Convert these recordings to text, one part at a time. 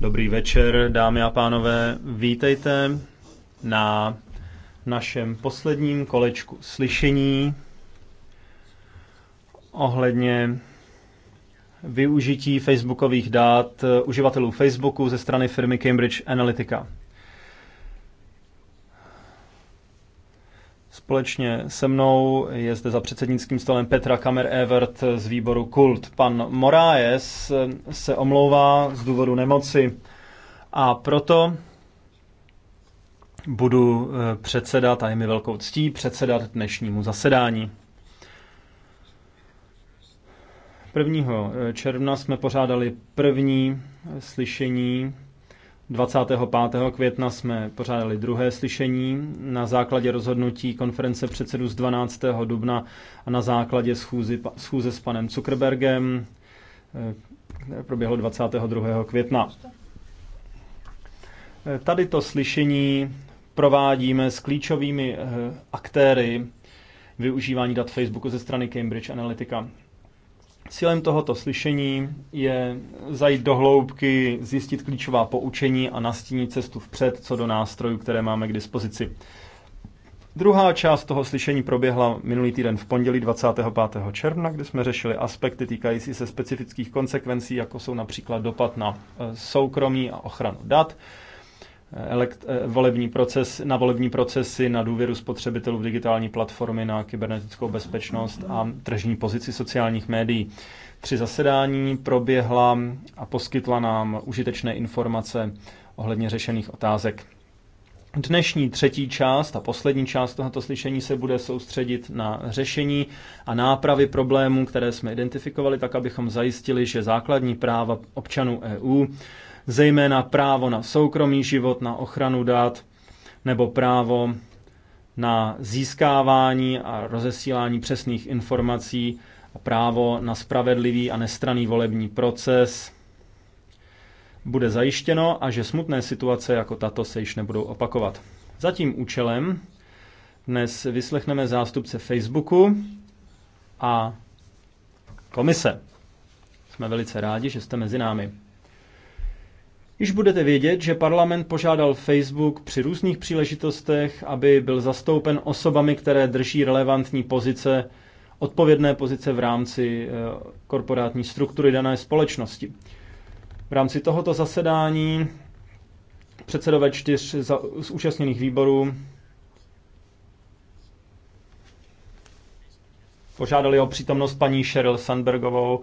Dobrý večer, dámy a pánové. Vítejte na našem posledním kolečku slyšení ohledně využití facebookových dát uživatelů Facebooku ze strany firmy Cambridge Analytica. Společně se mnou je zde za předsednickým stolem Petra Kamer Evert z výboru Kult. Pan Moraes se omlouvá z důvodu nemoci a proto budu eh, předsedat, a je mi velkou ctí, předsedat dnešnímu zasedání. 1. Eh, června jsme pořádali první slyšení 25. května jsme pořádali druhé slyšení na základě rozhodnutí konference předsedů z 12. dubna a na základě schůzi, schůze s panem Zuckerbergem, eh, které proběhlo 22. května. Eh, tady to slyšení provádíme s klíčovými eh, aktéry využívání dat Facebooku ze strany Cambridge Analytica. Cílem tohoto slyšení je zajít do hloubky, zjistit klíčová poučení a nastínit cestu vpřed co do nástrojů, které máme k dispozici. Druhá část toho slyšení proběhla minulý týden v pondělí 25. června, kde jsme řešili aspekty týkající se specifických konsekvencí, jako jsou například dopad na eh, soukromí a ochranu dat, elekt, eh, volební proces, na volební procesy, na důvěru spotřebitelů v digitální platformy, na kybernetickou bezpečnost a tržní pozici sociálních médií. Tři zasedání proběhla a poskytla nám užitečné informace ohledně řešených otázek. Dnešní třetí část a poslední část tohoto slyšení se bude soustředit na řešení a nápravy problémů, které jsme identifikovali, tak abychom zajistili, že základní práva občanů EU zejména právo na soukromý život, na ochranu dat nebo právo na získávání a rozesílání přesných informací a právo na spravedlivý a nestraný volební proces bude zajištěno a že smutné situace jako tato se již nebudou opakovat. Za tím účelem dnes vyslechneme zástupce Facebooku a komise. Jsme velice rádi, že jste mezi námi. Již budete vědět, že parlament požádal Facebook při různých příležitostech, aby byl zastoupen osobami, které drží relevantní pozice, odpovědné pozice v rámci eh, korporátní struktury dané společnosti. V rámci tohoto zasedání předsedové čtyř z účastněných výborů požádali o přítomnost paní Sheryl Sandbergovou,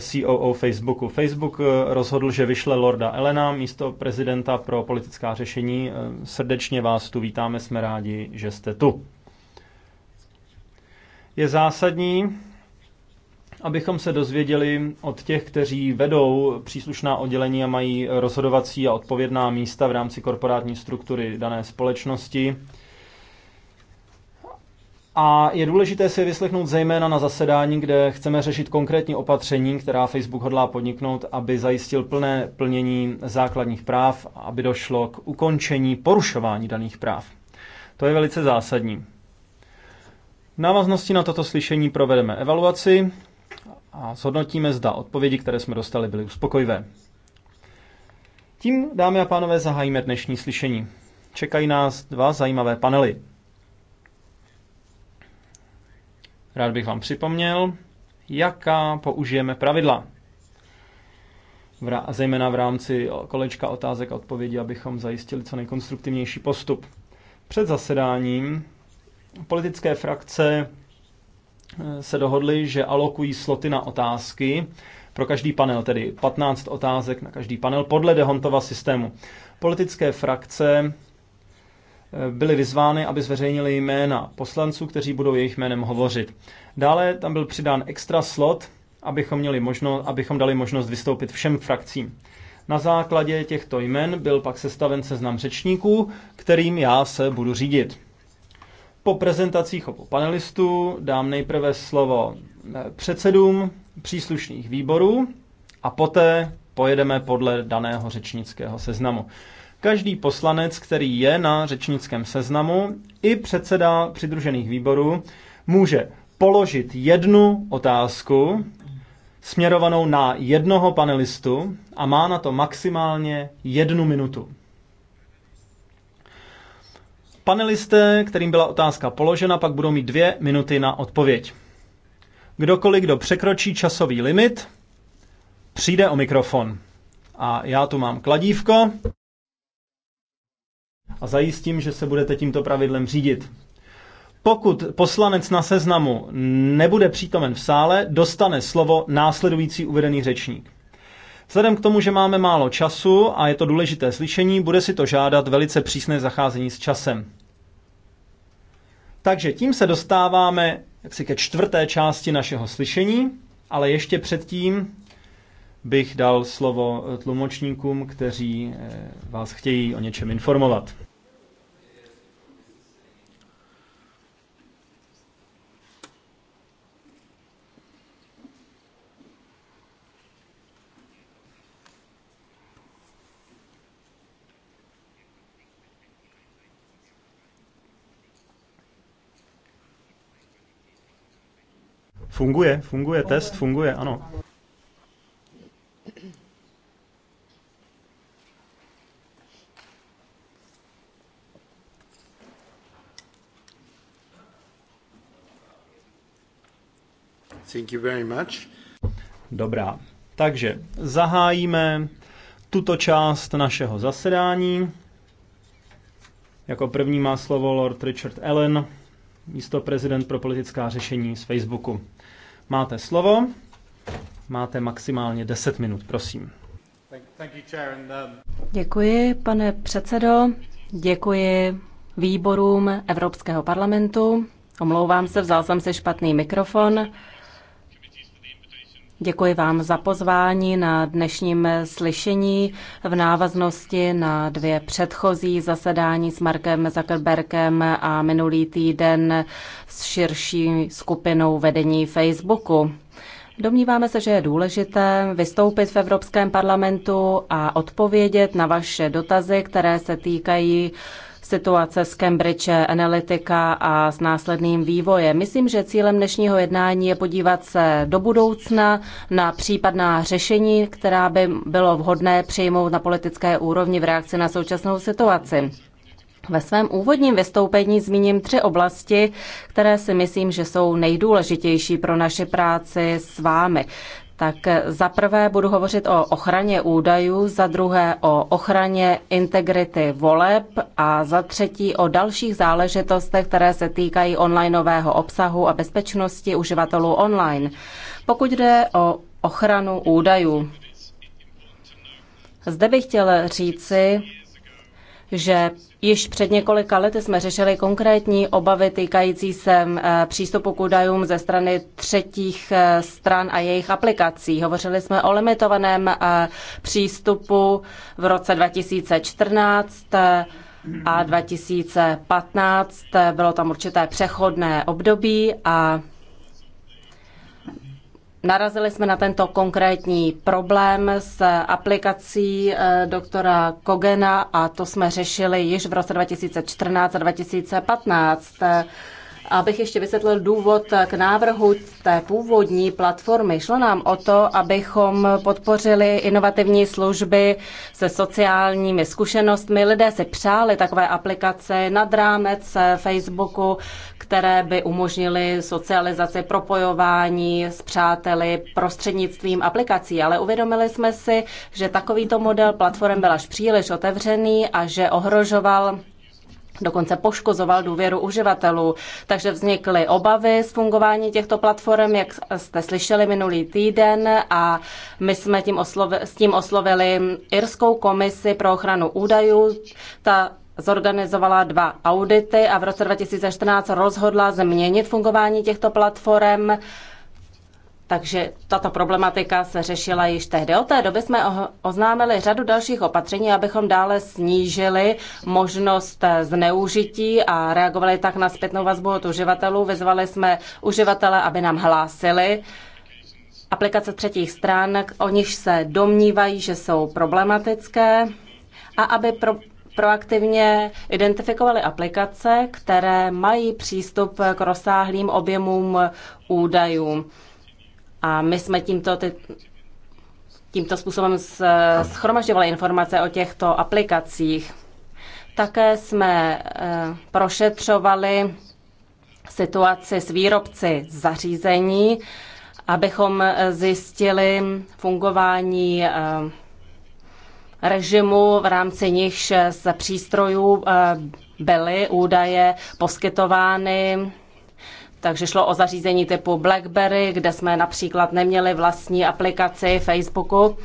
COO Facebooku. Facebook eh, rozhodl, že vyšle Lorda Elena, místo prezidenta pro politická řešení. Eh, srdečně vás tu vítáme, jsme rádi, že jste tu. Je zásadní, abychom se dozvěděli od těch, kteří vedou příslušná oddělení a mají rozhodovací a odpovědná místa v rámci korporátní struktury dané společnosti, a je důležité si vyslechnout zejména na zasedání, kde chceme řešit konkrétní opatření, která Facebook hodlá podniknout, aby zajistil plné plnění základních práv, aby došlo k ukončení porušování daných práv. To je velice zásadní. V návaznosti na toto slyšení provedeme evaluaci a zhodnotíme, zda odpovědi, které jsme dostali, byly uspokojivé. Tím, dámy a pánové, zahájíme dnešní slyšení. Čekají nás dva zajímavé panely. Rád bych vám připomněl, jaká použijeme pravidla. A zejména v rámci kolečka otázek a odpovědí, abychom zajistili co nejkonstruktivnější postup. Před zasedáním politické frakce eh, se dohodly, že alokují sloty na otázky pro každý panel, tedy 15 otázek na každý panel podle Dehontova systému. Politické frakce byly vyzvány, aby zveřejnili jména poslanců, kteří budou jejich jménem hovořit. Dále tam byl přidán extra slot, abychom, měli možno, abychom dali možnost vystoupit všem frakcím. Na základě těchto jmen byl pak sestaven seznam řečníků, kterým já se budu řídit. Po prezentacích obou panelistů dám nejprve slovo eh, předsedům příslušných výborů a poté pojedeme podle daného řečnického seznamu. Každý poslanec, který je na řečnickém seznamu i předseda přidružených výborů, může položit jednu otázku směrovanou na jednoho panelistu a má na to maximálně jednu minutu. Panelisté, kterým byla otázka položena, pak budou mít dvě minuty na odpověď. Kdokoliv, kdo překročí časový limit, přijde o mikrofon. A já tu mám kladívko a zajistím, že se budete tímto pravidlem řídit. Pokud poslanec na seznamu nebude přítomen v sále, dostane slovo následující uvedený řečník. Vzhledem k tomu, že máme málo času a je to důležité slyšení, bude si to žádat velice přísné zacházení s časem. Takže tím se dostáváme jaksi ke čtvrté části našeho slyšení, ale ještě předtím bych dal slovo tlumočníkům, kteří eh, vás chtějí o něčem informovat. Funguje, funguje, test funguje, ano. Thank you very much. Dobrá, takže zahájíme tuto část našeho zasedání. Jako první má slovo Lord Richard Allen, místo prezident pro politická řešení z Facebooku. Máte slovo. Máte maximálně 10 minut, prosím. Um, Děkuji, pane předsedo. Děkuji výborům Evropského parlamentu. Omlouvám se, vzal jsem si špatný mikrofon. Děkuji vám za pozvání na dnešním slyšení v návaznosti na dvě předchozí zasedání s Markem Zuckerbergem a minulý týden s širší skupinou vedení Facebooku. Domníváme se, že je důležité vystoupit v Evropském parlamentu a odpovědět na vaše dotazy, které se týkají situace z Cambridge Analytica a s následným vývojem. Myslím, že cílem dnešního jednání je podívat se do budoucna na případná řešení, která by bylo vhodné přijmout na politické úrovni v reakci na současnou situaci. Ve svém úvodním vystoupení zmíním tři oblasti, které si myslím, že jsou nejdůležitější pro naši práci s vámi. Tak za prvé budu hovořit o ochraně údajů, za druhé o ochraně integrity voleb a za třetí o dalších záležitostech, které se týkají onlineového obsahu a bezpečnosti uživatelů online. Pokud jde o ochranu údajů, zde bych chtěl říci, že Již před několika lety jsme řešili konkrétní obavy týkající se eh, přístupu k údajům ze strany třetích eh, stran a jejich aplikací. Hovořili jsme o limitovaném eh, přístupu v roce 2014 a 2015. Bylo tam určité přechodné období a Narazili jsme na tento konkrétní problém s aplikací eh, doktora Kogena a to jsme řešili již v roce 2014 a 2015. Abych ještě vysvětlil důvod k návrhu té původní platformy. Šlo nám o to, abychom podpořili inovativní služby se sociálními zkušenostmi. Lidé si přáli takové aplikace nad rámec Facebooku, které by umožnily socializaci, propojování s přáteli prostřednictvím aplikací. Ale uvědomili jsme si, že takovýto model platform byl až příliš otevřený a že ohrožoval dokonce poškozoval důvěru uživatelů. Takže vznikly obavy z fungování těchto platform, jak jste slyšeli minulý týden a my jsme tím oslovi, s tím oslovili Irskou komisi pro ochranu údajů. Ta zorganizovala dva audity a v roce 2014 rozhodla změnit fungování těchto platform takže tato problematika se řešila již tehdy. Od té doby jsme oznámili řadu dalších opatření, abychom dále snížili možnost zneužití a reagovali tak na zpětnou vazbu od uživatelů. Vyzvali jsme uživatele, aby nám hlásili aplikace třetích stran, o nich se domnívají, že jsou problematické a aby pro, proaktivně identifikovali aplikace, které mají přístup k rozsáhlým objemům údajů. A my jsme tímto, ty, tímto způsobem schromažďovali informace o těchto aplikacích. Také jsme eh, prošetřovali situaci s výrobci zařízení, abychom eh, zjistili fungování eh, režimu, v rámci nichž z přístrojů byly údaje poskytovány takže šlo o zařízení typu BlackBerry, kde jsme například neměli vlastní aplikaci Facebooku.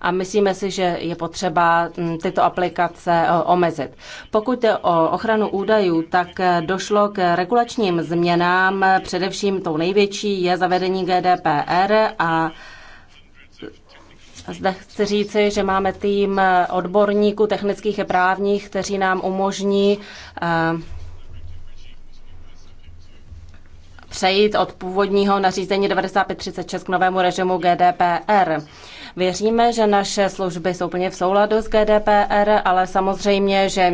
A myslíme si, že je potřeba mm, tyto aplikace e, omezit. Pokud je o ochranu údajů, tak e, došlo k regulačním změnám. Především tou největší je zavedení GDPR a zde chci říci, že máme tým odborníků, technických a právních, kteří nám umožní e, přejít od původního nařízení 9536 k novému režimu GDPR. Věříme, že naše služby jsou plně v souladu s GDPR, ale samozřejmě, že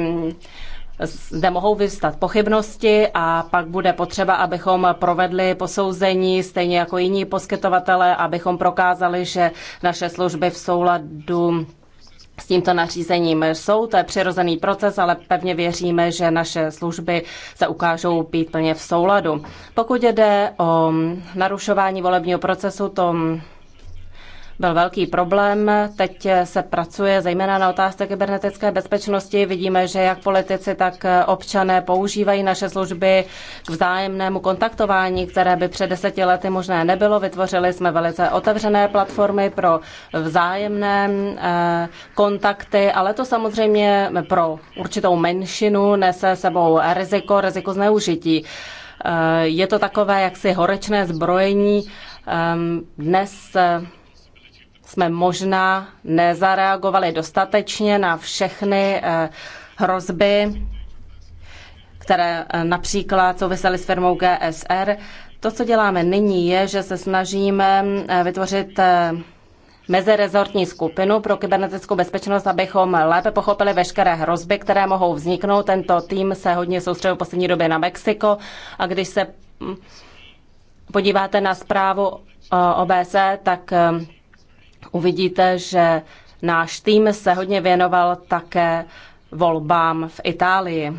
zde mohou vyvstat pochybnosti a pak bude potřeba, abychom provedli posouzení stejně jako jiní poskytovatele, abychom prokázali, že naše služby v souladu s tímto nařízením jsou. To je přirozený proces, ale pevně věříme, že naše služby se ukážou být plně v souladu. Pokud jde o narušování volebního procesu, to byl velký problém. Teď se pracuje zejména na otázce kybernetické bezpečnosti. Vidíme, že jak politici, tak občané používají naše služby k vzájemnému kontaktování, které by před deseti lety možné nebylo. Vytvořili jsme velice otevřené platformy pro vzájemné eh, kontakty, ale to samozřejmě pro určitou menšinu nese sebou riziko, riziko zneužití. Eh, je to takové jaksi horečné zbrojení. Ehm, dnes eh, jsme možná nezareagovali dostatečně na všechny eh, hrozby, které eh, například souvisely s firmou GSR. To, co děláme nyní, je, že se snažíme eh, vytvořit mezirezortní skupinu pro kybernetickou bezpečnost, abychom lépe pochopili veškeré hrozby, které mohou vzniknout. Tento tým se hodně soustředil v poslední době na Mexiko a když se hm, podíváte na zprávu OBS, tak uvidíte, že náš tým se hodně věnoval také volbám v Itálii.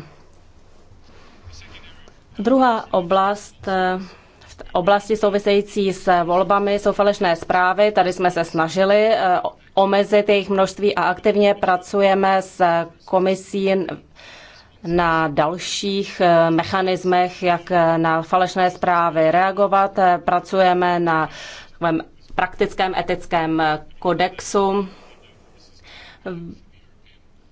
Druhá oblast eh, v oblasti související s volbami jsou falešné zprávy. Tady jsme se snažili eh, omezit jejich množství a aktivně pracujeme s komisí na dalších eh, mechanismech, jak na falešné zprávy reagovat. Pracujeme na praktickém etickém kodexu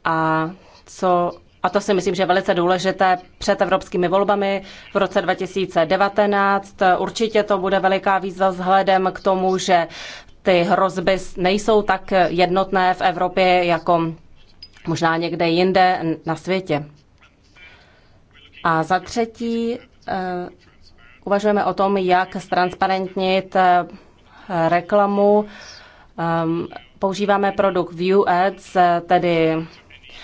a co a to si myslím, že je velice důležité před evropskými volbami v roce 2019. Určitě to bude veliká výzva vzhledem k tomu, že ty hrozby nejsou tak jednotné v Evropě jako možná někde jinde na světě. A za třetí eh, uvažujeme o tom, jak transparentnit eh, reklamu. Ehm, používáme produkt View Ads, tedy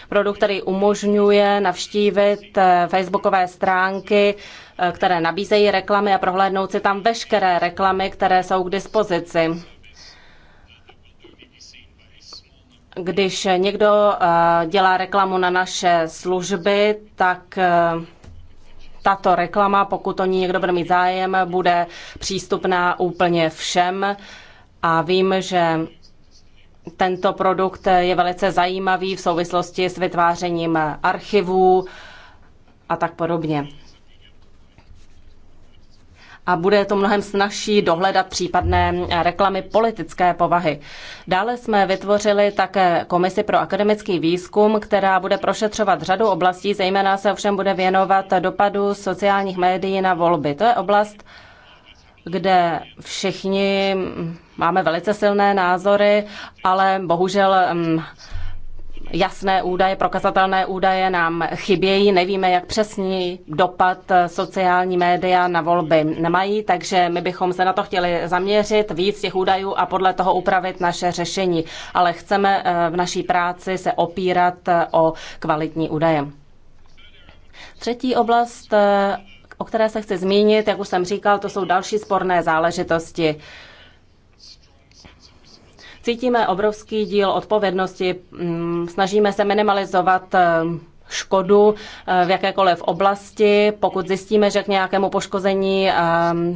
produkt, který umožňuje navštívit eh, facebookové stránky, eh, které nabízejí reklamy a prohlédnout si tam veškeré reklamy, které jsou k dispozici. Když někdo eh, dělá reklamu na naše služby, tak tato reklama, pokud o ní někdo bude mít zájem, bude přístupná úplně všem. A vím, že tento produkt je velice zajímavý v souvislosti s vytvářením archivů a tak podobně a bude to mnohem snažší dohledat případné eh, reklamy politické povahy. Dále jsme vytvořili také komisi pro akademický výzkum, která bude prošetřovat řadu oblastí, zejména se ovšem bude věnovat dopadu sociálních médií na volby. To je oblast, kde všichni mm, máme velice silné názory, ale bohužel mm, jasné údaje, prokazatelné údaje nám chybějí, nevíme, jak přesně dopad sociální média na volby nemají, takže my bychom se na to chtěli zaměřit, víc těch údajů a podle toho upravit naše řešení. Ale chceme eh, v naší práci se opírat eh, o kvalitní údaje. Třetí oblast, eh, o které se chci zmínit, jak už jsem říkal, to jsou další sporné záležitosti. Cítíme obrovský díl odpovědnosti, mm, snažíme se minimalizovat eh, škodu eh, v jakékoliv oblasti. Pokud zjistíme, že k nějakému poškození eh,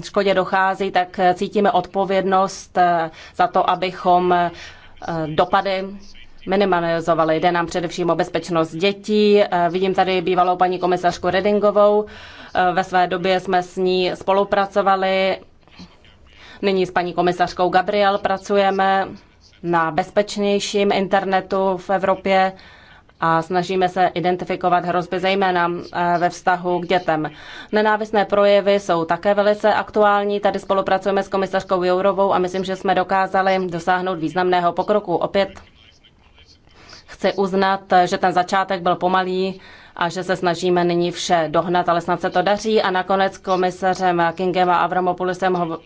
škodě dochází, tak cítíme odpovědnost za to, abychom dopady minimalizovali. Jde nám především o bezpečnost dětí. Vidím tady bývalou paní komisařku Redingovou. Ve své době jsme s ní spolupracovali. Nyní s paní komisařkou Gabriel pracujeme na bezpečnějším internetu v Evropě a snažíme se identifikovat hrozby zejména eh, ve vztahu k dětem. Nenávisné projevy jsou také velice aktuální. Tady spolupracujeme s komisařkou Jourovou a myslím, že jsme dokázali dosáhnout významného pokroku. Opět chci uznat, že ten začátek byl pomalý, a že se snažíme nyní vše dohnat, ale snad se to daří. A nakonec s komisařem Kingem a Avramopoulosem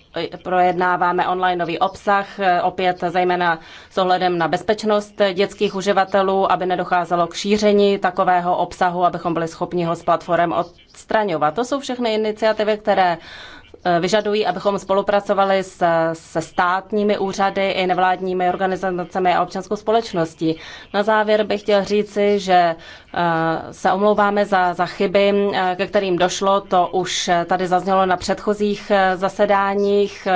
projednáváme online nový obsah, opět zejména s ohledem na bezpečnost dětských uživatelů, aby nedocházelo k šíření takového obsahu, abychom byli schopni ho s platformem odstraňovat. To jsou všechny iniciativy, které Eh, vyžadují, abychom spolupracovali se, se státními úřady i nevládními organizacemi a občanskou společností. Na závěr bych chtěl říci, že eh, se omlouváme za, za chyby, eh, ke kterým došlo. To už tady zaznělo na předchozích zasedáních.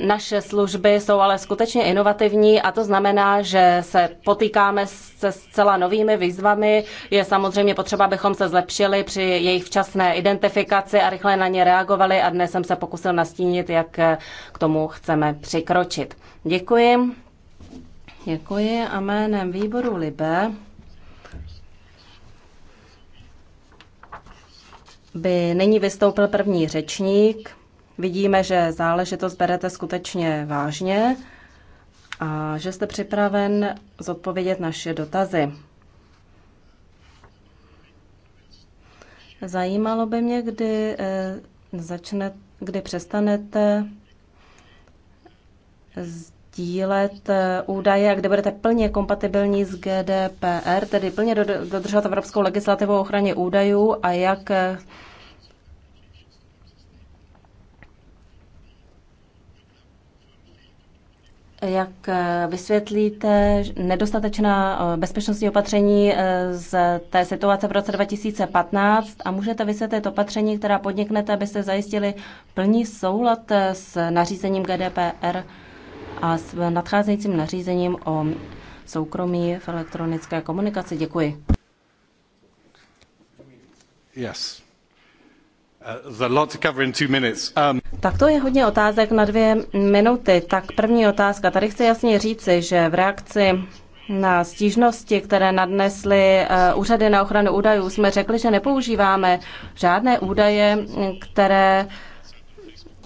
Naše služby jsou ale skutečně inovativní a to znamená, že se potýkáme se zcela novými výzvami. Je samozřejmě potřeba, abychom se zlepšili při jejich včasné identifikaci a rychle na ně reagovali a dnes jsem se pokusil nastínit, jak k tomu chceme přikročit. Děkuji. Děkuji a jménem výboru Libe by nyní vystoupil první řečník, Vidíme, že záležitost berete skutečně vážně a že jste připraven zodpovědět naše dotazy. Zajímalo by mě, kdy, eh, začne, kdy přestanete sdílet eh, údaje kde budete plně kompatibilní s GDPR, tedy plně dodržovat evropskou legislativu o ochraně údajů a jak eh, Jak eh, vysvětlíte nedostatečná eh, bezpečnostní opatření eh, z té situace v roce 2015 a můžete vysvětlit opatření, která podniknete, abyste zajistili plný soulad s nařízením GDPR a s nadcházejícím nařízením o soukromí v elektronické komunikaci? Děkuji. Yes. Um, tak to je hodně otázek na dvě minuty. Tak první otázka. Tady chci jasně říci, že v reakci na stížnosti, které nadnesly eh, úřady na ochranu údajů, jsme řekli, že nepoužíváme žádné údaje, které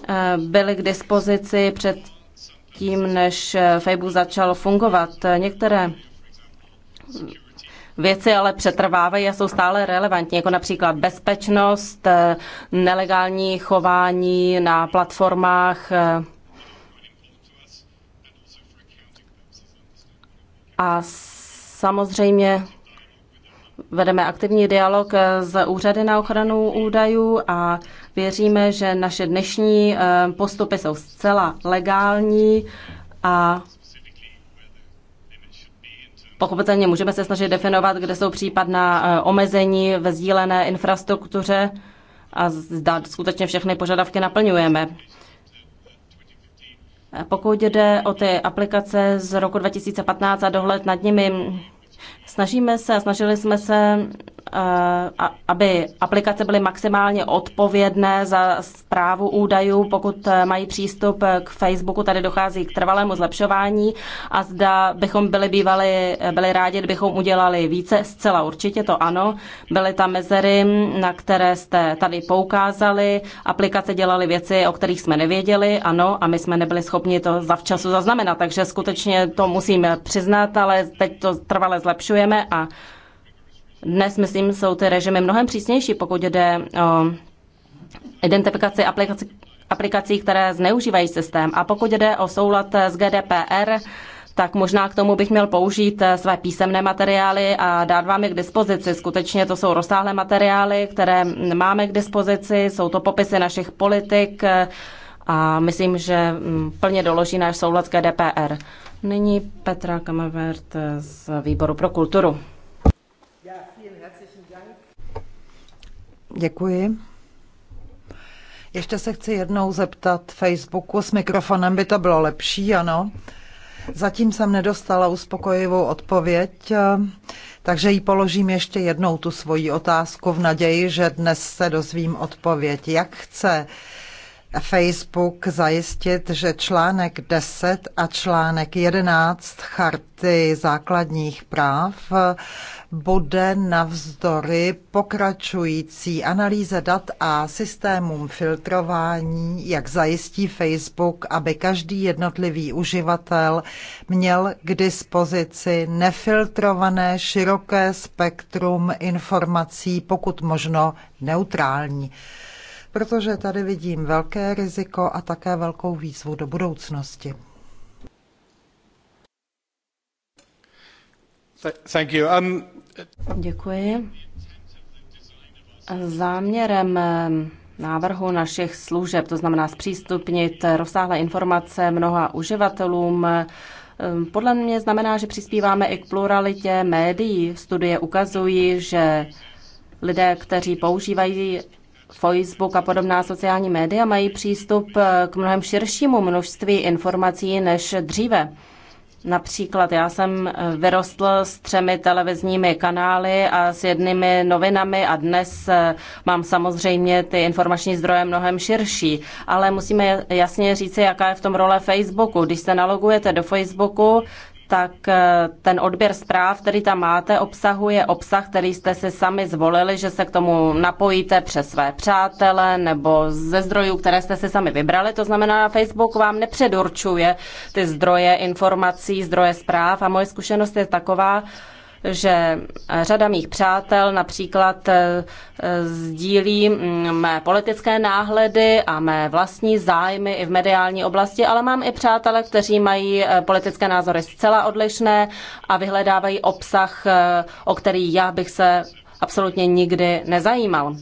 eh, byly k dispozici před tím, než eh, Facebook začal fungovat. Některé věci ale přetrvávají a jsou stále relevantní, jako například bezpečnost, eh, nelegální chování na platformách eh, a samozřejmě vedeme aktivní dialog eh, s úřady na ochranu údajů a věříme, že naše dnešní postupy jsou zcela legální a Pochopitelně můžeme se snažit definovat, kde jsou případná eh, omezení ve sdílené infrastruktuře a zda skutečně všechny požadavky naplňujeme. Eh, pokud jde o ty aplikace z roku 2015 a dohled nad nimi, snažíme se, snažili jsme se aby aplikace byly maximálně odpovědné za zprávu údajů, pokud eh, mají přístup k Facebooku, tady dochází k trvalému zlepšování a zda bychom byli bývali, eh, byli rádi, kdybychom udělali více, zcela určitě to ano. Byly tam mezery, na které jste tady poukázali, aplikace dělaly věci, o kterých jsme nevěděli, ano, a my jsme nebyli schopni to zavčasu zaznamenat, takže skutečně to musíme přiznat, ale teď to trvale zlepšujeme a dnes, myslím, jsou ty režimy mnohem přísnější, pokud jde o identifikaci aplikací, aplikací, které zneužívají systém. A pokud jde o soulad s GDPR, tak možná k tomu bych měl použít eh, své písemné materiály a dát vám je k dispozici. Skutečně to jsou rozsáhlé materiály, které máme k dispozici, jsou to popisy našich politik eh, a myslím, že mm, plně doloží náš soulad s GDPR. Nyní Petra Kamavert eh, z Výboru pro kulturu. Děkuji. Ještě se chci jednou zeptat Facebooku, s mikrofonem by to bylo lepší, ano. Zatím jsem nedostala uspokojivou odpověď, takže ji položím ještě jednou tu svoji otázku v naději, že dnes se dozvím odpověď. Jak chce Facebook zajistit, že článek 10 a článek 11 Charty základních práv bude navzdory pokračující analýze dat a systémům filtrování, jak zajistí Facebook, aby každý jednotlivý uživatel měl k dispozici nefiltrované široké spektrum informací, pokud možno neutrální. Protože tady vidím velké riziko a také velkou výzvu do budoucnosti. Thank you. Um... Děkuji. Záměrem eh, návrhu našich služeb, to znamená zpřístupnit rozsáhlé informace mnoha uživatelům, eh, podle mě znamená, že přispíváme i k pluralitě médií. Studie ukazují, že lidé, kteří používají Facebook a podobná sociální média, mají přístup eh, k mnohem širšímu množství informací než dříve. Například já jsem eh, vyrostl s třemi televizními kanály a s jednými novinami a dnes eh, mám samozřejmě ty informační zdroje mnohem širší, ale musíme jasně říci, jaká je v tom role Facebooku. Když se nalogujete do Facebooku, tak eh, ten odběr zpráv, který tam máte, obsahuje obsah, který jste si sami zvolili, že se k tomu napojíte přes své přátele nebo ze zdrojů, které jste si sami vybrali. To znamená, Facebook vám nepředurčuje ty zdroje informací, zdroje zpráv a moje zkušenost je taková, že řada mých přátel například eh, sdílí mm, mé politické náhledy a mé vlastní zájmy i v mediální oblasti, ale mám i přátele, kteří mají eh, politické názory zcela odlišné a vyhledávají obsah, eh, o který já bych se absolutně nikdy nezajímal.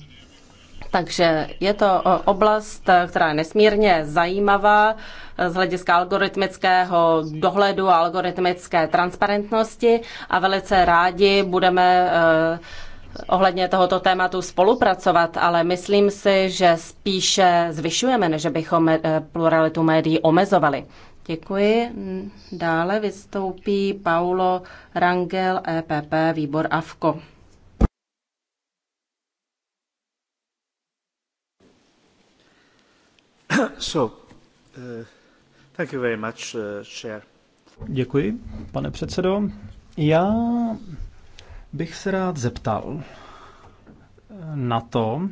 Takže je to oblast, která je nesmírně zajímavá z hlediska algoritmického dohledu a algoritmické transparentnosti a velice rádi budeme eh, ohledně tohoto tématu spolupracovat, ale myslím si, že spíše zvyšujeme, než bychom eh, pluralitu médií omezovali. Děkuji. Dále vystoupí Paulo Rangel, EPP, výbor AFKO. Uh, uh, Děkuji, pane předsedo. Já bych se rád zeptal uh, na to,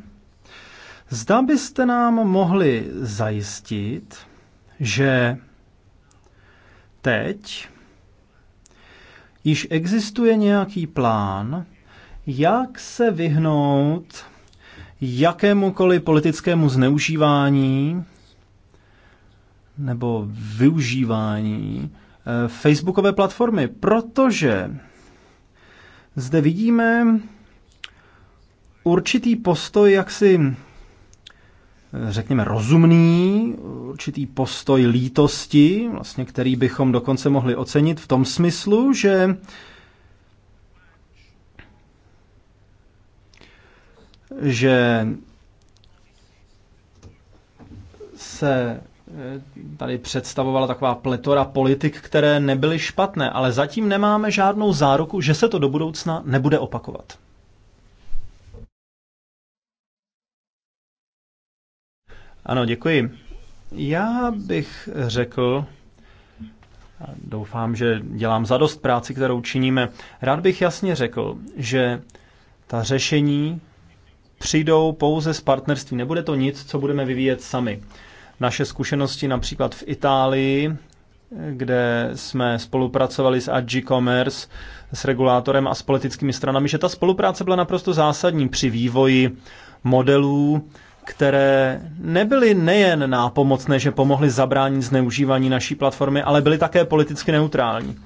zda byste nám mohli zajistit, že teď již existuje nějaký plán, jak se vyhnout jakémukoliv politickému zneužívání nebo využívání eh, Facebookové platformy, protože zde vidíme určitý postoj jaksi eh, řekněme, rozumný, určitý postoj lítosti, vlastně, který bychom dokonce mohli ocenit v tom smyslu, že že se Eh, tady představovala taková pletora politik, které nebyly špatné, ale zatím nemáme žádnou záruku, že se to do budoucna nebude opakovat. Ano, děkuji. Já bych řekl, doufám, že dělám za dost práci, kterou činíme, rád bych jasně řekl, že ta řešení přijdou pouze z partnerství. Nebude to nic, co budeme vyvíjet sami. Naše zkušenosti například v Itálii, kde jsme spolupracovali s AG Commerce, s regulátorem a s politickými stranami, že ta spolupráce byla naprosto zásadní při vývoji modelů, které nebyly nejen nápomocné, že pomohly zabránit zneužívání naší platformy, ale byly také politicky neutrální.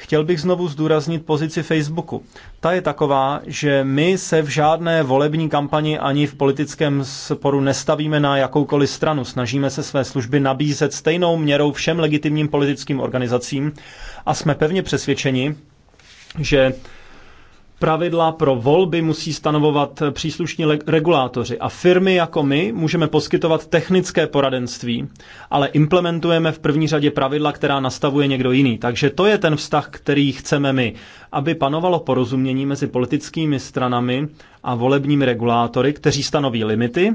Chtěl bych znovu zdůraznit pozici Facebooku. Ta je taková, že my se v žádné volební kampani ani v politickém sporu nestavíme na jakoukoliv stranu. Snažíme se své služby nabízet stejnou měrou všem legitimním politickým organizacím a jsme pevně přesvědčeni, že Pravidla pro volby musí stanovovat příslušní regulátoři a firmy jako my můžeme poskytovat technické poradenství, ale implementujeme v první řadě pravidla, která nastavuje někdo jiný. Takže to je ten vztah, který chceme my, aby panovalo porozumění mezi politickými stranami a volebními regulátory, kteří stanoví limity,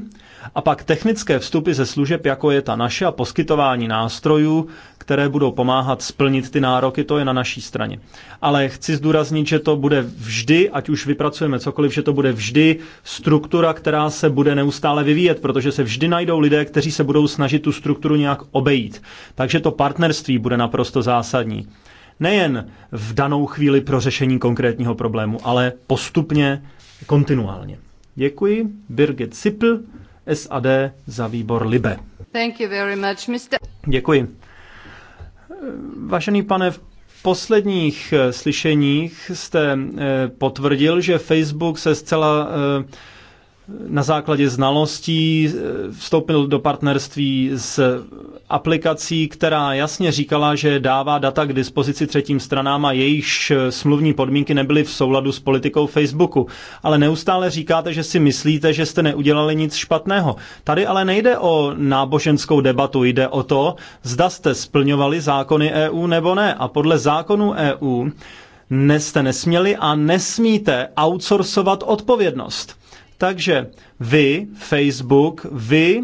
a pak technické vstupy ze služeb, jako je ta naše, a poskytování nástrojů, které budou pomáhat splnit ty nároky, to je na naší straně. Ale chci zdůraznit, že to bude vždy, ať už vypracujeme cokoliv, že to bude vždy struktura, která se bude neustále vyvíjet, protože se vždy najdou lidé, kteří se budou snažit tu strukturu nějak obejít. Takže to partnerství bude naprosto zásadní. Nejen v danou chvíli pro řešení konkrétního problému, ale postupně kontinuálně. Děkuji. Birgit Sipl, SAD za výbor Libe. Thank you very much, Mr. Děkuji. Vážený pane, v posledních eh, slyšeních jste eh, potvrdil, že Facebook se zcela eh, na základě znalostí eh, vstoupil do partnerství s aplikací, která jasně říkala, že dává data k dispozici třetím stranám a jejichž eh, smluvní podmínky nebyly v souladu s politikou Facebooku. Ale neustále říkáte, že si myslíte, že jste neudělali nic špatného. Tady ale nejde o náboženskou debatu, jde o to, zda jste splňovali zákony EU nebo ne. A podle zákonů EU jste nesměli a nesmíte outsourcovat odpovědnost. Takže vy, Facebook, vy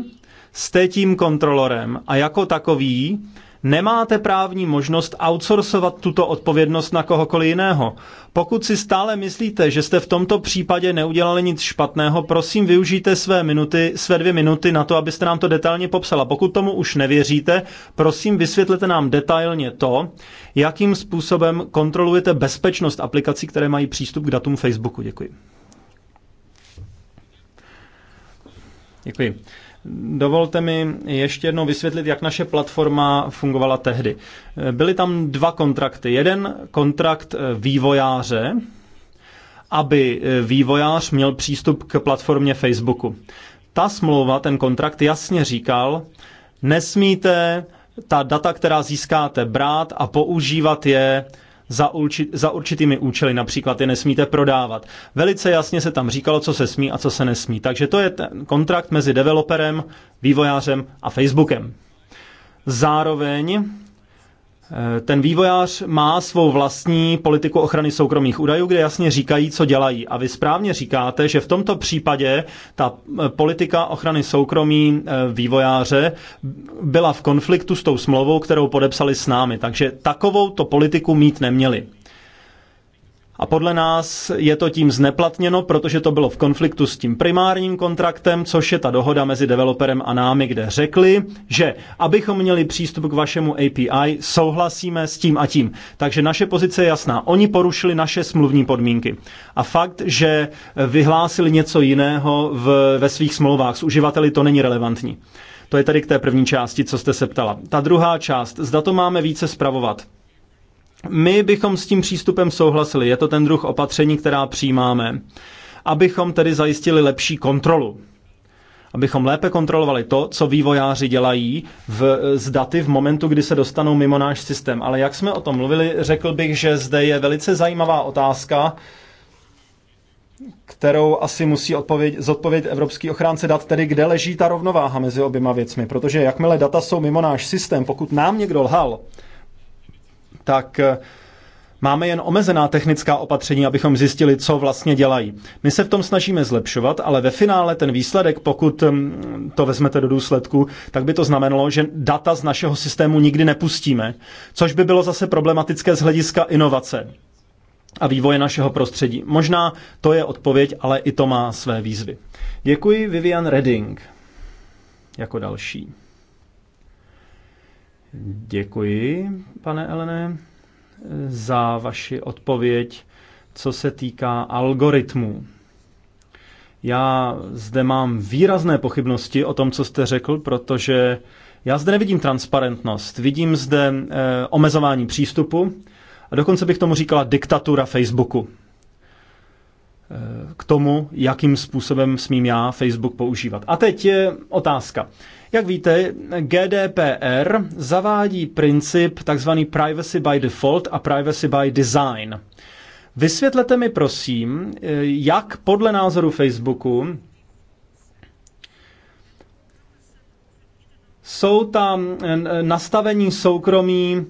jste tím kontrolorem a jako takový nemáte právní možnost outsourcovat tuto odpovědnost na kohokoliv jiného. Pokud si stále myslíte, že jste v tomto případě neudělali nic špatného, prosím využijte své, minuty, své dvě minuty na to, abyste nám to detailně popsala. Pokud tomu už nevěříte, prosím vysvětlete nám detailně to, jakým způsobem kontrolujete bezpečnost aplikací, které mají přístup k datům Facebooku. Děkuji. Děkuji. Dovolte mi ještě jednou vysvětlit, jak naše platforma fungovala tehdy. Byly tam dva kontrakty. Jeden kontrakt eh, vývojáře, aby eh, vývojář měl přístup k platformě Facebooku. Ta smlouva, ten kontrakt jasně říkal, nesmíte ta data, která získáte, brát a používat je za, určit, za určitými účely, například je nesmíte prodávat. Velice jasně se tam říkalo, co se smí a co se nesmí. Takže to je ten kontrakt mezi developerem, vývojářem a Facebookem. Zároveň Eh, ten vývojář má svou vlastní politiku ochrany soukromých údajů, kde jasně říkají, co dělají. A vy správně říkáte, že v tomto případě ta eh, politika ochrany soukromí eh, vývojáře byla v konfliktu s tou smlouvou, kterou podepsali s námi. Takže takovou to politiku mít neměli. A podle nás je to tím zneplatněno, protože to bylo v konfliktu s tím primárním kontraktem, což je ta dohoda mezi developerem a námi, kde řekli, že abychom měli přístup k vašemu API, souhlasíme s tím a tím. Takže naše pozice je jasná. Oni porušili naše smluvní podmínky. A fakt, že vyhlásili něco jiného v, ve svých smlouvách s uživateli, to není relevantní. To je tady k té první části, co jste se ptala. Ta druhá část, zda to máme více spravovat. My bychom s tím přístupem souhlasili, je to ten druh opatření, která přijímáme, abychom tedy zajistili lepší kontrolu. Abychom lépe kontrolovali to, co vývojáři dělají v, z daty v momentu, kdy se dostanou mimo náš systém. Ale jak jsme o tom mluvili, řekl bych, že zde je velice zajímavá otázka, kterou asi musí odpověď, zodpovědět Evropský ochránce dat, tedy kde leží ta rovnováha mezi oběma věcmi. Protože jakmile data jsou mimo náš systém, pokud nám někdo lhal, tak eh, Máme jen omezená technická opatření, abychom zjistili, co vlastně dělají. My se v tom snažíme zlepšovat, ale ve finále ten výsledek, pokud mm, to vezmete do důsledku, tak by to znamenalo, že data z našeho systému nikdy nepustíme, což by bylo zase problematické z hlediska inovace a vývoje našeho prostředí. Možná to je odpověď, ale i to má své výzvy. Děkuji Vivian Redding jako další. Děkuji, pane Elene, za vaši odpověď, co se týká algoritmů. Já zde mám výrazné pochybnosti o tom, co jste řekl, protože já zde nevidím transparentnost, vidím zde e, omezování přístupu a dokonce bych tomu říkala diktatura Facebooku. E, k tomu, jakým způsobem smím já Facebook používat. A teď je otázka. Jak víte, GDPR zavádí princip tzv. privacy by default a privacy by design. Vysvětlete mi prosím, jak podle názoru Facebooku jsou tam nastavení soukromí,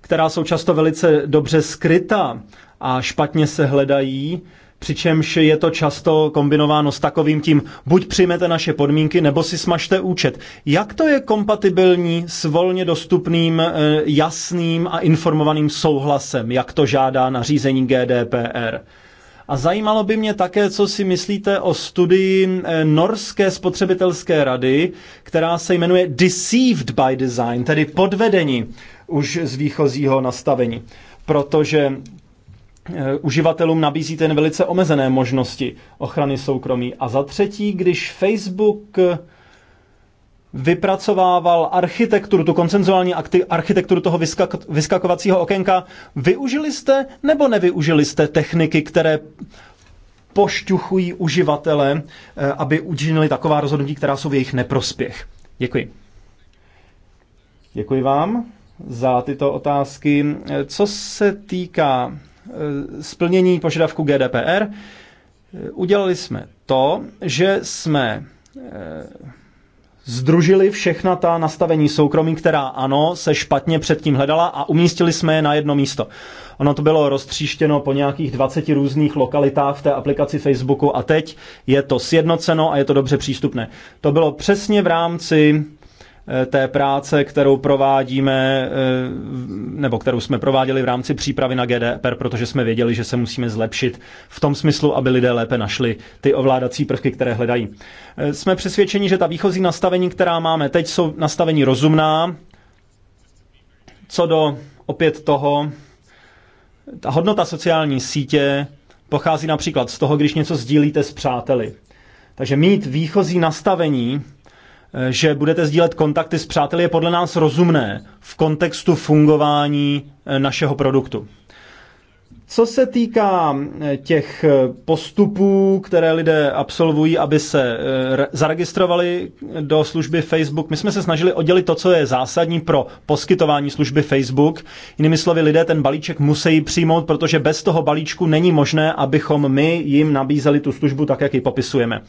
která jsou často velice dobře skryta a špatně se hledají, přičemž je to často kombinováno s takovým tím, buď přijmete naše podmínky, nebo si smažte účet. Jak to je kompatibilní s volně dostupným, eh, jasným a informovaným souhlasem, jak to žádá nařízení GDPR? A zajímalo by mě také, co si myslíte o studii eh, Norské spotřebitelské rady, která se jmenuje Deceived by Design, tedy podvedení už z výchozího nastavení. Protože Eh, uživatelům nabízíte jen velice omezené možnosti ochrany soukromí. A za třetí, když Facebook eh, vypracovával architekturu, tu koncenzuální architekturu toho vyskak- vyskakovacího okénka, využili jste nebo nevyužili jste techniky, které pošťuchují uživatele, eh, aby učinili taková rozhodnutí, která jsou v jejich neprospěch? Děkuji. Děkuji vám za tyto otázky. Co se týká Eh, splnění požadavku GDPR, eh, udělali jsme to, že jsme eh, združili všechna ta nastavení soukromí, která ano, se špatně předtím hledala a umístili jsme je na jedno místo. Ono to bylo roztříštěno po nějakých 20 různých lokalitách v té aplikaci Facebooku a teď je to sjednoceno a je to dobře přístupné. To bylo přesně v rámci Eh, té práce, kterou provádíme, eh, nebo kterou jsme prováděli v rámci přípravy na GDPR, protože jsme věděli, že se musíme zlepšit v tom smyslu, aby lidé lépe našli ty ovládací prvky, které hledají. Eh, jsme přesvědčeni, že ta výchozí nastavení, která máme teď, jsou nastavení rozumná, co do opět toho, ta hodnota sociální sítě pochází například z toho, když něco sdílíte s přáteli. Takže mít výchozí nastavení, Eh, že budete sdílet kontakty s přáteli, je podle nás rozumné v kontextu fungování eh, našeho produktu. Co se týká eh, těch postupů, které lidé absolvují, aby se zaregistrovali do služby Facebook, my jsme se snažili oddělit to, co je zásadní pro poskytování služby Facebook. Jinými slovy, lidé ten balíček musí přijmout, protože bez toho balíčku není možné, abychom my jim nabízeli tu službu tak, jak ji popisujeme.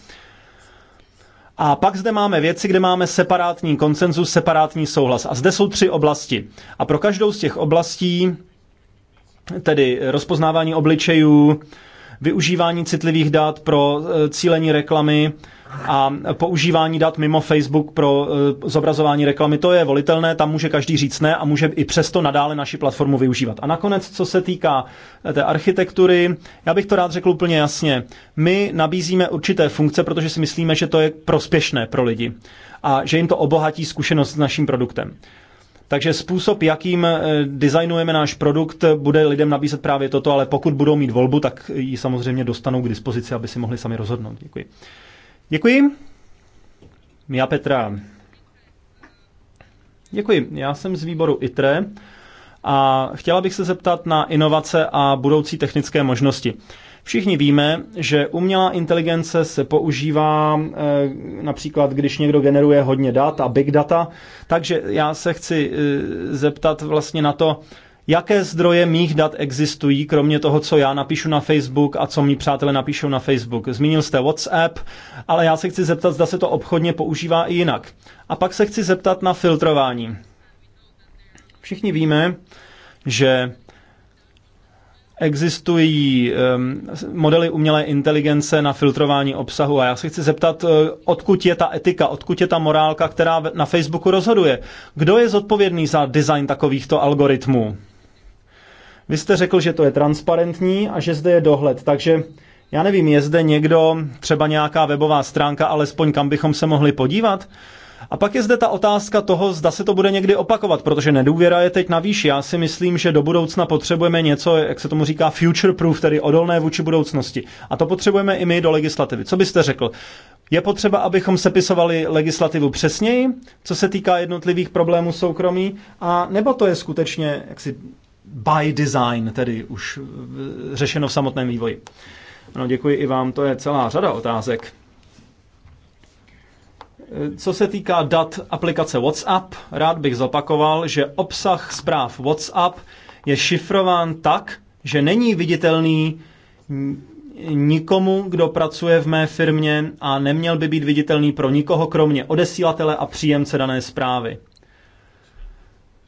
A pak zde máme věci, kde máme separátní konsenzus, separátní souhlas. A zde jsou tři oblasti. A pro každou z těch oblastí, tedy rozpoznávání obličejů, využívání citlivých dat pro e, cílení reklamy a používání dat mimo Facebook pro e, zobrazování reklamy, to je volitelné, tam může každý říct ne a může i přesto nadále naši platformu využívat. A nakonec, co se týká e, té architektury, já bych to rád řekl úplně jasně. My nabízíme určité funkce, protože si myslíme, že to je prospěšné pro lidi a že jim to obohatí zkušenost s naším produktem. Takže způsob, jakým eh, designujeme náš produkt, bude lidem nabízet právě toto, ale pokud budou mít volbu, tak ji samozřejmě dostanou k dispozici, aby si mohli sami rozhodnout. Děkuji. Děkuji. Mia Petra. Děkuji. Já jsem z výboru ITRE a chtěla bych se zeptat na inovace a budoucí technické možnosti. Všichni víme, že umělá inteligence se používá eh, například, když někdo generuje hodně dat a big data, takže já se chci eh, zeptat vlastně na to, jaké zdroje mých dat existují, kromě toho, co já napíšu na Facebook a co mý přátelé napíšou na Facebook. Zmínil jste WhatsApp, ale já se chci zeptat, zda se to obchodně používá i jinak. A pak se chci zeptat na filtrování. Všichni víme, že Existují ehm, modely umělé inteligence na filtrování obsahu a já se chci zeptat, eh, odkud je ta etika, odkud je ta morálka, která na Facebooku rozhoduje. Kdo je zodpovědný za design takovýchto algoritmů? Vy jste řekl, že to je transparentní a že zde je dohled, takže já nevím, je zde někdo, třeba nějaká webová stránka, alespoň kam bychom se mohli podívat? A pak je zde ta otázka toho, zda se to bude někdy opakovat, protože nedůvěra je teď na výši. Já si myslím, že do budoucna potřebujeme něco, jak se tomu říká, future proof, tedy odolné vůči budoucnosti. A to potřebujeme i my do legislativy. Co byste řekl? Je potřeba, abychom sepisovali legislativu přesněji, co se týká jednotlivých problémů soukromí, a nebo to je skutečně jaksi by design, tedy už řešeno v samotném vývoji? Ano, děkuji i vám, to je celá řada otázek. Co se týká dat aplikace WhatsApp, rád bych zopakoval, že obsah zpráv WhatsApp je šifrován tak, že není viditelný nikomu, kdo pracuje v mé firmě a neměl by být viditelný pro nikoho, kromě odesílatele a příjemce dané zprávy.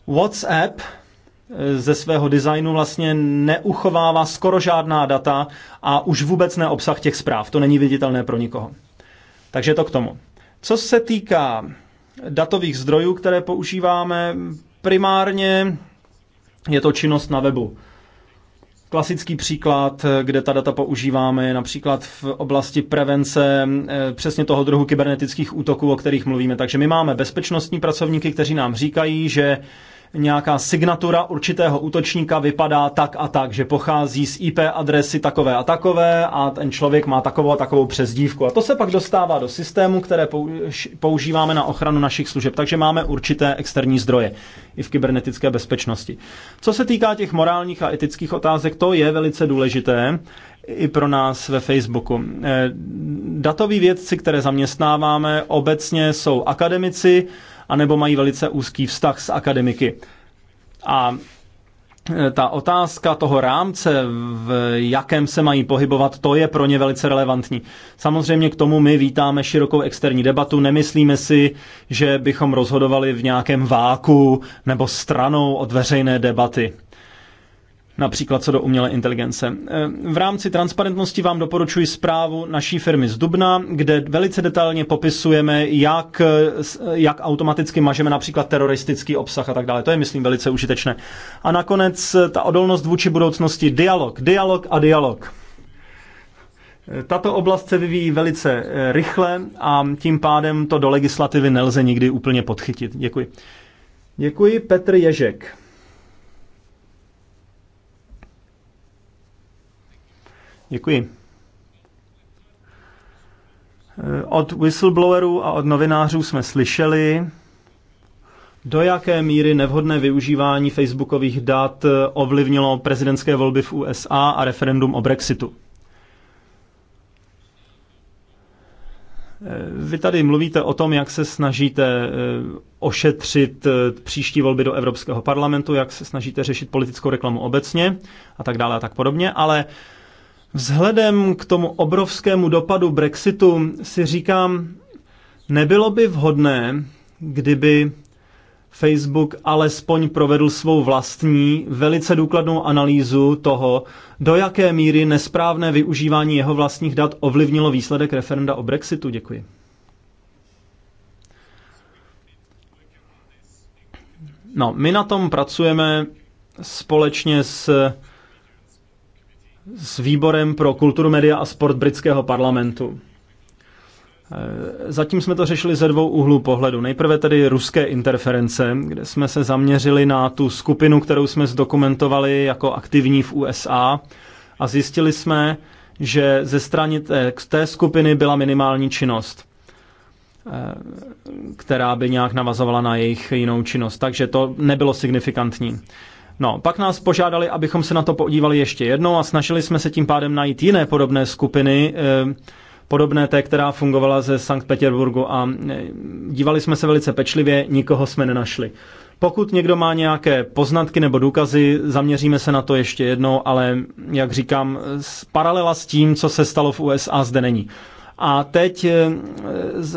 WhatsApp e, ze svého designu vlastně neuchovává skoro žádná data a už vůbec ne obsah těch zpráv. To není viditelné pro nikoho. Takže to k tomu. Co se týká datových zdrojů, které používáme, primárně je to činnost na webu. Klasický příklad, kde ta data používáme, je například v oblasti prevence eh, přesně toho druhu kybernetických útoků, o kterých mluvíme. Takže my máme bezpečnostní pracovníky, kteří nám říkají, že nějaká signatura určitého útočníka vypadá tak a tak, že pochází z IP adresy takové a takové a ten člověk má takovou a takovou přezdívku. A to se pak dostává do systému, které používáme na ochranu našich služeb. Takže máme určité externí zdroje i v kybernetické bezpečnosti. Co se týká těch morálních a etických otázek, to je velice důležité i pro nás ve Facebooku. Eh, Datoví vědci, které zaměstnáváme, obecně jsou akademici, anebo mají velice úzký vztah s akademiky. A e, ta otázka toho rámce, v jakém se mají pohybovat, to je pro ně velice relevantní. Samozřejmě k tomu my vítáme širokou externí debatu, nemyslíme si, že bychom rozhodovali v nějakém váku nebo stranou od veřejné debaty například co do umělé inteligence. Eh, v rámci transparentnosti vám doporučuji zprávu naší firmy z Dubna, kde velice detailně popisujeme, jak, eh, eh, jak automaticky mažeme například teroristický obsah a tak dále. To je, myslím, velice užitečné. A nakonec ta odolnost vůči budoucnosti, dialog, dialog a dialog. Tato oblast se vyvíjí velice rychle a tím pádem to do legislativy nelze nikdy úplně podchytit. Děkuji. Děkuji, Petr Ježek. Děkuji. Eh, od whistleblowerů a od novinářů jsme slyšeli, do jaké míry nevhodné využívání facebookových dat eh, ovlivnilo prezidentské volby v USA a referendum o Brexitu? Eh, vy tady mluvíte o tom, jak se snažíte ošetřit příští volby do Evropského parlamentu, jak se snažíte řešit politickou reklamu obecně a tak dále a tak podobně, ale Vzhledem k tomu obrovskému dopadu Brexitu si říkám, nebylo by vhodné, kdyby Facebook alespoň provedl svou vlastní, velice důkladnou analýzu toho, do jaké míry nesprávné využívání jeho vlastních dat ovlivnilo výsledek referenda o Brexitu. Děkuji. No, my na tom pracujeme společně s s výborem pro kulturu, média a sport britského parlamentu. E, zatím jsme to řešili ze dvou úhlů pohledu. Nejprve tedy ruské interference, kde jsme se zaměřili na tu skupinu, kterou jsme zdokumentovali jako aktivní v USA a zjistili jsme, že ze strany té, té skupiny byla minimální činnost, e, která by nějak navazovala na jejich jinou činnost. Takže to nebylo signifikantní. No, pak nás požádali, abychom se na to podívali ještě jednou a snažili jsme se tím pádem najít jiné podobné skupiny, eh, podobné té, která fungovala ze Sankt Petersburgu, a eh, dívali jsme se velice pečlivě, nikoho jsme nenašli. Pokud někdo má nějaké poznatky nebo důkazy, zaměříme se na to ještě jednou, ale jak říkám, paralela s tím, co se stalo v USA, zde není. A teď eh,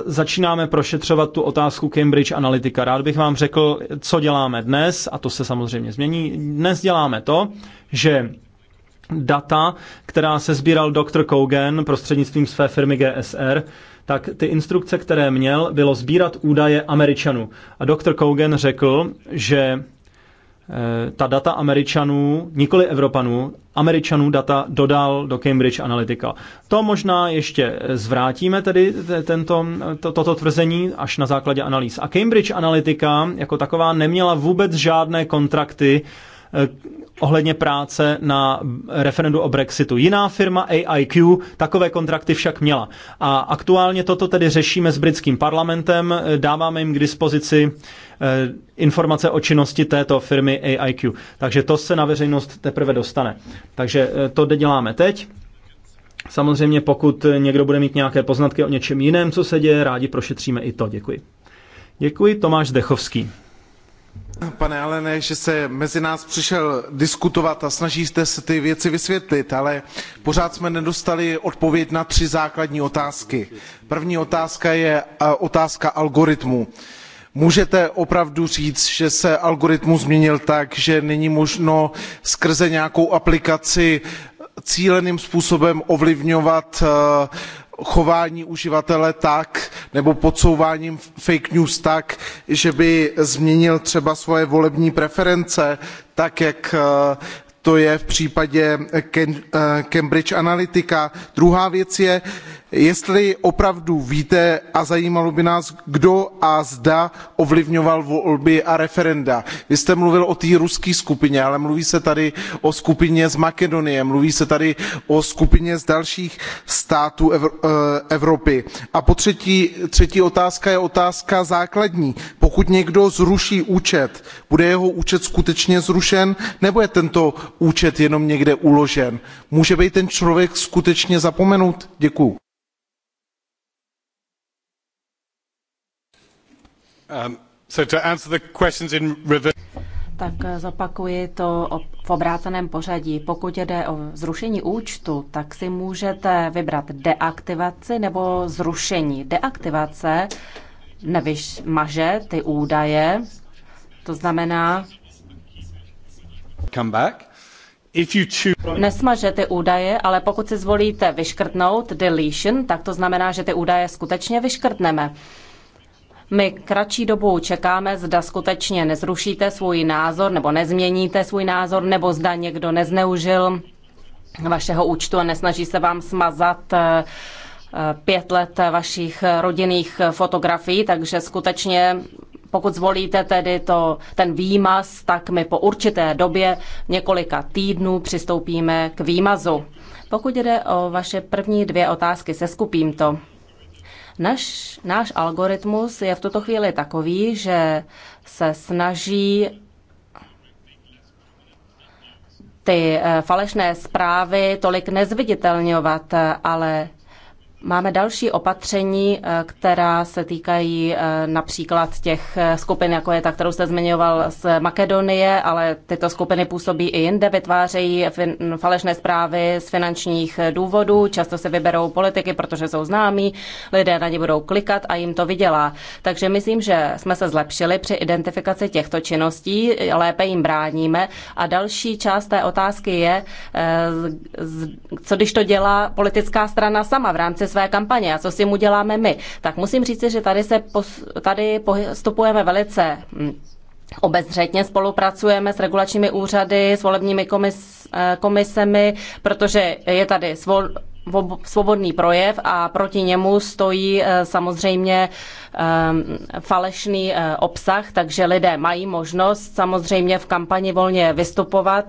začínáme prošetřovat tu otázku Cambridge Analytica. Rád bych vám řekl, co děláme dnes, a to se samozřejmě změní. Dnes děláme to, že data, která se sbíral dr. Kogan prostřednictvím své firmy GSR, tak ty instrukce, které měl, bylo sbírat údaje Američanů. A dr. Kogan řekl, že Eh, ta data Američanů, nikoli Evropanů, Američanů data dodal do Cambridge Analytica. To možná ještě eh, zvrátíme tedy tento, to, toto tvrzení až na základě analýz. A Cambridge Analytica jako taková neměla vůbec žádné kontrakty Eh, ohledně práce na referendu o Brexitu. Jiná firma AIQ takové kontrakty však měla. A aktuálně toto tedy řešíme s britským parlamentem, eh, dáváme jim k dispozici eh, informace o činnosti této firmy AIQ. Takže to se na veřejnost teprve dostane. Takže to děláme teď. Samozřejmě pokud někdo bude mít nějaké poznatky o něčem jiném, co se děje, rádi prošetříme i to. Děkuji. Děkuji, Tomáš Dechovský. Pane Alene, že se mezi nás přišel diskutovat a snažíte se ty věci vysvětlit, ale pořád jsme nedostali odpověď na tři základní otázky. První otázka je eh, otázka algoritmu. Můžete opravdu říct, že se algoritmus změnil tak, že není možno skrze nějakou aplikaci cíleným způsobem ovlivňovat uh, chování uživatele tak nebo podsouváním fake news tak že by změnil třeba svoje volební preference tak jak eh, to je v případě eh, cambridge analytica. druhá věc je jestli opravdu víte a zajímalo by nás kdo a zda ovlivňoval volby a referenda. vy jste mluvil o té ruské skupině ale mluví se tady o skupině z makedonie mluví se tady o skupině z dalších států eh, evropy. a třetí otázka je otázka základní pokud někdo zruší účet bude jeho účet skutečně zrušen nebo je tento účet jenom někde uložen? může být ten člověk skutečně zapomenut? děkuji. Um, tak eh, zopakuji to v obráceném pořadí. Pokud jde o zrušení účtu, tak si můžete vybrat deaktivaci nebo zrušení. Deaktivace nevymaže ty údaje, to znamená, come back. If you choose... Nesmaže ty údaje, ale pokud si zvolíte vyškrtnout deletion, tak to znamená, že ty údaje skutečně vyškrtneme. My kratší dobu čekáme, zda skutečně nezrušíte svůj názor nebo nezměníte svůj názor, nebo zda někdo nezneužil vašeho účtu a nesnaží se vám smazat eh, pět let vašich rodinných fotografií, takže skutečně pokud zvolíte tedy to, ten výmaz, tak my po určité době několika týdnů přistoupíme k výmazu. Pokud jde o vaše první dvě otázky, se skupím to. Naš, náš algoritmus je v tuto chvíli takový, že se snaží ty eh, falešné zprávy tolik nezviditelňovat, ale Máme další opatření, eh, která se týkají eh, například těch eh, skupin, jako je ta, kterou jste zmiňoval z Makedonie, ale tyto skupiny působí i jinde, vytvářejí falešné zprávy z finančních důvodů, často se vyberou politiky, protože jsou známí, lidé na ně budou klikat a jim to vydělá. Takže myslím, že jsme se zlepšili při identifikaci těchto činností, lépe jim bráníme. A další část té otázky je, co když to dělá politická strana sama v rámci své kampaně a co s tím uděláme my. Tak musím říct, že tady, se pos, tady postupujeme velice hm, obezřetně spolupracujeme s regulačními úřady, s volebními komis, eh, komisemi, protože je tady svol, svobodný projev a proti němu stojí eh, samozřejmě ehm, falešný eh, obsah, takže lidé mají možnost samozřejmě v kampani volně vystupovat,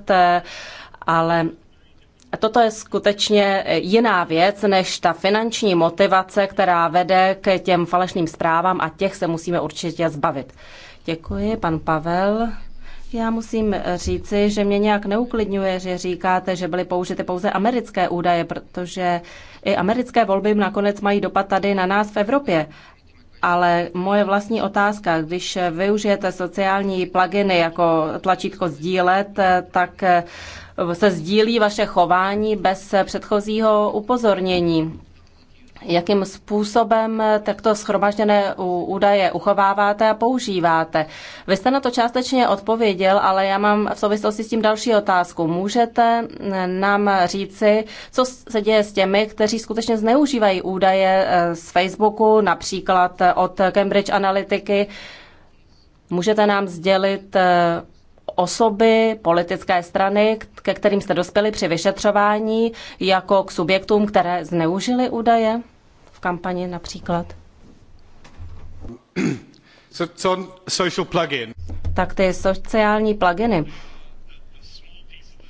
ale Toto je skutečně jiná věc než ta finanční motivace, která vede k těm falešným zprávám a těch se musíme určitě zbavit. Děkuji, pan Pavel. Já musím říci, že mě nějak neuklidňuje, že říkáte, že byly použity pouze americké údaje, protože i americké volby nakonec mají dopad tady na nás v Evropě. Ale moje vlastní otázka, když využijete sociální pluginy jako tlačítko sdílet, tak se sdílí vaše chování bez předchozího upozornění. Jakým způsobem takto schromažděné údaje uchováváte a používáte? Vy jste na to částečně odpověděl, ale já mám v souvislosti s tím další otázku. Můžete eh, nám říci, co se děje s těmi, kteří skutečně zneužívají údaje eh, z Facebooku, například eh, od Cambridge Analytiky? Můžete nám sdělit, osoby, politické strany, ke kterým jste dospěli při vyšetřování, jako k subjektům, které zneužily údaje v kampani například? So, social plugin. Tak ty sociální pluginy.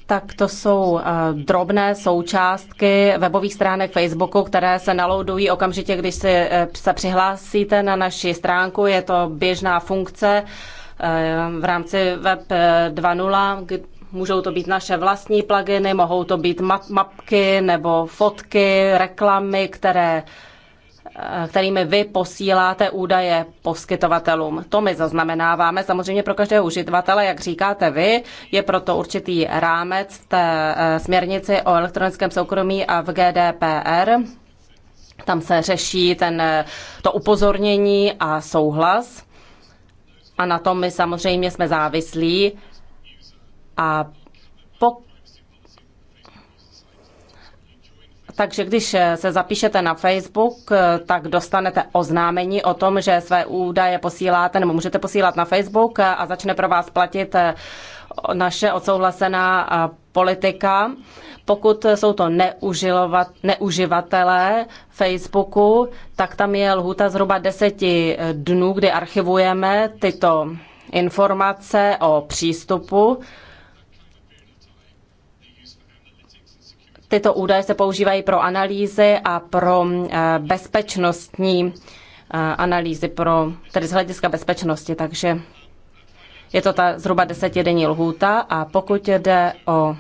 Tak to jsou uh, drobné součástky webových stránek Facebooku, které se naloudují okamžitě, když si, uh, se přihlásíte na naši stránku. Je to běžná funkce. Uh, Eh, v rámci Web 2.0. Eh, můžou to být naše vlastní pluginy, mohou to být mapky nebo fotky, reklamy, které eh, kterými vy posíláte údaje poskytovatelům. To my zaznamenáváme. Samozřejmě pro každého uživatele, jak říkáte vy, je proto určitý rámec té směrnici o elektronickém soukromí a v GDPR. Tam se řeší ten, to upozornění a souhlas a na tom my samozřejmě jsme závislí. A pokud Takže když eh, se zapíšete na Facebook, eh, tak dostanete oznámení o tom, že své údaje posíláte nebo můžete posílat na Facebook eh, a začne pro vás platit naše odsouhlasená politika. Pokud jsou to neuživatelé Facebooku, tak tam je lhuta zhruba deseti dnů, kdy archivujeme tyto informace o přístupu tyto údaje se používají pro analýzy a pro eh, bezpečnostní eh, analýzy, pro, tedy z hlediska bezpečnosti, takže je to ta zhruba desetidenní lhůta a pokud jde o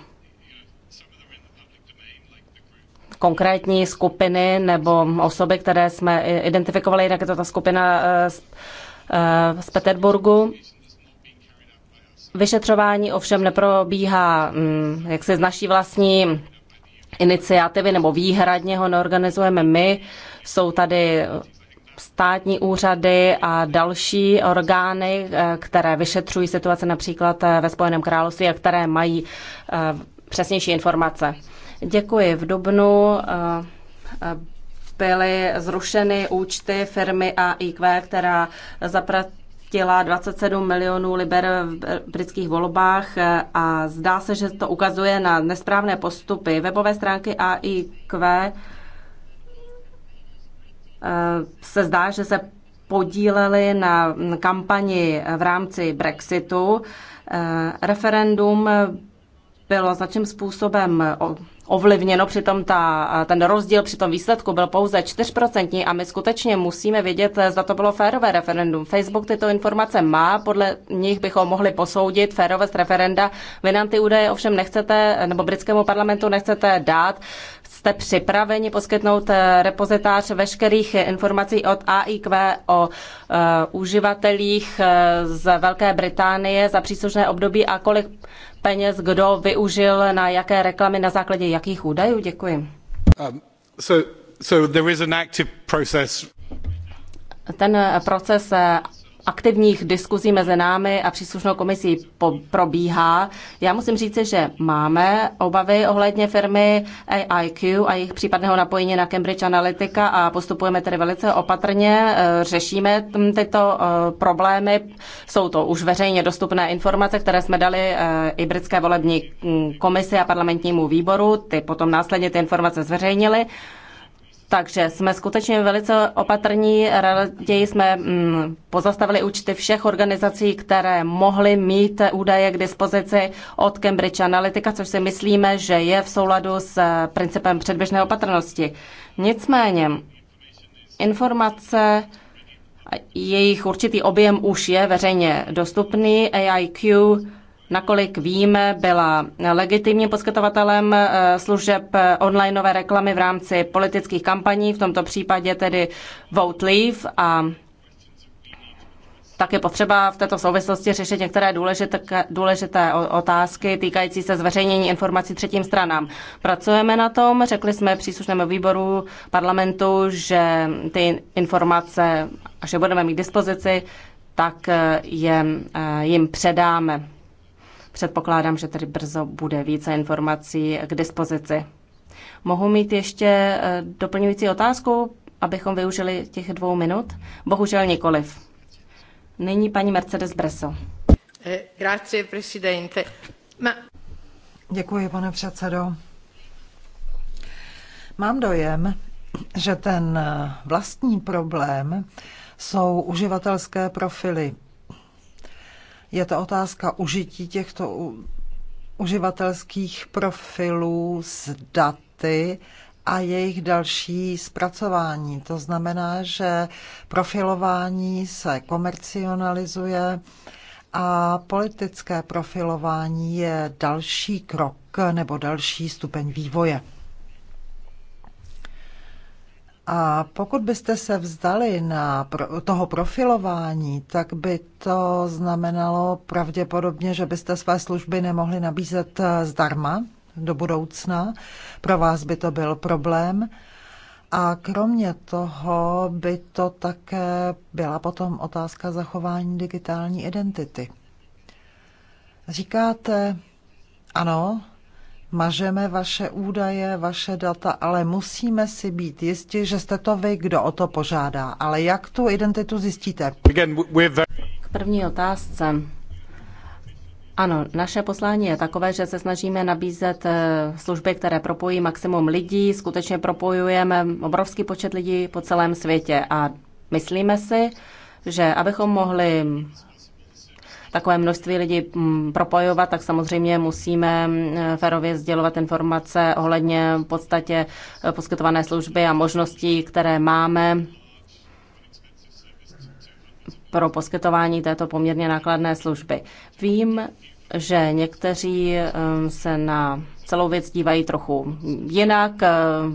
konkrétní skupiny nebo osoby, které jsme identifikovali, jinak je to ta skupina eh, z Peterburgu, Vyšetřování ovšem neprobíhá mm, jak se z naší vlastní iniciativy nebo výhradně ho neorganizujeme my. Jsou tady státní úřady a další orgány, eh, které vyšetřují situace například eh, ve Spojeném království a které mají eh, přesnější informace. Děkuji. V Dubnu byly zrušeny účty firmy AIQ, která zapracovala ztratila 27 milionů liber v britských volbách eh, a zdá se, že to ukazuje na nesprávné postupy. Webové stránky AIQ eh, se zdá, že se podíleli na kampani v rámci Brexitu. Eh, referendum bylo značným způsobem ovlivněno, přitom ta, ten rozdíl při tom výsledku byl pouze 4% a my skutečně musíme vědět, zda to bylo férové referendum. Facebook tyto informace má, podle nich bychom mohli posoudit férovost referenda. Vy nám ty údaje ovšem nechcete, nebo britskému parlamentu nechcete dát. Jste připraveni poskytnout eh, repozitář veškerých informací od AIQ o uh, uživatelích eh, z Velké Británie za příslušné období a kolik peněz kdo využil na jaké reklamy, na základě jakých údajů? Děkuji. Um, so, so there is an active process. Ten proces aktivních diskuzí mezi námi a příslušnou komisí po, probíhá. Já musím říct, že máme obavy ohledně firmy AIQ a jejich případného napojení na Cambridge Analytica a postupujeme tedy velice opatrně, eh, řešíme tyto eh, problémy. Jsou to už veřejně dostupné informace, které jsme dali eh, i britské volební mm, komisi a parlamentnímu výboru. Ty potom následně ty informace zveřejnili. Takže jsme skutečně velice opatrní, raději jsme mm, pozastavili účty všech organizací, které mohly mít údaje k dispozici od Cambridge Analytica, což si myslíme, že je v souladu s principem předběžné opatrnosti. Nicméně informace jejich určitý objem už je veřejně dostupný. AIQ nakolik víme, byla legitimním poskytovatelem eh, služeb onlineové reklamy v rámci politických kampaní, v tomto případě tedy Vote Leave a tak je potřeba v této souvislosti řešit některé důležité, důležité otázky týkající se zveřejnění informací třetím stranám. Pracujeme na tom, řekli jsme příslušnému výboru parlamentu, že ty informace, až je budeme mít dispozici, tak eh, je eh, jim předáme. Předpokládám, že tedy brzo bude více informací k dispozici. Mohu mít ještě eh, doplňující otázku, abychom využili těch dvou minut? Bohužel nikoliv. Nyní paní Mercedes Breso. Eh, grazie, presidente. Ma... Děkuji, pane předsedo. Mám dojem, že ten eh, vlastní problém jsou uživatelské profily je to otázka užití těchto uživatelských profilů s daty a jejich další zpracování. To znamená, že profilování se komercionalizuje a politické profilování je další krok nebo další stupeň vývoje. A pokud byste se vzdali na pro, toho profilování, tak by to znamenalo pravděpodobně, že byste své služby nemohli nabízet eh, zdarma do budoucna. Pro vás by to byl problém. A kromě toho by to také byla potom otázka zachování digitální identity. Říkáte, ano, mažeme vaše údaje, vaše data, ale musíme si být jistí, že jste to vy, kdo o to požádá. Ale jak tu identitu zjistíte? K první otázce. Ano, naše poslání je takové, že se snažíme nabízet eh, služby, které propojí maximum lidí, skutečně propojujeme obrovský počet lidí po celém světě a myslíme si, že abychom mohli takové množství lidí mm, propojovat, tak samozřejmě musíme mm, ferově sdělovat informace ohledně v podstatě eh, poskytované služby a možností, které máme pro poskytování této poměrně nákladné služby. Vím, že někteří eh, se na celou věc dívají trochu jinak. Eh,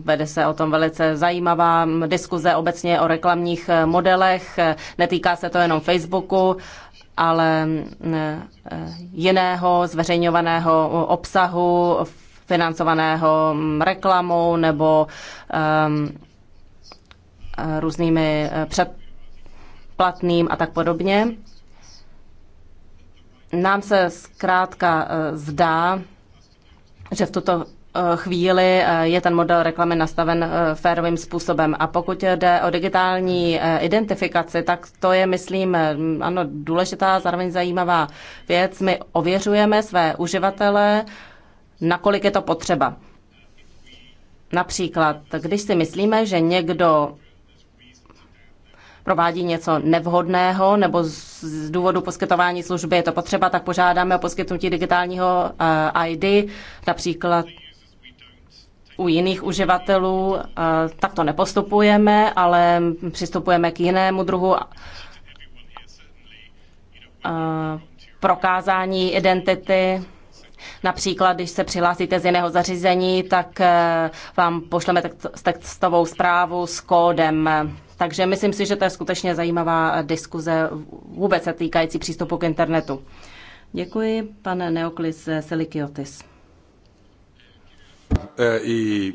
vede se o tom velice zajímavá diskuze obecně o reklamních modelech. Netýká se to jenom Facebooku, ale eh, jiného zveřejňovaného obsahu financovaného mm, reklamou nebo um, různými eh, předplatným a tak podobně. Nám se zkrátka zdá, že v tuto Eh, chvíli eh, je ten model reklamy nastaven eh, férovým způsobem. A pokud jde o digitální identifikaci, tak to je, myslím, ano, důležitá, zároveň zajímavá věc. My ověřujeme své uživatele, nakolik je to potřeba. Například, když si myslíme, že někdo provádí něco nevhodného nebo z důvodu poskytování služby je to potřeba, tak požádáme o poskytnutí digitálního ID, například u jiných uživatelů eh, takto nepostupujeme, ale přistupujeme k jinému druhu eh, prokázání identity. Například, když se přihlásíte z jiného zařízení, tak eh, vám pošleme textovou zprávu s kódem. Takže myslím si, že to je skutečně zajímavá diskuze vůbec se týkající přístupu k internetu. Děkuji, pane Neoklis Silikiotis. Eh,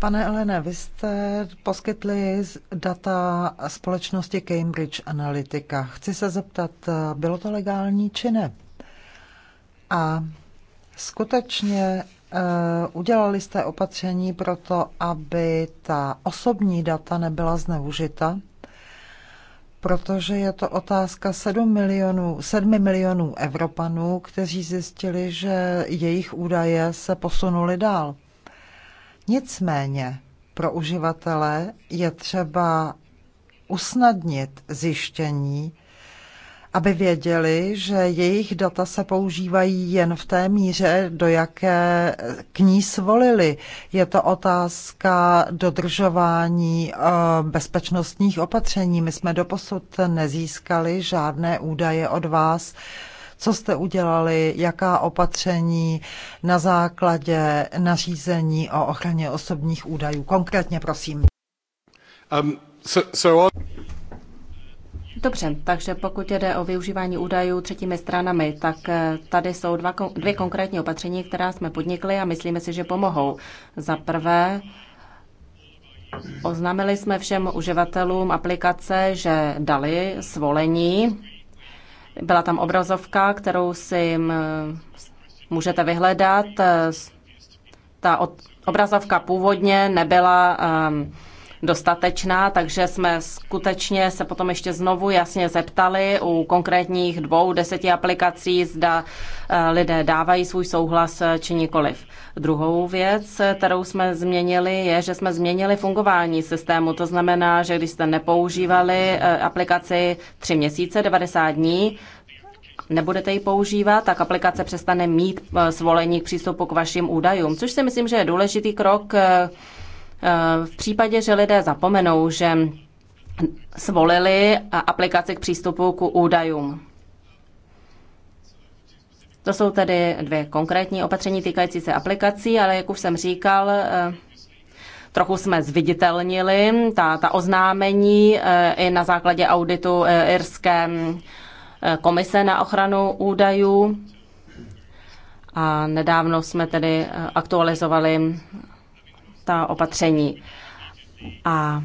Pane Elene, vy jste poskytli data společnosti Cambridge Analytica. Chci se zeptat, bylo to legální či ne? A skutečně eh, udělali jste opatření pro to, aby ta osobní data nebyla zneužita? protože je to otázka 7 milionů, 7 milionů Evropanů, kteří zjistili, že jejich údaje se posunuly dál. Nicméně pro uživatele je třeba usnadnit zjištění aby věděli, že jejich data se používají jen v té míře, do jaké k ní svolili. Je to otázka dodržování eh, bezpečnostních opatření. My jsme doposud nezískali žádné údaje od vás co jste udělali, jaká opatření na základě nařízení o ochraně osobních údajů. Konkrétně, prosím. Um, so, so on... Dobře, takže pokud jde o využívání údajů třetími stranami, tak eh, tady jsou dva, dvě konkrétní opatření, která jsme podnikli a myslíme si, že pomohou. Za prvé, oznámili jsme všem uživatelům aplikace, že dali svolení. Byla tam obrazovka, kterou si eh, můžete vyhledat. Eh, ta obrazovka původně nebyla ehm, dostatečná, takže jsme skutečně se potom ještě znovu jasně zeptali u konkrétních dvou deseti aplikací, zda eh, lidé dávají svůj souhlas eh, či nikoliv. Druhou věc, kterou jsme změnili, je, že jsme změnili fungování systému. To znamená, že když jste nepoužívali eh, aplikaci tři měsíce, 90 dní, nebudete ji používat, tak aplikace přestane mít svolení k přístupu k vašim údajům, což si myslím, že je důležitý krok v případě, že lidé zapomenou, že svolili aplikaci k přístupu k údajům. To jsou tedy dvě konkrétní opatření týkající se aplikací, ale jak už jsem říkal, eh, trochu jsme zviditelnili ta, ta oznámení eh, i na základě auditu eh, Irské mm, komise na ochranu údajů. A nedávno jsme tedy aktualizovali ta opatření. A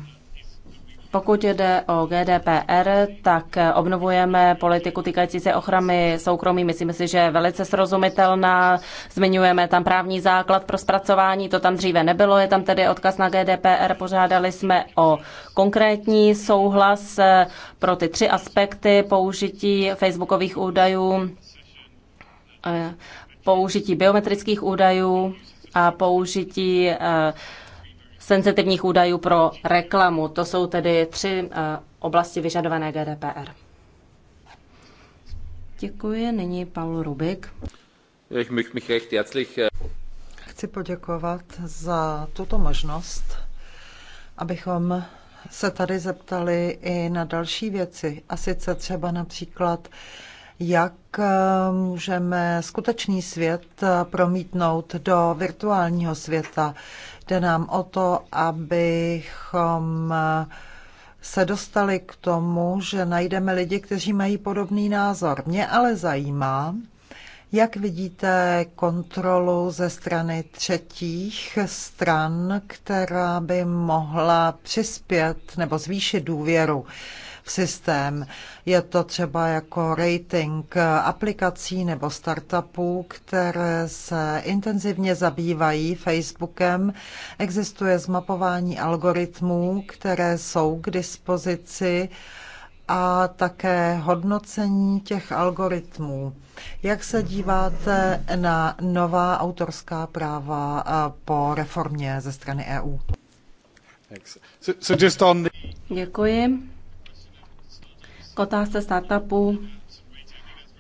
pokud jde o GDPR, tak obnovujeme politiku týkající se ochrany soukromí. Myslím si, že je velice srozumitelná. Zmiňujeme tam právní základ pro zpracování, to tam dříve nebylo, je tam tedy odkaz na GDPR. Požádali jsme o konkrétní souhlas eh, pro ty tři aspekty použití facebookových údajů, eh, použití biometrických údajů a použití eh, senzitivních údajů pro reklamu. To jsou tedy tři eh, oblasti vyžadované GDPR. Děkuji. Nyní Paul Rubik. Eh, Chci poděkovat za tuto možnost, abychom se tady zeptali i na další věci. A sice třeba například jak eh, můžeme skutečný svět eh, promítnout do virtuálního světa. Jde nám o to, abychom eh, se dostali k tomu, že najdeme lidi, kteří mají podobný názor. Mě ale zajímá, jak vidíte kontrolu ze strany třetích stran, která by mohla přispět nebo zvýšit důvěru? systém. Je to třeba jako rating aplikací nebo startupů, které se intenzivně zabývají Facebookem. Existuje zmapování algoritmů, které jsou k dispozici a také hodnocení těch algoritmů. Jak se díváte na nová autorská práva po reformě ze strany EU? Děkuji otázce startupů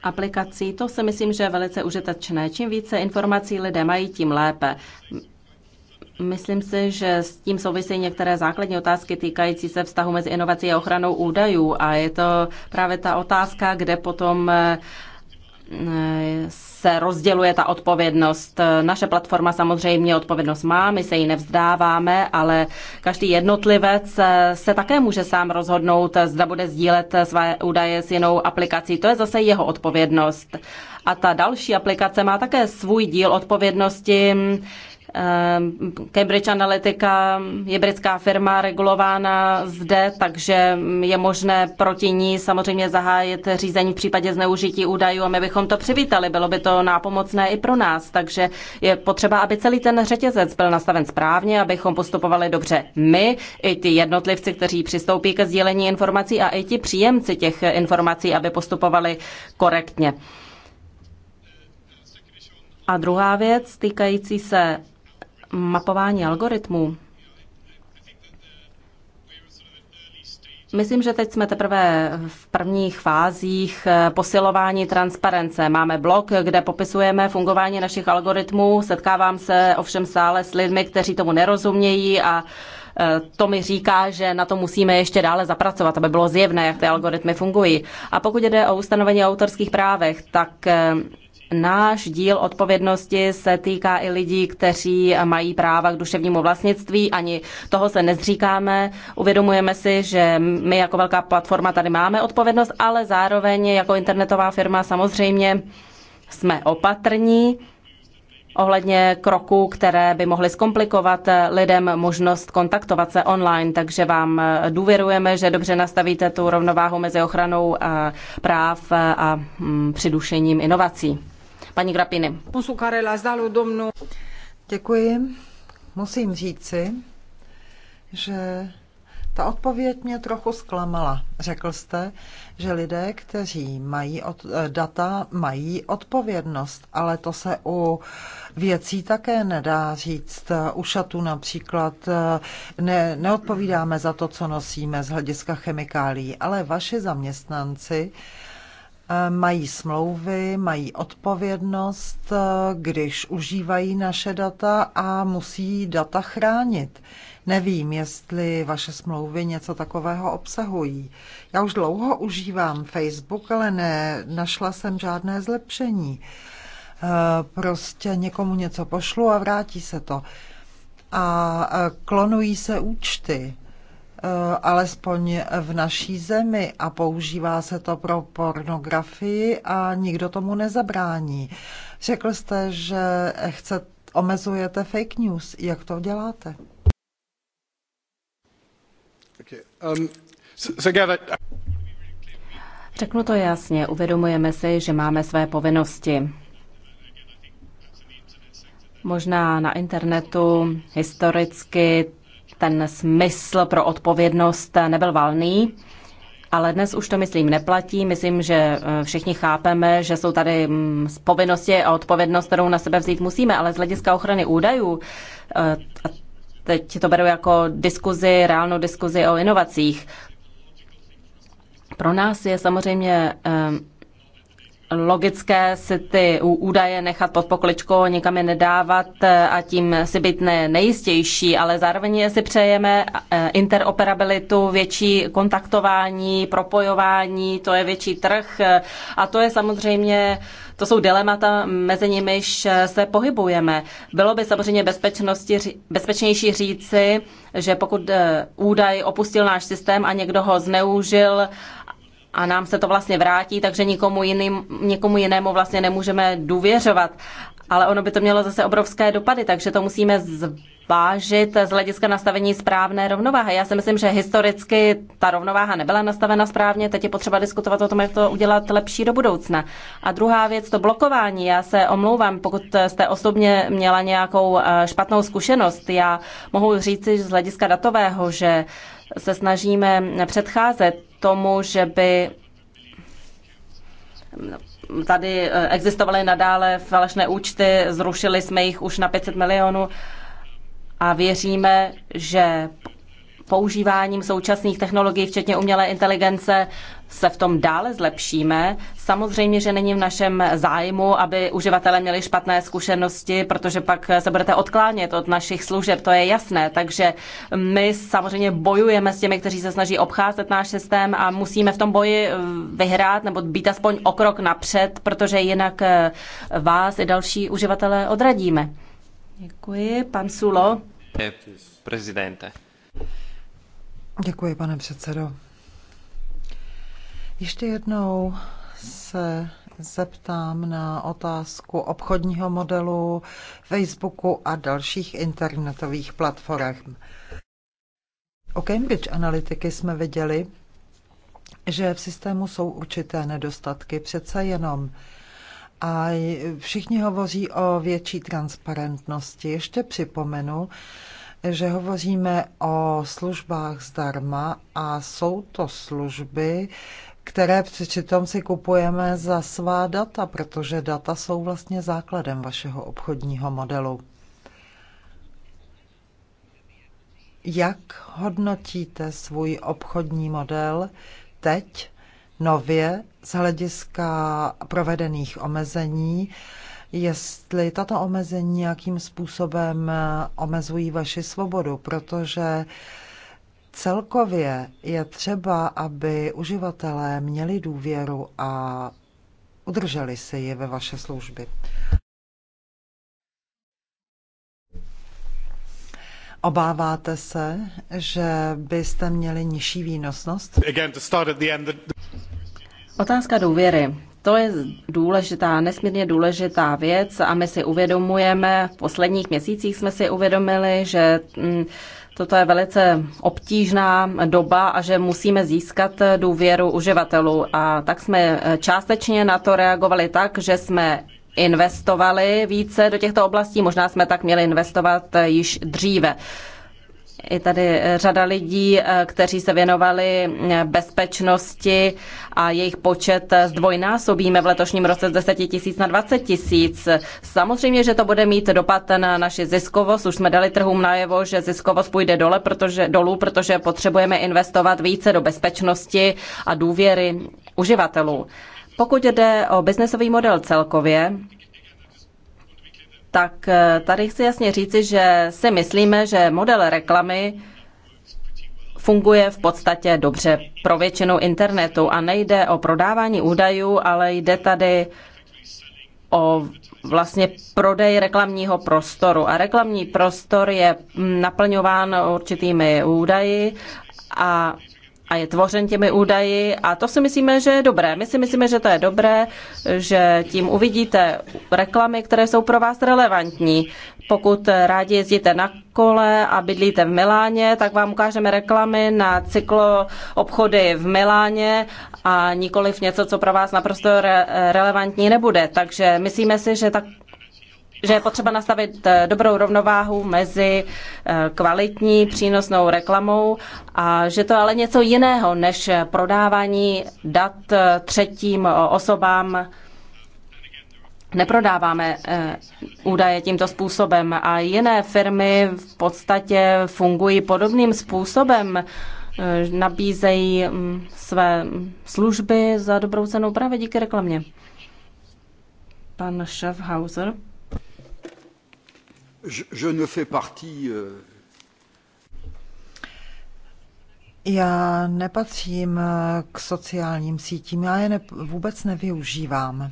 aplikací. To si myslím, že je velice užitečné. Čím více informací lidé mají, tím lépe. Myslím si, že s tím souvisí některé základní otázky týkající se vztahu mezi inovací a ochranou údajů. A je to právě ta otázka, kde potom eh, se rozděluje ta odpovědnost. Naše platforma samozřejmě odpovědnost má, my se ji nevzdáváme, ale každý jednotlivec se také může sám rozhodnout, zda bude sdílet své údaje s jinou aplikací. To je zase jeho odpovědnost. A ta další aplikace má také svůj díl odpovědnosti, Ehm, Cambridge Analytica je britská firma regulována zde, takže je možné proti ní samozřejmě zahájit řízení v případě zneužití údajů a my bychom to přivítali. Bylo by to nápomocné i pro nás, takže je potřeba, aby celý ten řetězec byl nastaven správně, abychom postupovali dobře my, i ty jednotlivci, kteří přistoupí ke sdílení informací a i ti příjemci těch informací, aby postupovali korektně. A druhá věc týkající se mapování algoritmů. Myslím, že teď jsme teprve v prvních fázích eh, posilování transparence. Máme blog, kde popisujeme fungování našich algoritmů. Setkávám se ovšem stále s lidmi, kteří tomu nerozumějí a eh, to mi říká, že na to musíme ještě dále zapracovat, aby bylo zjevné, jak ty algoritmy fungují. A pokud jde o ustanovení autorských právech, tak eh, náš díl odpovědnosti se týká i lidí, kteří mají práva k duševnímu vlastnictví. Ani toho se nezříkáme. Uvědomujeme si, že my jako velká platforma tady máme odpovědnost, ale zároveň jako internetová firma samozřejmě jsme opatrní ohledně kroků, které by mohly zkomplikovat lidem možnost kontaktovat se online, takže vám důvěrujeme, že dobře nastavíte tu rovnováhu mezi ochranou práv a mm, přidušením inovací. Paní Grapiny. Děkuji. Musím říci, že ta odpověď mě trochu zklamala. Řekl jste, že lidé, kteří mají od, eh, data, mají odpovědnost, ale to se u věcí také nedá říct. U šatů například eh, ne, neodpovídáme za to, co nosíme z hlediska chemikálií, ale vaši zaměstnanci Eh, mají smlouvy, mají odpovědnost, eh, když užívají naše data a musí data chránit. Nevím, jestli vaše smlouvy něco takového obsahují. Já už dlouho užívám Facebook, ale ne, našla jsem žádné zlepšení. Eh, prostě někomu něco pošlu a vrátí se to. A klonují se účty Eh, alespoň v naší zemi a používá se to pro pornografii a nikdo tomu nezabrání. Řekl jste, že chce, omezujete fake news. Jak to děláte? Um, Řeknu to jasně, uvědomujeme si, že máme své povinnosti. Možná na internetu historicky ten smysl pro odpovědnost nebyl valný. Ale dnes už to, myslím, neplatí. Myslím, že eh, všichni chápeme, že jsou tady mm, povinnosti a odpovědnost, kterou na sebe vzít musíme, ale z hlediska ochrany údajů, eh, teď to beru jako diskuzi, reálnou diskuzi o inovacích. Pro nás je samozřejmě eh, logické si ty údaje nechat pod pokličkou, nikam je nedávat eh, a tím si být ne, nejistější, ale zároveň si přejeme eh, interoperabilitu, větší kontaktování, propojování, to je větší trh eh, a to je samozřejmě to jsou dilemata, mezi nimiž se pohybujeme. Bylo by samozřejmě bezpečnosti, bezpečnější říci, že pokud údaj opustil náš systém a někdo ho zneužil, a nám se to vlastně vrátí, takže nikomu, jiným, někomu jinému vlastně nemůžeme důvěřovat. Ale ono by to mělo zase obrovské dopady, takže to musíme vážit z hlediska nastavení správné rovnováhy. Já si myslím, že historicky ta rovnováha nebyla nastavena správně, teď je potřeba diskutovat o tom, jak to udělat lepší do budoucna. A druhá věc, to blokování. Já se omlouvám, pokud jste osobně měla nějakou eh, špatnou zkušenost. Já mohu říci z hlediska datového, že se snažíme předcházet tomu, že by tady eh, existovaly nadále falešné účty, zrušili jsme jich už na 500 milionů a věříme, že používáním současných technologií, včetně umělé inteligence, se v tom dále zlepšíme. Samozřejmě, že není v našem zájmu, aby uživatelé měli špatné zkušenosti, protože pak se budete odklánět od našich služeb, to je jasné. Takže my samozřejmě bojujeme s těmi, kteří se snaží obcházet náš systém a musíme v tom boji eh, vyhrát nebo být aspoň o krok napřed, protože jinak eh, vás i další uživatelé odradíme. Děkuji. Pan Sulo. Prezidente. Děkuji, pane předsedo. Ještě jednou se zeptám na otázku obchodního modelu Facebooku a dalších internetových platform. O Cambridge Analytiky jsme viděli, že v systému jsou určité nedostatky, přece jenom. A všichni hovoří o větší transparentnosti. Ještě připomenu, že hovoříme o službách zdarma a jsou to služby, které přičitom si kupujeme za svá data, protože data jsou vlastně základem vašeho obchodního modelu. Jak hodnotíte svůj obchodní model teď, nově, z hlediska provedených omezení? jestli tato omezení nějakým způsobem eh, omezují vaši svobodu, protože celkově je třeba, aby uživatelé měli důvěru a udrželi si ji ve vaše služby. Obáváte se, že byste měli nižší výnosnost? Otázka důvěry. To je důležitá, nesmírně důležitá věc a my si uvědomujeme, v posledních měsících jsme si uvědomili, že mm, toto je velice obtížná doba a že musíme získat důvěru uživatelů. A tak jsme částečně na to reagovali tak, že jsme investovali více do těchto oblastí, možná jsme tak měli investovat již dříve je tady eh, řada lidí, eh, kteří se věnovali eh, bezpečnosti a jejich počet zdvojnásobíme v letošním roce z 10 tisíc na 20 tisíc. Samozřejmě, že to bude mít dopad na naši ziskovost. Už jsme dali trhům najevo, že ziskovost půjde dole, protože, dolů, protože potřebujeme investovat více do bezpečnosti a důvěry uživatelů. Pokud jde o biznesový model celkově, tak eh, tady chci jasně říci, že si myslíme, že model reklamy funguje v podstatě dobře pro většinu internetu a nejde o prodávání údajů, ale jde tady o vlastně prodej reklamního prostoru. A reklamní prostor je naplňován určitými údaji a a je tvořen těmi údaji a to si myslíme, že je dobré. My si myslíme, že to je dobré, že tím uvidíte reklamy, které jsou pro vás relevantní. Pokud rádi jezdíte na kole a bydlíte v Miláně, tak vám ukážeme reklamy na cykloobchody v Miláně a nikoliv něco, co pro vás naprosto re- relevantní nebude. Takže myslíme si, že tak že je potřeba nastavit eh, dobrou rovnováhu mezi eh, kvalitní přínosnou reklamou a že to ale něco jiného než prodávání dat eh, třetím osobám. Neprodáváme údaje tímto způsobem a jiné firmy v podstatě fungují podobným způsobem. Nabízejí mm, své služby za dobrou cenu právě díky reklamě. Pan Schaffhauser. Je ne fais partie euh, já nepatřím eh, k sociálním sítím, já je ne, vůbec nevyužívám.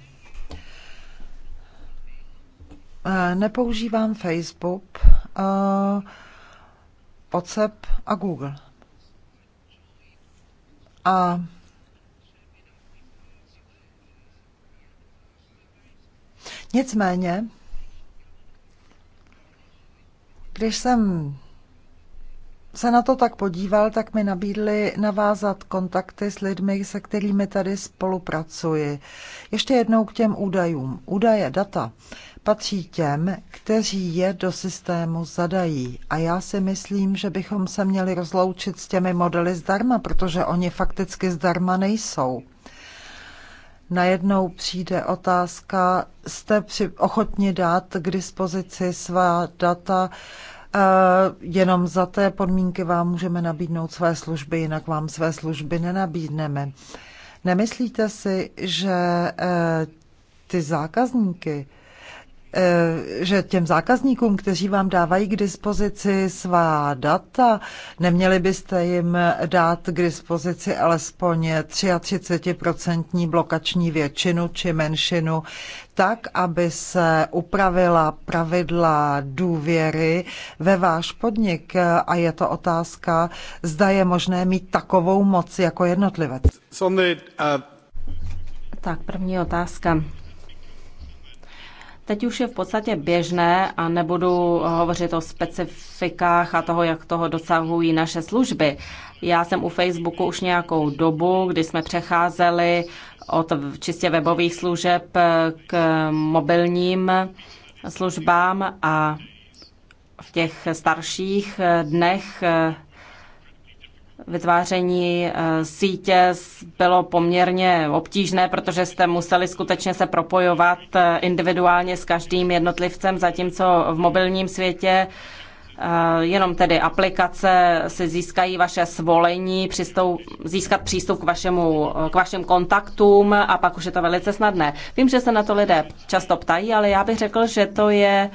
Eh, nepoužívám Facebook, eh, WhatsApp a Google. A nicméně když jsem se na to tak podíval, tak mi nabídli navázat kontakty s lidmi, se kterými tady spolupracuji. Ještě jednou k těm údajům. Údaje, data patří těm, kteří je do systému zadají. A já si myslím, že bychom se měli rozloučit s těmi modely zdarma, protože oni fakticky zdarma nejsou najednou přijde otázka, jste při, ochotni dát k dispozici svá data, eh, jenom za té podmínky vám můžeme nabídnout své služby, jinak vám své služby nenabídneme. Nemyslíte si, že eh, ty zákazníky Eh, že těm zákazníkům, kteří vám dávají k dispozici svá data, neměli byste jim dát k dispozici alespoň 33% blokační většinu či menšinu, tak, aby se upravila pravidla důvěry ve váš podnik. A je to otázka, zda je možné mít takovou moc jako jednotlivec. Sonny, uh... Eh, tak, první otázka. Teď už je v podstatě běžné a nebudu hovořit o specifikách a toho, jak toho dosahují naše služby. Já jsem u Facebooku už nějakou dobu, kdy jsme přecházeli od čistě webových služeb k mobilním službám a v těch starších dnech vytváření eh, sítě bylo poměrně obtížné, protože jste museli skutečně se propojovat eh, individuálně s každým jednotlivcem, zatímco v mobilním světě eh, jenom tedy aplikace si získají vaše svolení, přistou, získat přístup k, vašemu, k vašim kontaktům a pak už je to velice snadné. Vím, že se na to lidé často ptají, ale já bych řekl, že to je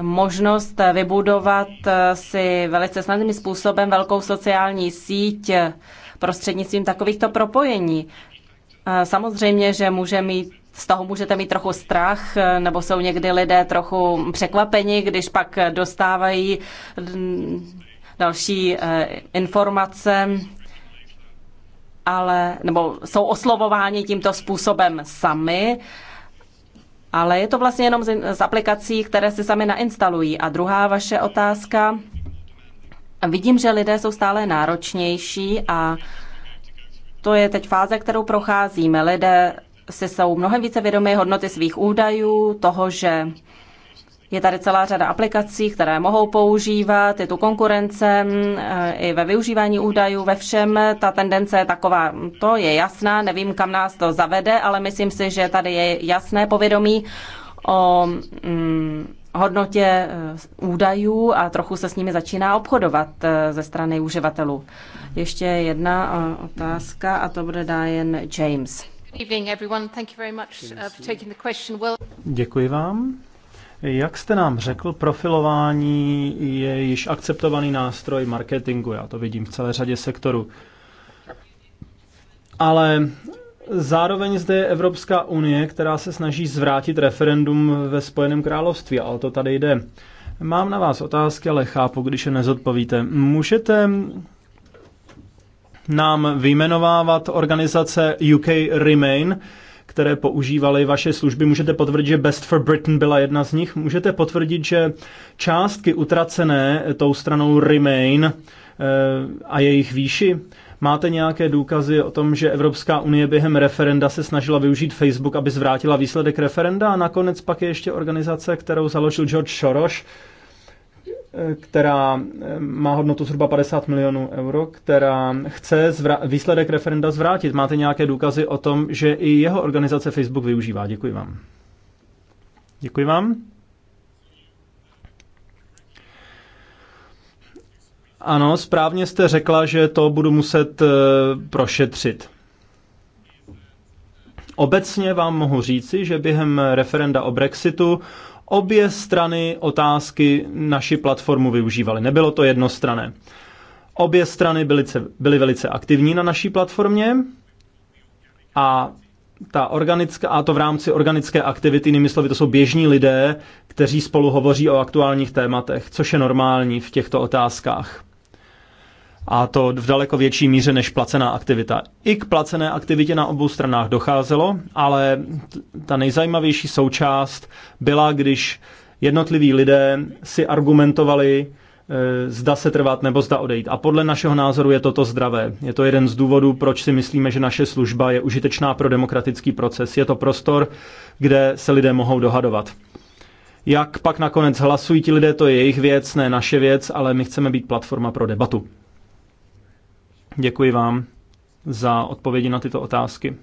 možnost vybudovat eh, si velice snadným způsobem velkou sociální síť eh, prostřednictvím takovýchto propojení. Eh, samozřejmě, že může mít z toho můžete mít trochu strach, nebo jsou někdy lidé trochu překvapeni, když pak dostávají mm, další informace, ale, nebo jsou oslovováni tímto způsobem sami, ale je to vlastně jenom z, z aplikací, které si sami nainstalují. A druhá vaše otázka. Vidím, že lidé jsou stále náročnější a to je teď fáze, kterou procházíme. Lidé si jsou mnohem více vědomi hodnoty svých údajů, toho, že je tady celá řada aplikací, které mohou používat, je tu konkurence eh, i ve využívání údajů, ve všem. Ta tendence je taková, to je jasná, nevím, kam nás to zavede, ale myslím si, že tady je jasné povědomí o mm, hodnotě eh, údajů a trochu se s nimi začíná obchodovat eh, ze strany uživatelů. Ještě jedna otázka a to bude Diane James. Uh, Děkuji vám. Jak jste nám řekl, profilování je již akceptovaný nástroj marketingu, já to vidím v celé řadě sektorů. Ale zároveň zde je Evropská unie, která se snaží zvrátit referendum ve Spojeném království, ale to tady jde. Mám na vás otázky, ale chápu, když je nezodpovíte. Můžete nám vyjmenovávat organizace UK Remain, které používaly vaše služby. Můžete potvrdit, že Best for Britain byla jedna z nich. Můžete potvrdit, že částky utracené tou stranou Remain eh, a jejich výši Máte nějaké důkazy o tom, že Evropská unie během referenda se snažila využít Facebook, aby zvrátila výsledek referenda a nakonec pak je ještě organizace, kterou založil George Soros, která eh, má hodnotu zhruba 50 milionů euro, která chce výsledek referenda zvrátit. Máte nějaké důkazy o tom, že i jeho organizace Facebook využívá? Děkuji vám. Děkuji vám. Ano, správně jste řekla, že to budu muset eh, prošetřit. Obecně vám mohu říci, že během referenda o Brexitu obě strany otázky naši platformu využívaly. Nebylo to jednostrané. Obě strany byly, byly velice aktivní na naší platformě a ta organická, a to v rámci organické aktivity, jinými slovy, to jsou běžní lidé, kteří spolu hovoří o aktuálních tématech, což je normální v těchto otázkách a to v daleko větší míře než placená aktivita. I k placené aktivitě na obou stranách docházelo, ale ta nejzajímavější součást byla, když jednotliví lidé si argumentovali, e, zda se trvat nebo zda odejít. A podle našeho názoru je toto zdravé. Je to jeden z důvodů, proč si myslíme, že naše služba je užitečná pro demokratický proces. Je to prostor, kde se lidé mohou dohadovat. Jak pak nakonec hlasují ti lidé, to je jejich věc, ne naše věc, ale my chceme být platforma pro debatu. Děkuji vám za odpovědi na tyto otázky.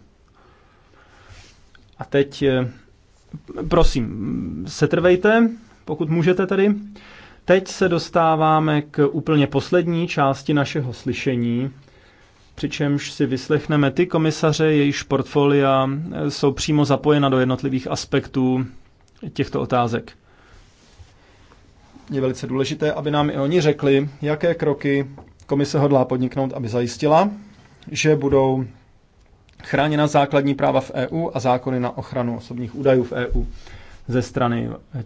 A teď, eh, prosím, setrvejte, pokud můžete tady. Teď se dostáváme k úplně poslední části našeho slyšení, přičemž si vyslechneme ty komisaře, jejichž portfolia eh, jsou přímo zapojena do jednotlivých aspektů těchto otázek. Je velice důležité, aby nám i oni řekli, jaké kroky komise hodlá podniknout, aby zajistila, že budou chráněna základní práva v EU a zákony na ochranu osobních údajů v EU ze strany e,